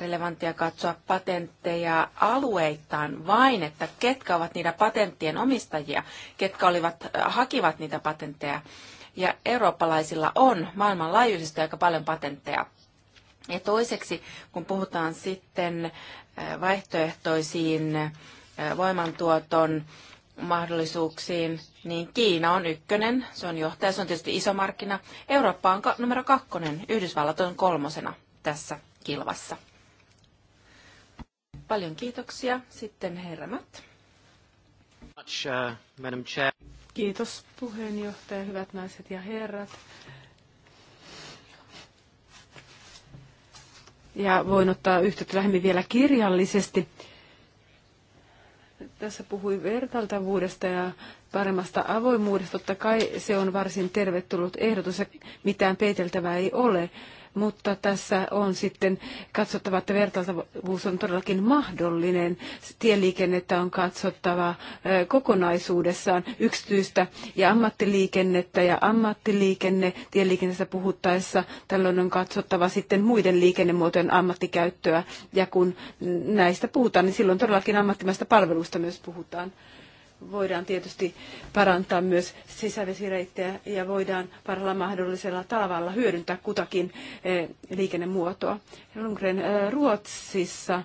relevanttia katsoa patentteja alueittain vain, että ketkä ovat niitä patenttien omistajia, ketkä olivat, äh, hakivat niitä patentteja. Ja eurooppalaisilla on maailmanlaajuisesti aika paljon patentteja. Ja toiseksi, kun puhutaan sitten vaihtoehtoisiin voimantuoton mahdollisuuksiin, niin Kiina on ykkönen, se on johtaja, se on tietysti iso markkina. Eurooppa on numero kakkonen, Yhdysvallat on kolmosena tässä kilvassa. Paljon kiitoksia. Sitten herra Matt. Uh, Kiitos puheenjohtaja, hyvät naiset ja herrat. ja voin ottaa yhteyttä lähemmin vielä kirjallisesti. Tässä puhui vertailtavuudesta ja paremmasta avoimuudesta. Totta kai se on varsin tervetullut ehdotus ja mitään peiteltävää ei ole mutta tässä on sitten katsottava, että vertailtavuus on todellakin mahdollinen. Tieliikennettä on katsottava kokonaisuudessaan yksityistä ja ammattiliikennettä ja ammattiliikenne tieliikenteestä puhuttaessa. Tällöin on katsottava sitten muiden liikennemuotojen ammattikäyttöä ja kun näistä puhutaan, niin silloin todellakin ammattimaista palvelusta myös puhutaan voidaan tietysti parantaa myös sisävesireittejä ja voidaan parhaalla mahdollisella tavalla hyödyntää kutakin eh, liikennemuotoa. Lundgren, eh, Ruotsissa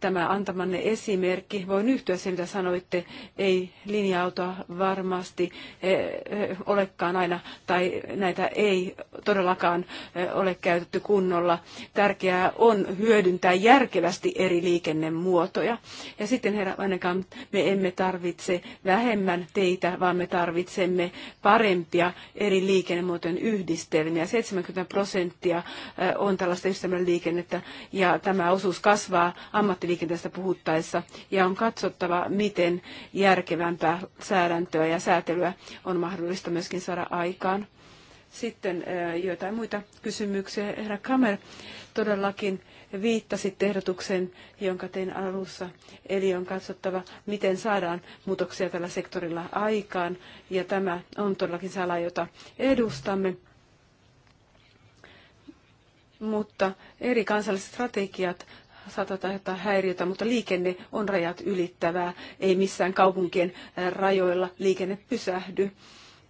tämä antamanne esimerkki, voin yhtyä sen, mitä sanoitte, ei linja-autoa varmasti eh, eh, olekaan aina, tai näitä ei todellakaan eh, ole käytetty kunnolla. Tärkeää on hyödyntää järkevästi eri liikennemuotoja. Ja sitten herra ainakaan me emme tarvitse vähemmän teitä, vaan me tarvitsemme parempia eri liikennemuotojen yhdistelmiä. 70 prosenttia on tällaista yhdistelmän liikennettä, ja tämä osuus kasvaa ammatti liikenteestä puhuttaessa ja on katsottava, miten järkevämpää säädäntöä ja säätelyä on mahdollista myöskin saada aikaan. Sitten joitain muita kysymyksiä. Herra Kamer, todellakin viittasit ehdotukseen, jonka tein alussa. Eli on katsottava, miten saadaan muutoksia tällä sektorilla aikaan. Ja tämä on todellakin sala, jota edustamme. Mutta eri kansalliset strategiat saatat aiheuttaa häiriötä, mutta liikenne on rajat ylittävää, ei missään kaupunkien rajoilla liikenne pysähdy.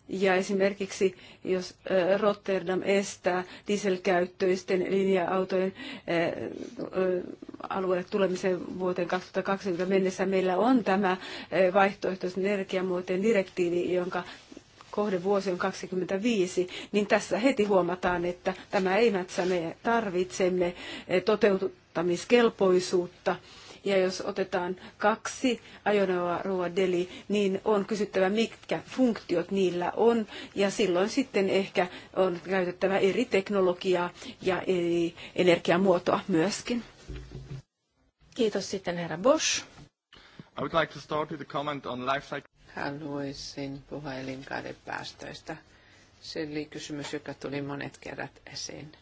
Ja esimerkiksi jos Rotterdam estää dieselkäyttöisten linja-autojen alueelle tulemisen vuoteen 2020 mennessä, meillä on tämä vaihtoehtoisen energiamuotojen direktiivi, jonka kohdevuosi on 25, niin tässä heti huomataan, että tämä ei mätsä, me tarvitsemme eh, toteuttamiskelpoisuutta. Ja jos otetaan kaksi ajoneuvoa deli, niin on kysyttävä, mitkä funktiot niillä on. Ja silloin sitten ehkä on käytettävä eri teknologiaa ja eri energiamuotoa myöskin. Kiitos sitten herra Bosch. I would like to start with a comment on life cycle haluaisin puhua päästöistä. Se oli kysymys, joka tuli monet kerrat esiin.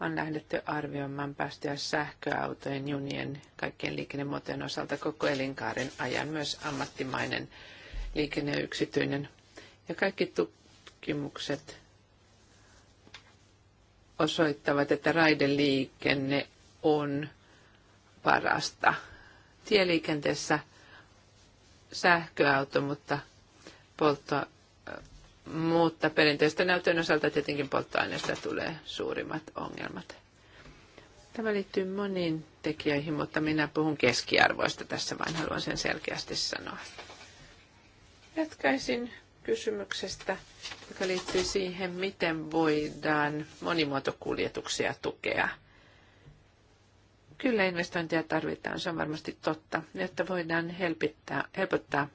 On lähdetty arvioimaan päästöjä sähköautojen, junien, kaikkien liikennemuotojen osalta koko elinkaaren ajan, myös ammattimainen liikenne ja yksityinen. Ja kaikki tutkimukset osoittavat, että raideliikenne on parasta. Tieliikenteessä – sähköauto, mutta, poltto, mutta perinteistä näytön osalta tietenkin polttoaineesta tulee suurimmat ongelmat. Tämä liittyy moniin tekijöihin, mutta minä puhun keskiarvoista tässä, vain haluan sen selkeästi sanoa. Jatkaisin kysymyksestä, joka liittyy siihen, miten voidaan monimuotokuljetuksia tukea – Kyllä investointeja tarvitaan, se on varmasti totta, jotta voidaan helpittää, helpottaa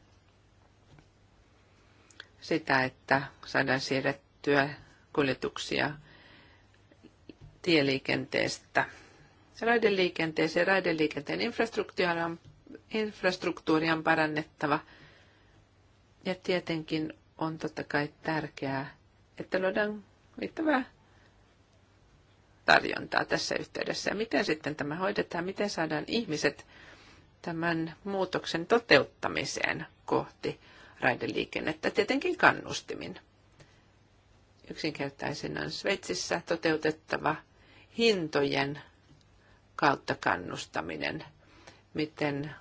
sitä, että saadaan siirrettyä kuljetuksia tieliikenteestä raideliikenteeseen. Raideliikenteen infrastruktuuri on parannettava. Ja tietenkin on totta kai tärkeää, että luodaan riittävää tarjontaa tässä yhteydessä. Ja miten sitten tämä hoidetaan, miten saadaan ihmiset tämän muutoksen toteuttamiseen kohti raideliikennettä, tietenkin kannustimin. Yksinkertaisin on Sveitsissä toteutettava hintojen kautta kannustaminen, miten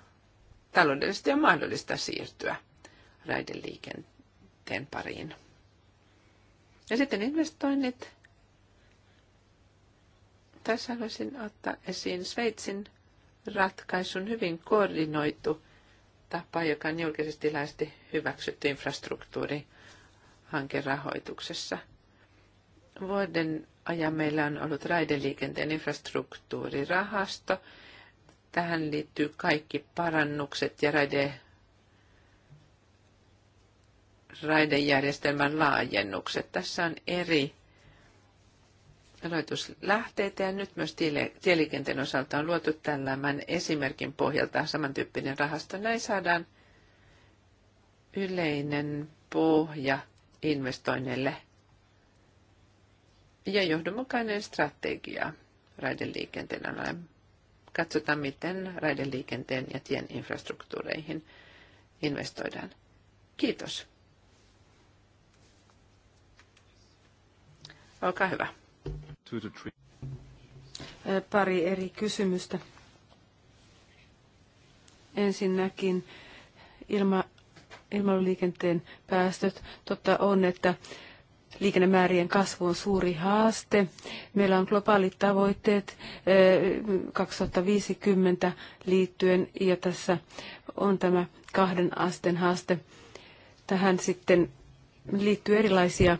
taloudellisesti on mahdollista siirtyä raideliikenteen pariin. Ja sitten investoinnit tässä haluaisin ottaa esiin Sveitsin ratkaisun hyvin koordinoitu tapa, joka on julkisesti lähti hyväksytty infrastruktuurihankerahoituksessa. Vuoden ajan meillä on ollut raideliikenteen infrastruktuurirahasto. Tähän liittyy kaikki parannukset ja raide, raidejärjestelmän laajennukset. Tässä on eri rahoituslähteitä ja nyt myös tieliikenteen osalta on luotu tällainen esimerkin pohjalta samantyyppinen rahasto. Näin saadaan yleinen pohja investoinneille ja johdonmukainen strategia raideliikenteen alalle. Katsotaan, miten raideliikenteen ja tien infrastruktuureihin investoidaan. Kiitos. Olkaa hyvä. Pari eri kysymystä. Ensinnäkin ilma, ilmailuliikenteen päästöt. Totta on, että liikennemäärien kasvu on suuri haaste. Meillä on globaalit tavoitteet 2050 liittyen ja tässä on tämä kahden asteen haaste. Tähän sitten liittyy erilaisia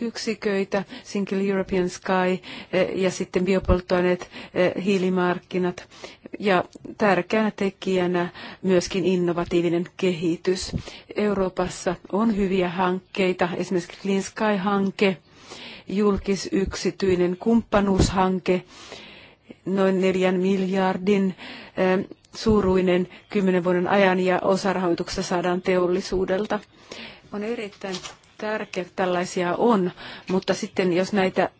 yksiköitä, Single European Sky eh, ja sitten biopolttoaineet, eh, hiilimarkkinat ja tärkeänä tekijänä myöskin innovatiivinen kehitys. Euroopassa on hyviä hankkeita, esimerkiksi Clean Sky-hanke, julkisyksityinen kumppanuushanke, noin neljän miljardin eh, suuruinen kymmenen vuoden ajan ja osa rahoituksesta saadaan teollisuudelta. On erittäin tärkeä, että tällaisia on, mutta sitten jos näitä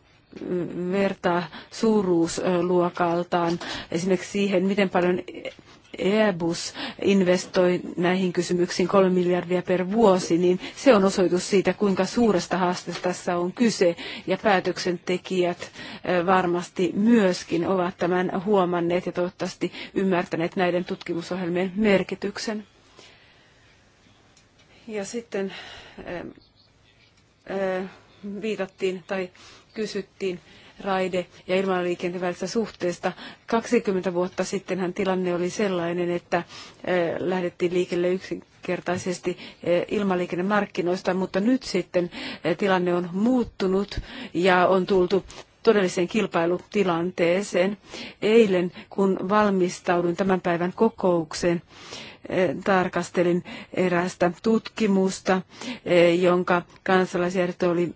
vertaa suuruusluokaltaan esimerkiksi siihen, miten paljon Airbus investoi näihin kysymyksiin kolme miljardia per vuosi, niin se on osoitus siitä, kuinka suuresta haasteesta tässä on kyse. Ja päätöksentekijät varmasti myöskin ovat tämän huomanneet ja toivottavasti ymmärtäneet näiden tutkimusohjelmien merkityksen. Ja sitten viitattiin tai kysyttiin raide- ja ilmailuliikenteen välisestä suhteesta. 20 vuotta sittenhän tilanne oli sellainen, että lähdettiin liikelle yksinkertaisesti ilmaliikennemarkkinoista, mutta nyt sitten tilanne on muuttunut ja on tultu todelliseen kilpailutilanteeseen. Eilen, kun valmistauduin tämän päivän kokoukseen, tarkastelin erästä tutkimusta, e, jonka kansalaisjärjestö oli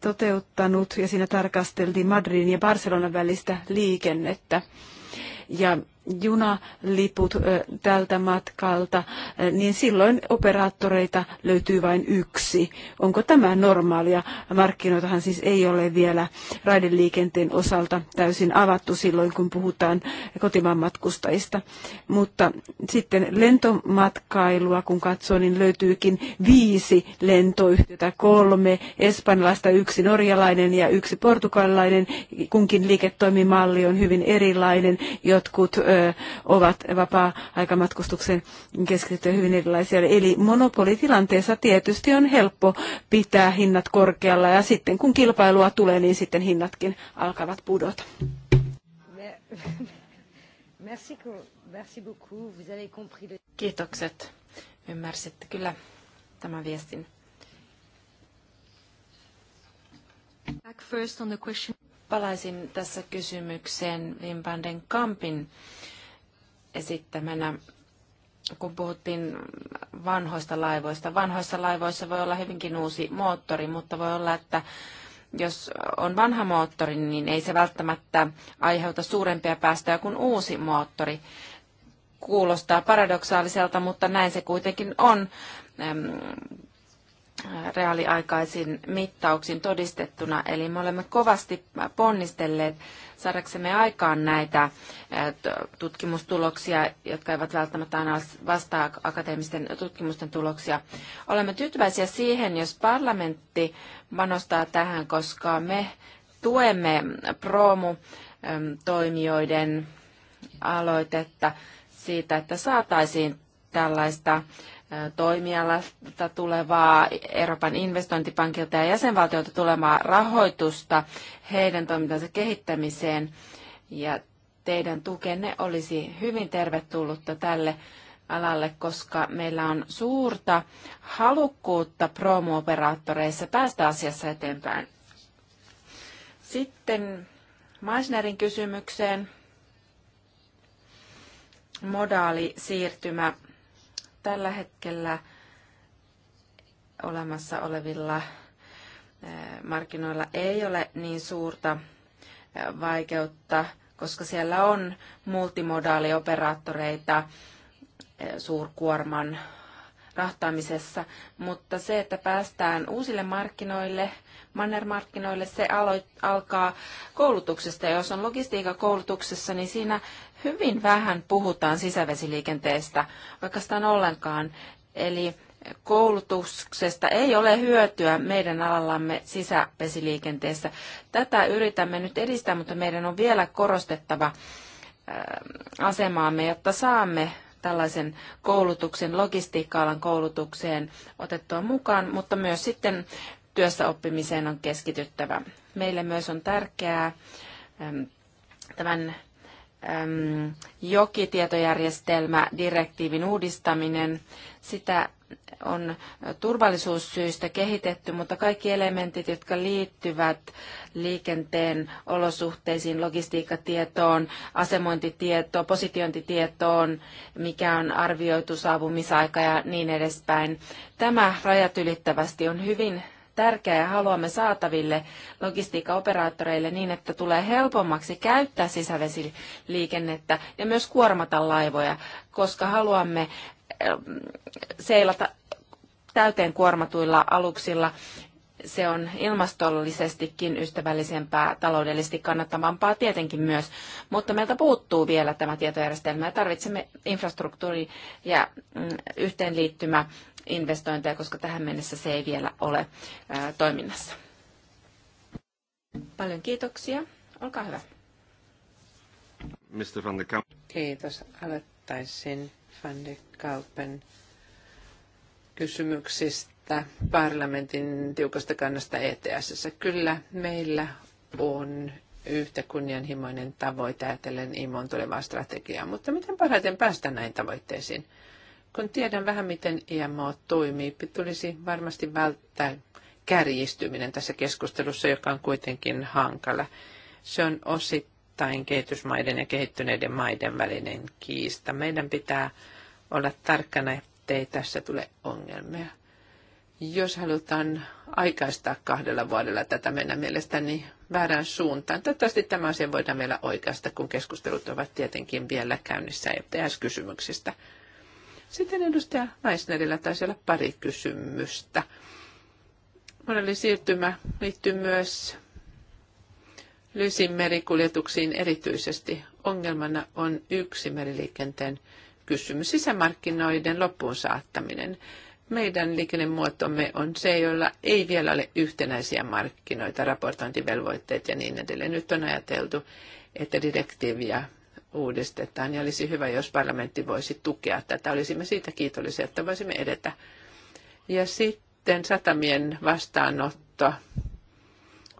toteuttanut, ja siinä tarkasteltiin Madridin ja Barcelonan välistä liikennettä. Ja junaliput tältä matkalta, niin silloin operaattoreita löytyy vain yksi. Onko tämä normaalia? Markkinoitahan siis ei ole vielä raideliikenteen osalta täysin avattu silloin, kun puhutaan kotimaan matkustajista. Mutta sitten lentomatkailua, kun katsoo, niin löytyykin viisi lentoyhtiötä, kolme espanjalaista, yksi norjalainen ja yksi portugalilainen. Kunkin liiketoimimalli on hyvin erilainen. Jotkut ovat vapaa-aikamatkustuksen keskittyä hyvin erilaisia. Eli monopolitilanteessa tietysti on helppo pitää hinnat korkealla ja sitten kun kilpailua tulee, niin sitten hinnatkin alkavat pudota. Kiitokset. Ymmärsitte kyllä tämän viestin palaisin tässä kysymykseen Wim van den Kampin esittämänä, kun puhuttiin vanhoista laivoista. Vanhoissa laivoissa voi olla hyvinkin uusi moottori, mutta voi olla, että jos on vanha moottori, niin ei se välttämättä aiheuta suurempia päästöjä kuin uusi moottori. Kuulostaa paradoksaaliselta, mutta näin se kuitenkin on Äh, reaaliaikaisin mittauksin todistettuna. Eli me olemme kovasti ponnistelleet saadaksemme aikaan näitä äh, tutkimustuloksia, jotka eivät välttämättä aina vastaa akateemisten tutkimusten tuloksia. Olemme tyytyväisiä siihen, jos parlamentti panostaa tähän, koska me tuemme Promu-toimijoiden aloitetta siitä, että saataisiin tällaista toimialasta tulevaa, Euroopan investointipankilta ja jäsenvaltiolta tulevaa rahoitusta heidän toimintansa kehittämiseen. Ja teidän tukenne olisi hyvin tervetullutta tälle alalle, koska meillä on suurta halukkuutta promooperaattoreissa päästä asiassa eteenpäin. Sitten Meissnerin kysymykseen modaali siirtymä tällä hetkellä olemassa olevilla markkinoilla ei ole niin suurta vaikeutta, koska siellä on multimodaalioperaattoreita suurkuorman rahtaamisessa, mutta se, että päästään uusille markkinoille, mannermarkkinoille, se alo- alkaa koulutuksesta. Ja jos on logistiikka koulutuksessa, niin siinä hyvin vähän puhutaan sisävesiliikenteestä, oikeastaan ollenkaan. Eli koulutuksesta ei ole hyötyä meidän alallamme sisävesiliikenteessä. Tätä yritämme nyt edistää, mutta meidän on vielä korostettava äh, asemaamme, jotta saamme tällaisen koulutuksen, logistiikka-alan koulutukseen otettua mukaan, mutta myös sitten työssä oppimiseen on keskityttävä. Meille myös on tärkeää ähm, tämän äm, jokitietojärjestelmä, direktiivin uudistaminen, sitä on turvallisuussyistä kehitetty, mutta kaikki elementit, jotka liittyvät liikenteen olosuhteisiin, logistiikkatietoon, asemointitietoon, positiointitietoon, mikä on arvioitu saavumisaika ja niin edespäin. Tämä rajat ylittävästi on hyvin tärkeä ja haluamme saataville logistiikkaoperaattoreille niin, että tulee helpommaksi käyttää sisävesiliikennettä ja myös kuormata laivoja, koska haluamme ähm, seilata täyteen kuormatuilla aluksilla. Se on ilmastollisestikin ystävällisempää, taloudellisesti kannattavampaa tietenkin myös, mutta meiltä puuttuu vielä tämä tietojärjestelmä ja tarvitsemme infrastruktuuri ja mm, yhteenliittymä investointeja, koska tähän mennessä se ei vielä ole toiminnassa. Paljon kiitoksia. Olkaa hyvä. Mr. Van de Kamp. Kiitos. Aloittaisin Van de Kaupen kysymyksistä parlamentin tiukasta kannasta ETS. Kyllä meillä on yhtä kunnianhimoinen tavoite ajatellen IMOn tulevaa strategiaa, mutta miten parhaiten päästä näin tavoitteisiin? Kun tiedän vähän, miten IMO toimii, tulisi varmasti välttää kärjistyminen tässä keskustelussa, joka on kuitenkin hankala. Se on osittain kehitysmaiden ja kehittyneiden maiden välinen kiista. Meidän pitää olla tarkkana, ettei tässä tule ongelmia. Jos halutaan aikaistaa kahdella vuodella tätä mennä mielestäni väärään suuntaan. Toivottavasti tämä asia voidaan vielä oikeasta, kun keskustelut ovat tietenkin vielä käynnissä ETS-kysymyksistä. Sitten edustaja Naisnerillä taisi olla pari kysymystä. Monelle siirtymä liittyy myös lysin merikuljetuksiin erityisesti. Ongelmana on yksi meriliikenteen kysymys, sisämarkkinoiden loppuun saattaminen. Meidän liikennemuotomme on se, jolla ei vielä ole yhtenäisiä markkinoita, raportointivelvoitteet ja niin edelleen. Nyt on ajateltu, että direktiiviä uudistetaan ja olisi hyvä, jos parlamentti voisi tukea tätä. Olisimme siitä kiitollisia, että voisimme edetä. Ja sitten satamien vastaanotto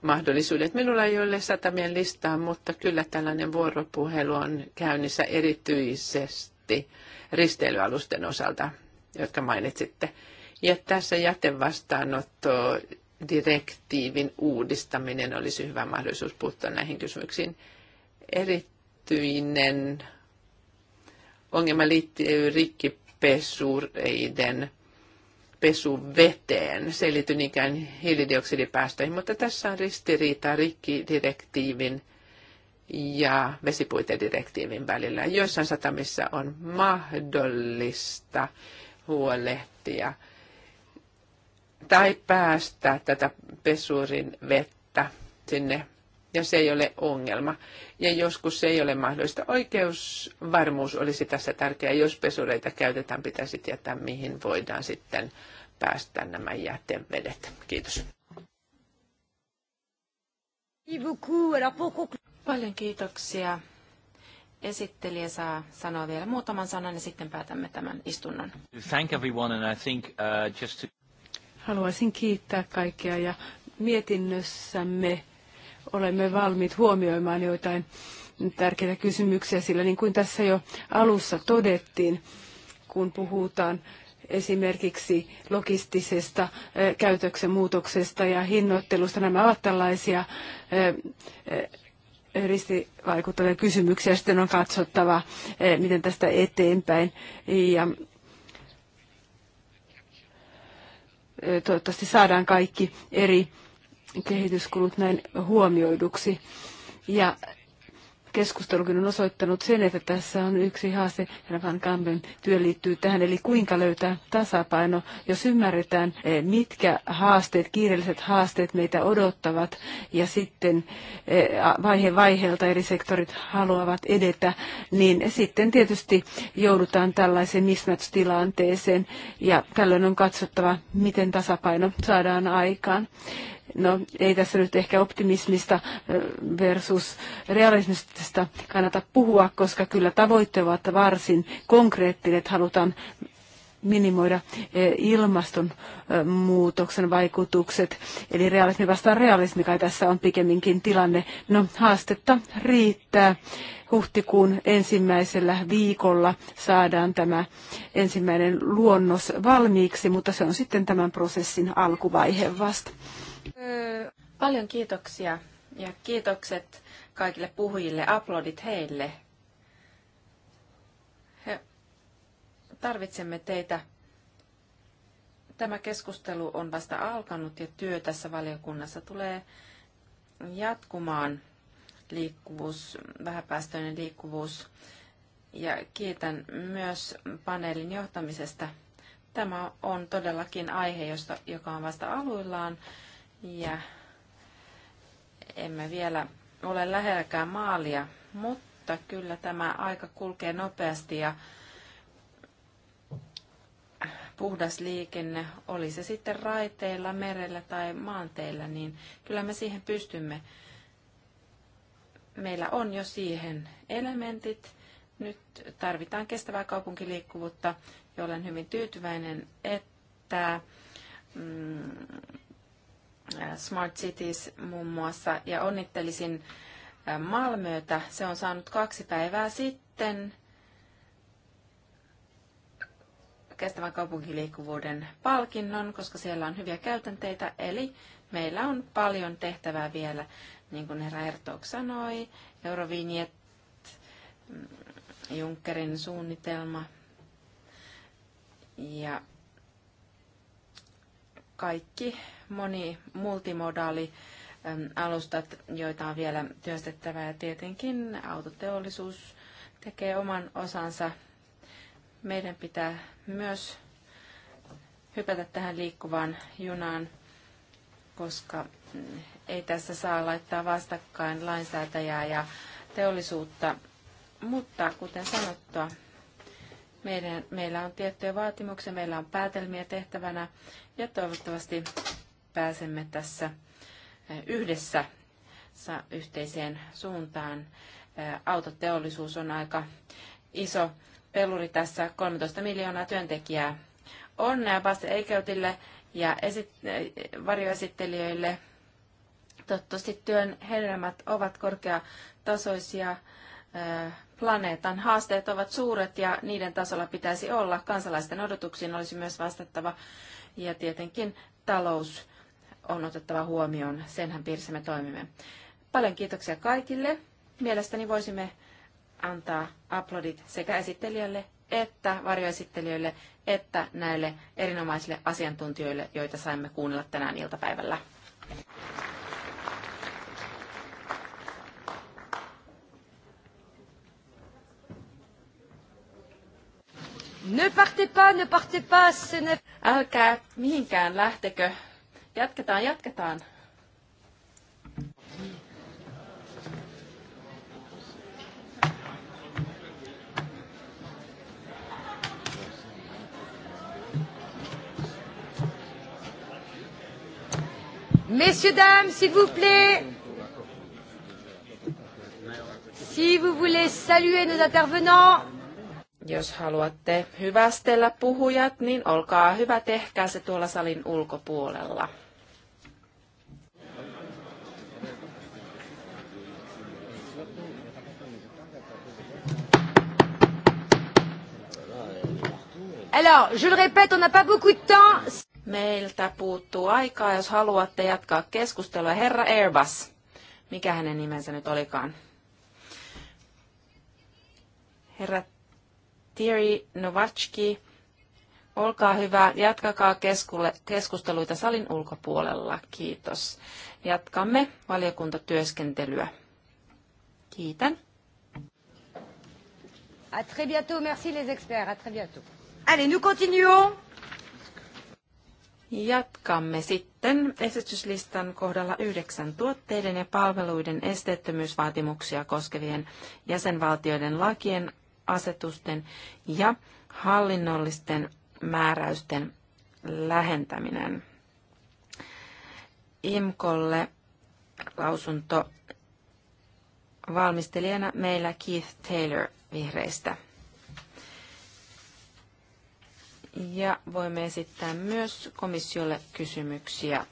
mahdollisuudet. Minulla ei ole satamien listaa, mutta kyllä tällainen vuoropuhelu on käynnissä erityisesti risteilyalusten osalta, jotka mainitsitte. Ja tässä jätevastaanotto direktiivin uudistaminen olisi hyvä mahdollisuus puuttua näihin kysymyksiin. Erittäin tyinen ongelma liittyy rikkipesureiden pesuveteen. Se ei liity niinkään hiilidioksidipäästöihin, mutta tässä on ristiriita rikkidirektiivin ja vesipuitedirektiivin välillä. Joissain satamissa on mahdollista huolehtia tai päästä tätä pesurin vettä sinne ja se ei ole ongelma. Ja joskus se ei ole mahdollista. Oikeusvarmuus olisi tässä tärkeää. Jos pesureita käytetään, pitäisi tietää, mihin voidaan sitten päästä nämä jätevedet. Kiitos. Paljon kiitoksia. Esittelijä saa sanoa vielä muutaman sanan ja sitten päätämme tämän istunnon. Thank everyone and I think, uh, just to... Haluaisin kiittää kaikkia ja mietinnössämme olemme valmiit huomioimaan joitain tärkeitä kysymyksiä, sillä niin kuin tässä jo alussa todettiin, kun puhutaan esimerkiksi logistisesta käytöksen muutoksesta ja hinnoittelusta. Nämä ovat tällaisia ristivaikuttavia kysymyksiä. Sitten on katsottava, miten tästä eteenpäin. Ja toivottavasti saadaan kaikki eri kehityskulut näin huomioiduksi. Ja keskustelukin on osoittanut sen, että tässä on yksi haaste, Van Kampen työ liittyy tähän, eli kuinka löytää tasapaino, jos ymmärretään, eh, mitkä haasteet, kiireelliset haasteet meitä odottavat, ja sitten eh, vaihe vaiheelta eri sektorit haluavat edetä, niin sitten tietysti joudutaan tällaiseen mismatch-tilanteeseen, ja tällöin on katsottava, miten tasapaino saadaan aikaan. No ei tässä nyt ehkä optimismista versus realismista kannata puhua, koska kyllä tavoitteet ovat varsin konkreettiset. Halutaan minimoida ilmastonmuutoksen vaikutukset. Eli realismi vastaan realismi kai tässä on pikemminkin tilanne. No haastetta riittää. Huhtikuun ensimmäisellä viikolla saadaan tämä ensimmäinen luonnos valmiiksi, mutta se on sitten tämän prosessin alkuvaihe vasta. Paljon kiitoksia ja kiitokset kaikille puhujille, aplodit heille. He, tarvitsemme teitä. Tämä keskustelu on vasta alkanut ja työ tässä valiokunnassa tulee jatkumaan liikkuvuus, vähäpäästöinen liikkuvuus. Ja kiitän myös paneelin johtamisesta. Tämä on todellakin aihe, josta, joka on vasta aluillaan ja emme vielä ole lähelläkään maalia, mutta kyllä tämä aika kulkee nopeasti ja puhdas liikenne, oli se sitten raiteilla, merellä tai maanteilla, niin kyllä me siihen pystymme. Meillä on jo siihen elementit. Nyt tarvitaan kestävää kaupunkiliikkuvuutta ja olen hyvin tyytyväinen, että mm, Äh, Smart Cities muun muassa, ja onnittelisin äh, Malmöötä. Se on saanut kaksi päivää sitten kestävän kaupunkiliikkuvuuden palkinnon, koska siellä on hyviä käytänteitä, eli meillä on paljon tehtävää vielä, niin kuin herra Ertok sanoi, Eurovinjet, mm, Junckerin suunnitelma ja kaikki moni multimodaali alustat, joita on vielä työstettävä ja tietenkin autoteollisuus tekee oman osansa. Meidän pitää myös hypätä tähän liikkuvaan junaan, koska mm, ei tässä saa laittaa vastakkain lainsäätäjää ja teollisuutta. Mutta kuten sanottua, meidän, meillä on tiettyjä vaatimuksia, meillä on päätelmiä tehtävänä ja toivottavasti pääsemme tässä yhdessä yhteiseen suuntaan. Autoteollisuus on aika iso peluri tässä, 13 miljoonaa työntekijää. Onnea Bas Eikeutille ja esit- varjoesittelijöille. Toivottavasti työn hedelmät ovat korkeatasoisia. Planeetan haasteet ovat suuret ja niiden tasolla pitäisi olla. Kansalaisten odotuksiin olisi myös vastattava ja tietenkin talous on otettava huomioon. Senhän piirissä me toimimme. Paljon kiitoksia kaikille. Mielestäni voisimme antaa aplodit sekä esittelijälle että varjoesittelijöille että näille erinomaisille asiantuntijoille, joita saimme kuunnella tänään iltapäivällä. Ne partez pas, ne partez pas, ne... Älkää mihinkään lähtekö, Jatketaan, jatketaan. Messieurs, dames, s'il vous plaît, si vous voulez saluer nos intervenants. Jos haluatte hyvästellä puhujat, niin olkaa hyvä, tehkää se tuolla salin ulkopuolella. Alors, je le répète, on n'a pas beaucoup de temps. Meiltä puuttuu aikaa, jos haluatte jatkaa keskustelua. Herra Airbus, mikä hänen nimensä nyt olikaan? Herra Thierry Novatski, olkaa hyvä, jatkakaa keskusteluita salin ulkopuolella. Kiitos. Jatkamme valiokuntatyöskentelyä. Kiitän. À très bientôt, merci les experts, à très bientôt. Allez, nous continuons. Jatkamme sitten esityslistan kohdalla yhdeksän tuotteiden ja palveluiden esteettömyysvaatimuksia koskevien jäsenvaltioiden lakien, asetusten ja hallinnollisten määräysten lähentäminen. IMKOlle lausunto valmistelijana meillä Keith Taylor vihreistä. ja voimme esittää myös komissiolle kysymyksiä.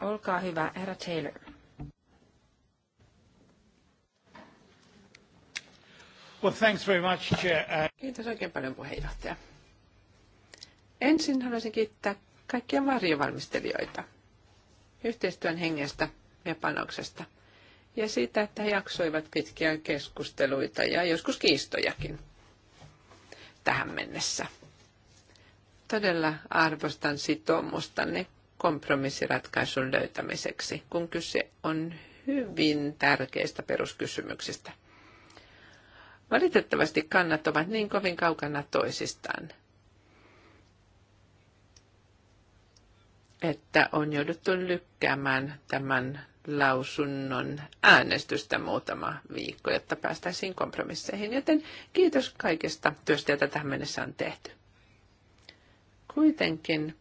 Olkaa hyvä, herra Taylor. Well, thanks very much, Chair. Uh, Kiitos oikein paljon puheenjohtaja. Ensin haluaisin kiittää kaikkia varjovalmistelijoita yhteistyön hengestä ja panoksesta ja siitä, että he jaksoivat pitkiä keskusteluita ja joskus kiistojakin tähän mennessä todella arvostan sitoumustanne kompromissiratkaisun löytämiseksi, kun kyse on hyvin tärkeistä peruskysymyksistä. Valitettavasti kannat ovat niin kovin kaukana toisistaan, että on jouduttu lykkäämään tämän lausunnon äänestystä muutama viikko, jotta päästäisiin kompromisseihin. Joten kiitos kaikesta työstä, jota tähän mennessä on tehty. Kuitenkin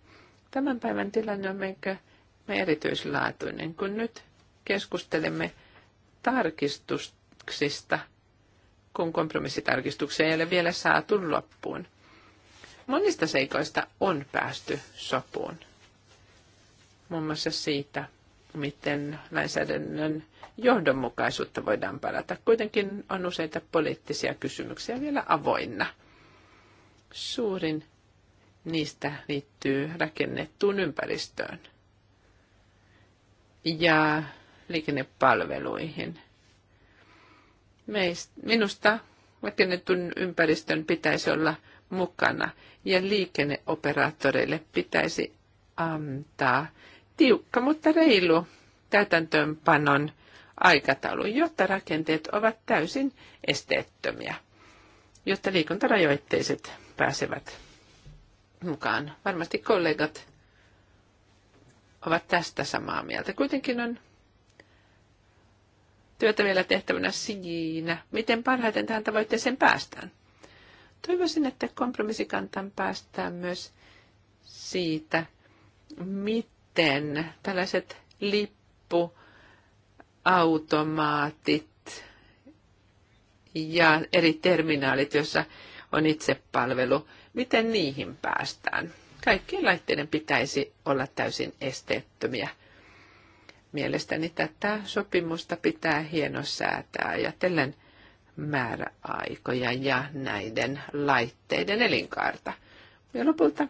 tämän päivän tilanne on meikä me erityislaatuinen, kun nyt keskustelemme tarkistuksista, kun kompromissitarkistuksia ei ole vielä saatu loppuun. Monista seikoista on päästy sopuun. Muun muassa siitä, miten lainsäädännön johdonmukaisuutta voidaan parata. Kuitenkin on useita poliittisia kysymyksiä vielä avoinna. Suurin niistä liittyy rakennettuun ympäristöön ja liikennepalveluihin. Meist, minusta rakennetun ympäristön pitäisi olla mukana ja liikenneoperaattoreille pitäisi antaa tiukka, mutta reilu täytäntöönpanon aikataulu, jotta rakenteet ovat täysin esteettömiä, jotta liikuntarajoitteiset pääsevät mukaan. Varmasti kollegat ovat tästä samaa mieltä. Kuitenkin on työtä vielä tehtävänä siinä, miten parhaiten tähän tavoitteeseen päästään. Toivoisin, että kompromissikantaan päästään myös siitä, miten tällaiset lippuautomaatit ja eri terminaalit, joissa on itsepalvelu, Miten niihin päästään? Kaikkien laitteiden pitäisi olla täysin esteettömiä. Mielestäni tätä sopimusta pitää hienosäätää ajatellen määräaikoja ja näiden laitteiden elinkaarta. Ja lopulta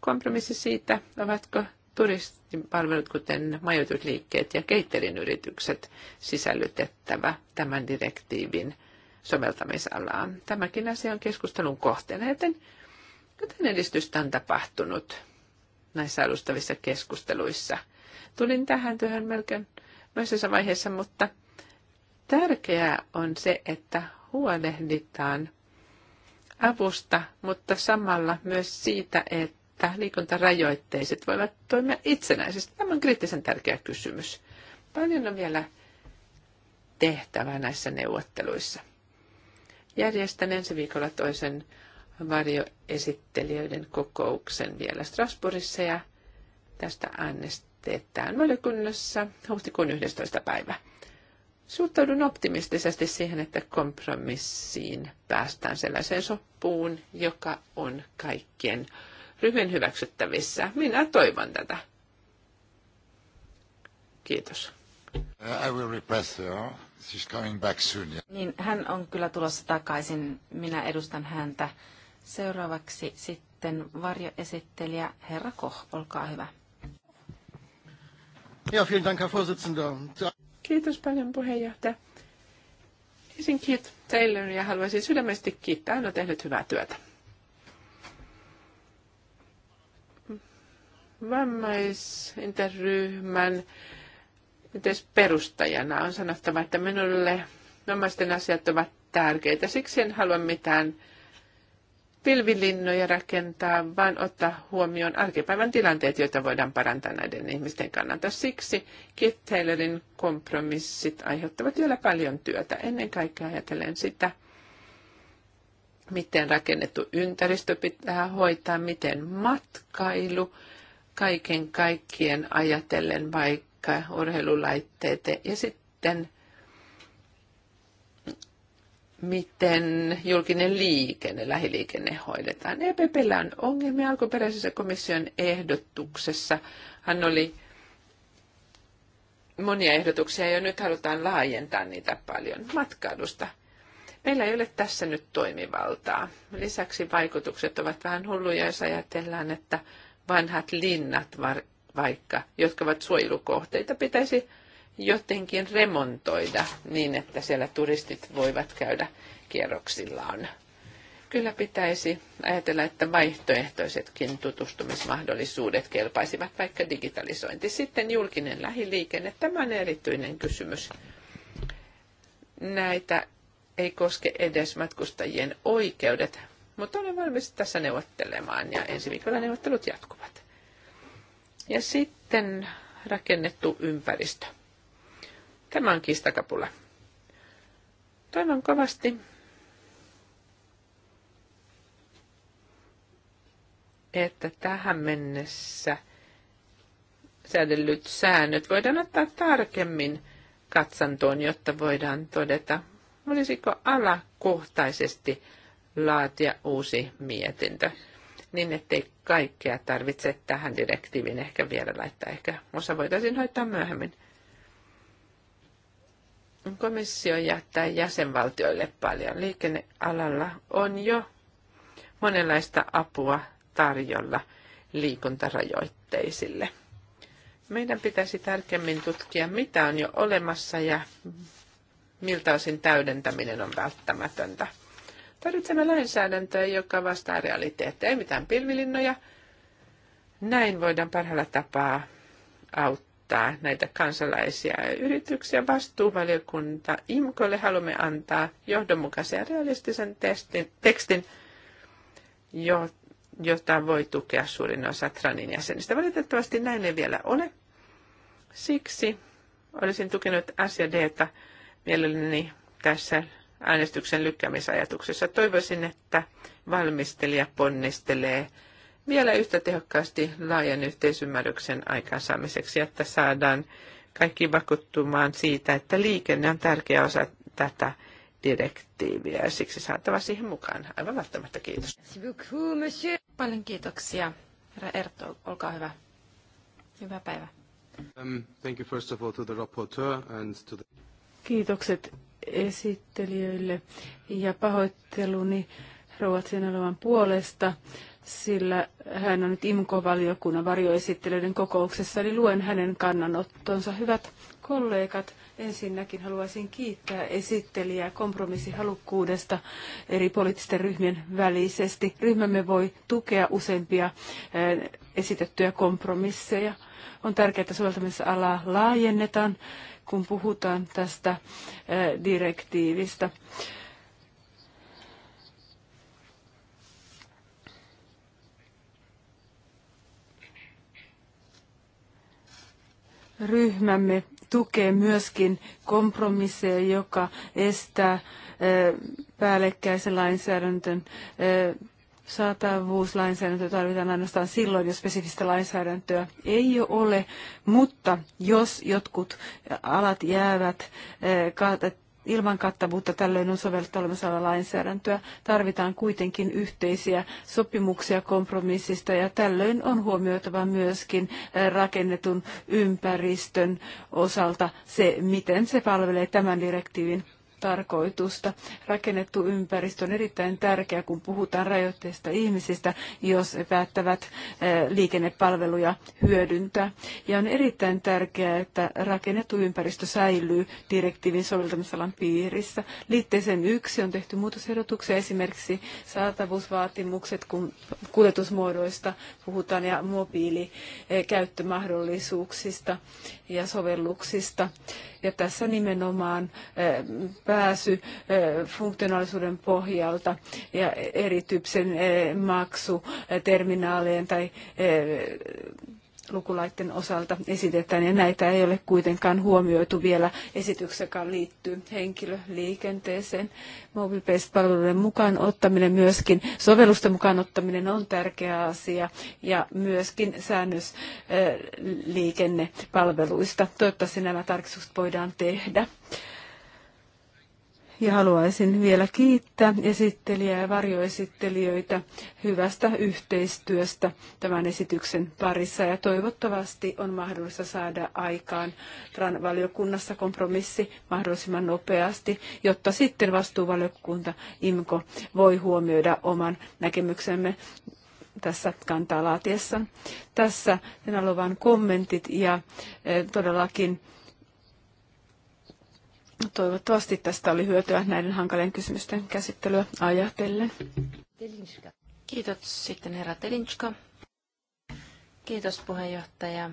kompromissi siitä, ovatko turistin palvelut, kuten majoitusliikkeet ja catering yritykset, sisällytettävä tämän direktiivin soveltamisalaan. Tämäkin asia on keskustelun kohteena, joten, joten edistystä on tapahtunut näissä alustavissa keskusteluissa. Tulin tähän työhön melkein myöhäisessä vaiheessa, mutta tärkeää on se, että huolehditaan avusta, mutta samalla myös siitä, että liikuntarajoitteiset voivat toimia itsenäisesti. Tämä on kriittisen tärkeä kysymys. Paljon on vielä tehtävää näissä neuvotteluissa järjestän ensi viikolla toisen varjoesittelijöiden kokouksen vielä Strasbourgissa ja tästä äänestetään valiokunnassa huhtikuun 11. päivä. Suhtaudun optimistisesti siihen, että kompromissiin päästään sellaiseen sopuun, joka on kaikkien ryhmien hyväksyttävissä. Minä toivon tätä. Kiitos. Uh, I will repress uh, She's coming back soon, yeah. Niin, hän on kyllä tulossa takaisin. Minä edustan häntä. Seuraavaksi sitten varjoesittelijä Herra Koch, olkaa hyvä. Ja, vielen Dank, Herr Kiitos paljon puheenjohtaja. Ensin kiit teille ja haluaisin sydämesti kiittää. Hän on tehnyt hyvää työtä. Vammaisinterryhmän perustajana on sanottava, että minulle vammaisten asiat ovat tärkeitä. Siksi en halua mitään pilvilinnoja rakentaa, vaan ottaa huomioon arkipäivän tilanteet, joita voidaan parantaa näiden ihmisten kannalta. Siksi Kit Taylorin kompromissit aiheuttavat vielä paljon työtä, ennen kaikkea ajatellen sitä, miten rakennettu ympäristö pitää hoitaa, miten matkailu kaiken kaikkien ajatellen vaikka vaikka urheilulaitteet ja sitten miten julkinen liikenne, lähiliikenne hoidetaan. EPPllä on ongelmia alkuperäisessä komission ehdotuksessa. Hän oli monia ehdotuksia ja nyt halutaan laajentaa niitä paljon matkailusta. Meillä ei ole tässä nyt toimivaltaa. Lisäksi vaikutukset ovat vähän hulluja, jos ajatellaan, että vanhat linnat vaikka, jotka ovat suojelukohteita, pitäisi jotenkin remontoida niin, että siellä turistit voivat käydä kierroksillaan. Kyllä pitäisi ajatella, että vaihtoehtoisetkin tutustumismahdollisuudet kelpaisivat vaikka digitalisointi. Sitten julkinen lähiliikenne, tämä on erityinen kysymys. Näitä ei koske edes matkustajien oikeudet, mutta olen valmis tässä neuvottelemaan ja ensi viikolla neuvottelut jatkuvat. Ja sitten rakennettu ympäristö. Tämä on kistakapula. Toivon kovasti, että tähän mennessä säädellyt säännöt voidaan ottaa tarkemmin katsantoon, jotta voidaan todeta, olisiko alakohtaisesti laatia uusi mietintö niin ettei kaikkea tarvitse tähän direktiiviin ehkä vielä laittaa. Ehkä osa voitaisiin hoitaa myöhemmin. Komissio jättää jäsenvaltioille paljon. Liikennealalla on jo monenlaista apua tarjolla liikuntarajoitteisille. Meidän pitäisi tarkemmin tutkia, mitä on jo olemassa ja miltä osin täydentäminen on välttämätöntä Tarvitsemme lainsäädäntöä, joka vastaa realiteetteja, ei mitään pilvilinnoja. Näin voidaan parhaalla tapaa auttaa näitä kansalaisia ja yrityksiä. Vastuuvaliokunta IMKOlle haluamme antaa johdonmukaisen ja realistisen testin, tekstin, jota voi tukea suurin osa Tranin jäsenistä. Valitettavasti näin ei vielä ole. Siksi olisin tukenut SJDtä mielelläni tässä äänestyksen lykkäämisajatuksessa. Toivoisin, että valmistelija ponnistelee vielä yhtä tehokkaasti laajan yhteisymmärryksen aikaansaamiseksi, että saadaan kaikki vakuuttumaan siitä, että liikenne on tärkeä osa tätä direktiiviä ja siksi saatava siihen mukaan. Aivan välttämättä kiitos. Paljon kiitoksia. Herra Erto, olkaa hyvä. Hyvää päivää. Um, Kiitokset esittelijöille ja pahoitteluni Ruotsin olevan puolesta, sillä hän on nyt IMKO-valiokunnan varjoesittelijöiden kokouksessa, eli luen hänen kannanottonsa. Hyvät kollegat, ensinnäkin haluaisin kiittää esittelijää kompromissihalukkuudesta eri poliittisten ryhmien välisesti. Ryhmämme voi tukea useimpia eh, esitettyjä kompromisseja. On tärkeää, että soveltamisalaa laajennetaan, kun puhutaan tästä eh, direktiivistä. Ryhmämme tukee myöskin kompromisseja, joka estää eh, päällekkäisen lainsäädäntön eh, Saatavuuslainsäädäntö tarvitaan ainoastaan silloin, jos spesifistä lainsäädäntöä ei ole, mutta jos jotkut alat jäävät eh, ilman kattavuutta, tällöin on sovellettu olemassa olevaa lainsäädäntöä. Tarvitaan kuitenkin yhteisiä sopimuksia kompromissista ja tällöin on huomioitava myöskin eh, rakennetun ympäristön osalta se, miten se palvelee tämän direktiivin tarkoitusta. Rakennettu ympäristö on erittäin tärkeä, kun puhutaan rajoitteista ihmisistä, jos päättävät eh, liikennepalveluja hyödyntää. Ja on erittäin tärkeää, että rakennettu ympäristö säilyy direktiivin soveltamisalan piirissä. Liitteeseen yksi on tehty muutosehdotuksia, esimerkiksi saatavuusvaatimukset, kun kuljetusmuodoista puhutaan ja mobiilikäyttömahdollisuuksista ja sovelluksista. Ja tässä nimenomaan eh, pääsy eh, funktionaalisuuden pohjalta ja erityyppisen eh, maksuterminaalien tai lukulaitten osalta esitetään, ja näitä ei ole kuitenkaan huomioitu vielä esityksessä, joka liittyy henkilöliikenteeseen. Mobile-based-palveluiden mukaan ottaminen myöskin, sovellusten mukaan ottaminen on tärkeä asia, ja myöskin säännös liikennepalveluista. Toivottavasti nämä tarkistukset voidaan tehdä. Ja haluaisin vielä kiittää esittelijää ja varjoesittelijöitä hyvästä yhteistyöstä tämän esityksen parissa. Ja toivottavasti on mahdollista saada aikaan TRAN valiokunnassa kompromissi mahdollisimman nopeasti, jotta sitten vastuuvaliokunta IMKO voi huomioida oman näkemyksemme tässä kantaa laatiessa. Tässä sen aloivan kommentit ja eh, todellakin Toivottavasti tästä oli hyötyä näiden hankalien kysymysten käsittelyä ajatellen. Kiitos sitten herra Telinska. Kiitos puheenjohtaja.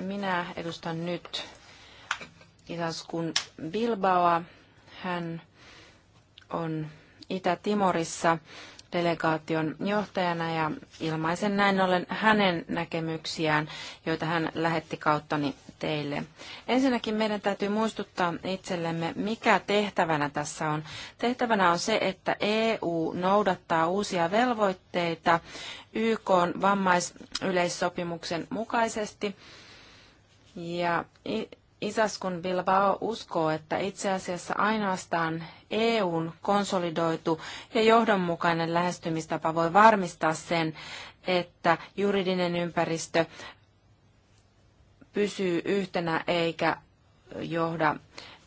Minä edustan nyt Itaskun Bilbaoa. Hän on Itä-Timorissa delegaation johtajana ja ilmaisen näin ollen hänen näkemyksiään, joita hän lähetti kauttani teille. Ensinnäkin meidän täytyy muistuttaa itsellemme, mikä tehtävänä tässä on. Tehtävänä on se, että EU noudattaa uusia velvoitteita YK vammaisyleissopimuksen mukaisesti. Ja Isaskun Bilbao uskoo, että itse asiassa ainoastaan EUn konsolidoitu ja johdonmukainen lähestymistapa voi varmistaa sen, että juridinen ympäristö pysyy yhtenä eikä johda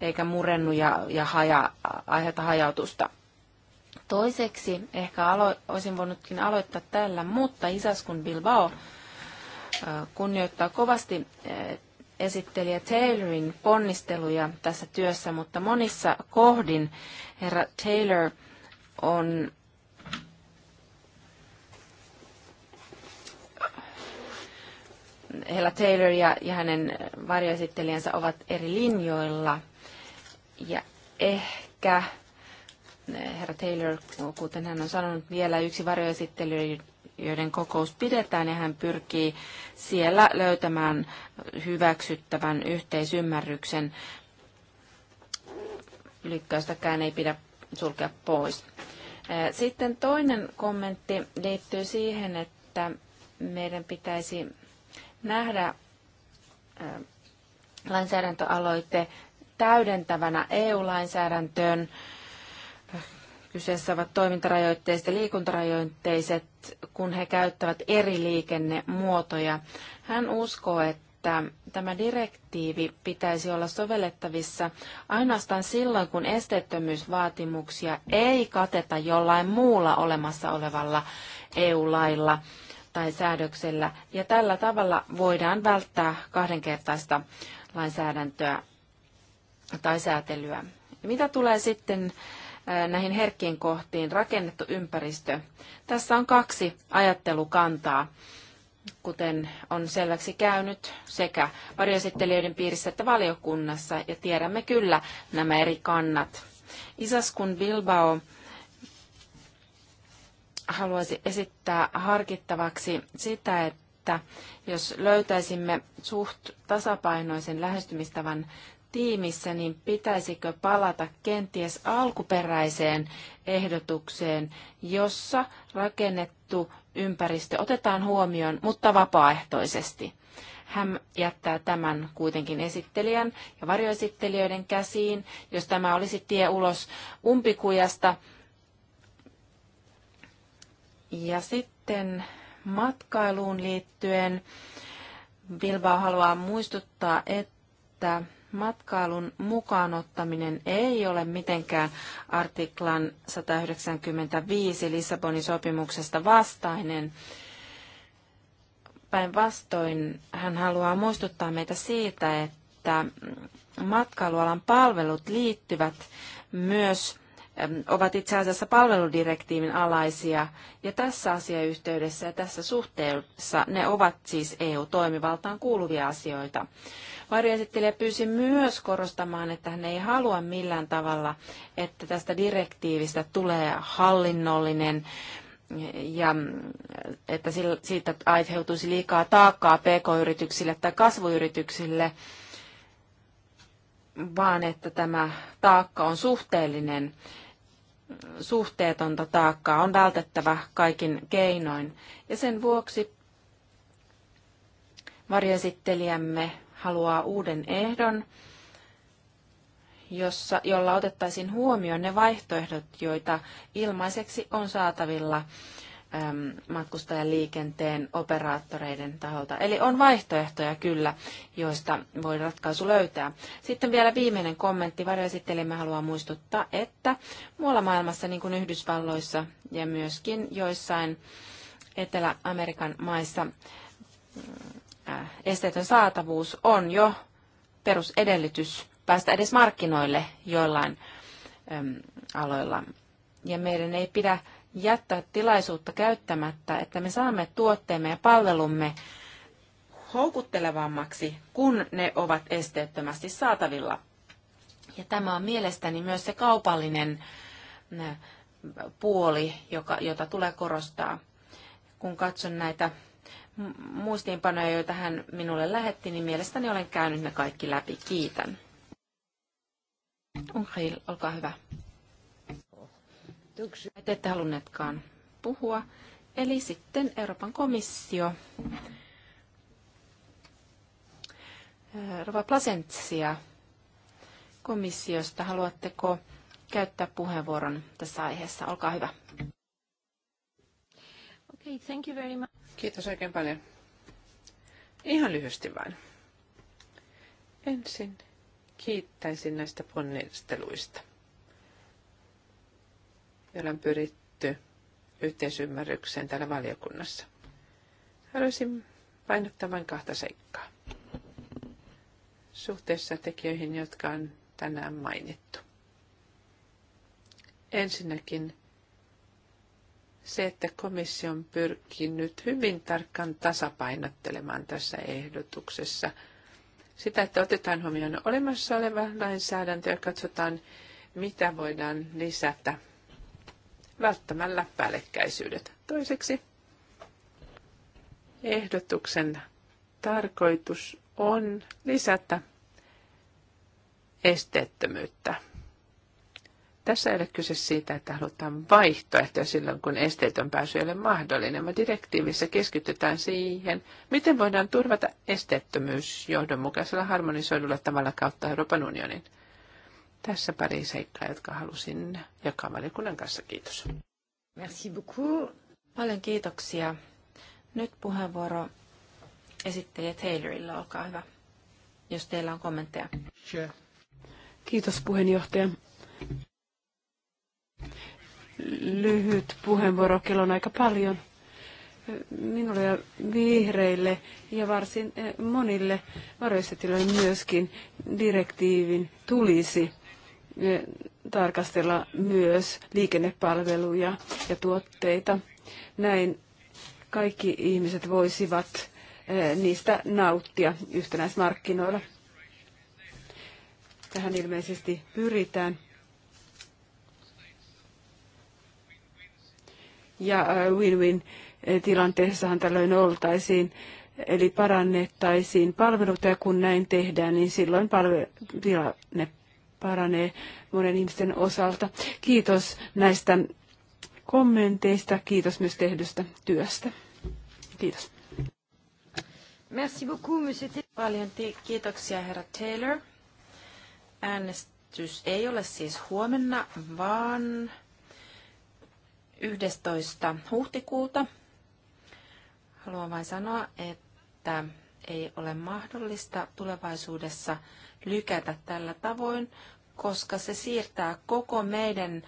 eikä murennu ja, ja haja, aiheuta hajautusta. Toiseksi, ehkä alo, olisin voinutkin aloittaa tällä, mutta Isaskun Bilbao kunnioittaa kovasti esittelijä Taylorin ponnisteluja tässä työssä, mutta monissa kohdin herra Taylor on Hella Taylor ja, ja hänen varjoesittelijänsä ovat eri linjoilla. Ja ehkä eh, herra Taylor, kuten hän on sanonut, vielä yksi varjoesittelijöiden joiden kokous pidetään ja hän pyrkii siellä löytämään hyväksyttävän yhteisymmärryksen. Lykkäystäkään ei pidä sulkea pois. Sitten toinen kommentti liittyy siihen, että meidän pitäisi nähdä lainsäädäntöaloite täydentävänä EU-lainsäädäntöön Kyseessä ovat toimintarajoitteiset ja liikuntarajoitteiset, kun he käyttävät eri liikennemuotoja. Hän uskoo, että tämä direktiivi pitäisi olla sovellettavissa ainoastaan silloin, kun esteettömyysvaatimuksia ei kateta jollain muulla olemassa olevalla EU-lailla tai säädöksellä, ja tällä tavalla voidaan välttää kahdenkertaista lainsäädäntöä tai säätelyä. Mitä tulee sitten näihin herkkiin kohtiin rakennettu ympäristö. Tässä on kaksi ajattelukantaa, kuten on selväksi käynyt sekä varjoesittelijöiden piirissä että valiokunnassa, ja tiedämme kyllä nämä eri kannat. Isaskun Bilbao haluaisi esittää harkittavaksi sitä, että jos löytäisimme suht tasapainoisen lähestymistavan tiimissä, niin pitäisikö palata kenties alkuperäiseen ehdotukseen, jossa rakennettu ympäristö otetaan huomioon, mutta vapaaehtoisesti. Hän jättää tämän kuitenkin esittelijän ja varjoesittelijöiden käsiin, jos tämä olisi tie ulos umpikujasta. Ja sitten matkailuun liittyen Bilbao haluaa muistuttaa, että matkailun mukaanottaminen ei ole mitenkään artiklan 195 Lissabonin sopimuksesta vastainen. Päinvastoin hän haluaa muistuttaa meitä siitä, että matkailualan palvelut liittyvät myös ovat itse asiassa palveludirektiivin alaisia, ja tässä asiayhteydessä ja tässä suhteessa ne ovat siis EU-toimivaltaan kuuluvia asioita. Varjoesittelijä pyysi myös korostamaan, että hän ei halua millään tavalla, että tästä direktiivistä tulee hallinnollinen ja että siitä aiheutuisi liikaa taakkaa pk-yrityksille tai kasvuyrityksille, vaan että tämä taakka on suhteellinen, suhteetonta taakkaa on vältettävä kaikin keinoin. Ja sen vuoksi varjoesittelijämme haluaa uuden ehdon, jossa, jolla otettaisiin huomioon ne vaihtoehdot, joita ilmaiseksi on saatavilla matkustajaliikenteen operaattoreiden taholta. Eli on vaihtoehtoja kyllä, joista voi ratkaisu löytää. Sitten vielä viimeinen kommentti. Varjoesittelijämme haluaa muistuttaa, että muualla maailmassa, niin kuin Yhdysvalloissa ja myöskin joissain Etelä-Amerikan maissa, esteetön saatavuus on jo perusedellytys päästä edes markkinoille joillain aloilla. Ja meidän ei pidä jättää tilaisuutta käyttämättä, että me saamme tuotteemme ja palvelumme houkuttelevammaksi, kun ne ovat esteettömästi saatavilla. Ja tämä on mielestäni myös se kaupallinen puoli, joka, jota tulee korostaa. Kun katson näitä muistiinpanoja, joita hän minulle lähetti, niin mielestäni olen käynyt ne kaikki läpi. Kiitän. Unkhil, olkaa hyvä. Te ette halunneetkaan puhua. Eli sitten Euroopan komissio. Rova Plasentsia komissiosta, haluatteko käyttää puheenvuoron tässä aiheessa? Olkaa hyvä. Okay, thank you very much. Kiitos oikein paljon. Ihan lyhyesti vain. Ensin kiittäisin näistä ponnisteluista joilla on pyritty yhteisymmärrykseen täällä valiokunnassa. Haluaisin painottaa vain kahta seikkaa suhteessa tekijöihin, jotka on tänään mainittu. Ensinnäkin se, että komissio on pyrkinyt hyvin tarkkaan tasapainottelemaan tässä ehdotuksessa sitä, että otetaan huomioon olemassa oleva lainsäädäntö ja katsotaan, mitä voidaan lisätä välttämällä päällekkäisyydet. Toiseksi ehdotuksen tarkoitus on lisätä esteettömyyttä. Tässä ei ole kyse siitä, että halutaan vaihtoehtoja silloin, kun esteetön pääsy ei ole mahdollinen, vaan direktiivissä keskitytään siihen, miten voidaan turvata esteettömyys johdonmukaisella harmonisoidulla tavalla kautta Euroopan unionin. Tässä pari seikkaa, jotka halusin jakaa valiokunnan kanssa. Kiitos. Merci beaucoup. Paljon kiitoksia. Nyt puheenvuoro esittelijä Taylorilla, olkaa hyvä, jos teillä on kommentteja. Sure. Kiitos puheenjohtaja. Lyhyt puheenvuoro, kello on aika paljon minulle ja vihreille ja varsin eh, monille varoistetiloille myöskin direktiivin tulisi tarkastella myös liikennepalveluja ja tuotteita. Näin kaikki ihmiset voisivat niistä nauttia yhtenäismarkkinoilla. Tähän ilmeisesti pyritään. Ja win-win tilanteessahan tällöin oltaisiin, eli parannettaisiin palveluita ja kun näin tehdään, niin silloin palvelutilanne tilanne paranee monen ihmisten osalta. Kiitos näistä kommenteista, kiitos myös tehdystä työstä. Kiitos. Merci beaucoup, monsieur. Paljon kiitoksia, herra Taylor. Äänestys ei ole siis huomenna, vaan 11. huhtikuuta. Haluan vain sanoa, että ei ole mahdollista tulevaisuudessa lykätä tällä tavoin, koska se siirtää koko meidän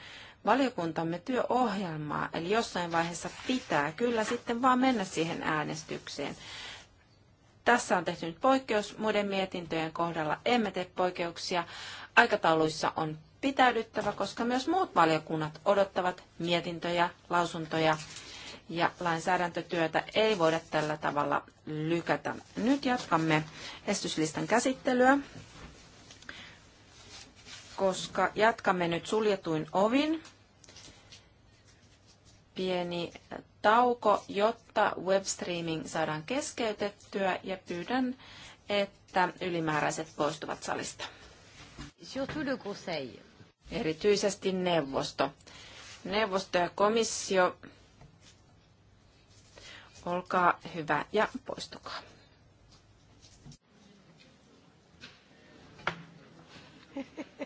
valiokuntamme työohjelmaa, eli jossain vaiheessa pitää kyllä sitten vaan mennä siihen äänestykseen. Tässä on tehty nyt poikkeus, muiden mietintöjen kohdalla emme tee poikkeuksia. Aikatauluissa on pitäydyttävä, koska myös muut valiokunnat odottavat mietintöjä, lausuntoja ja lainsäädäntötyötä ei voida tällä tavalla lykätä. Nyt jatkamme estyslistan käsittelyä koska jatkamme nyt suljetuin ovin. Pieni tauko, jotta webstreaming saadaan keskeytettyä ja pyydän, että ylimääräiset poistuvat salista. Erityisesti neuvosto. Neuvosto ja komissio, olkaa hyvä ja poistukaa.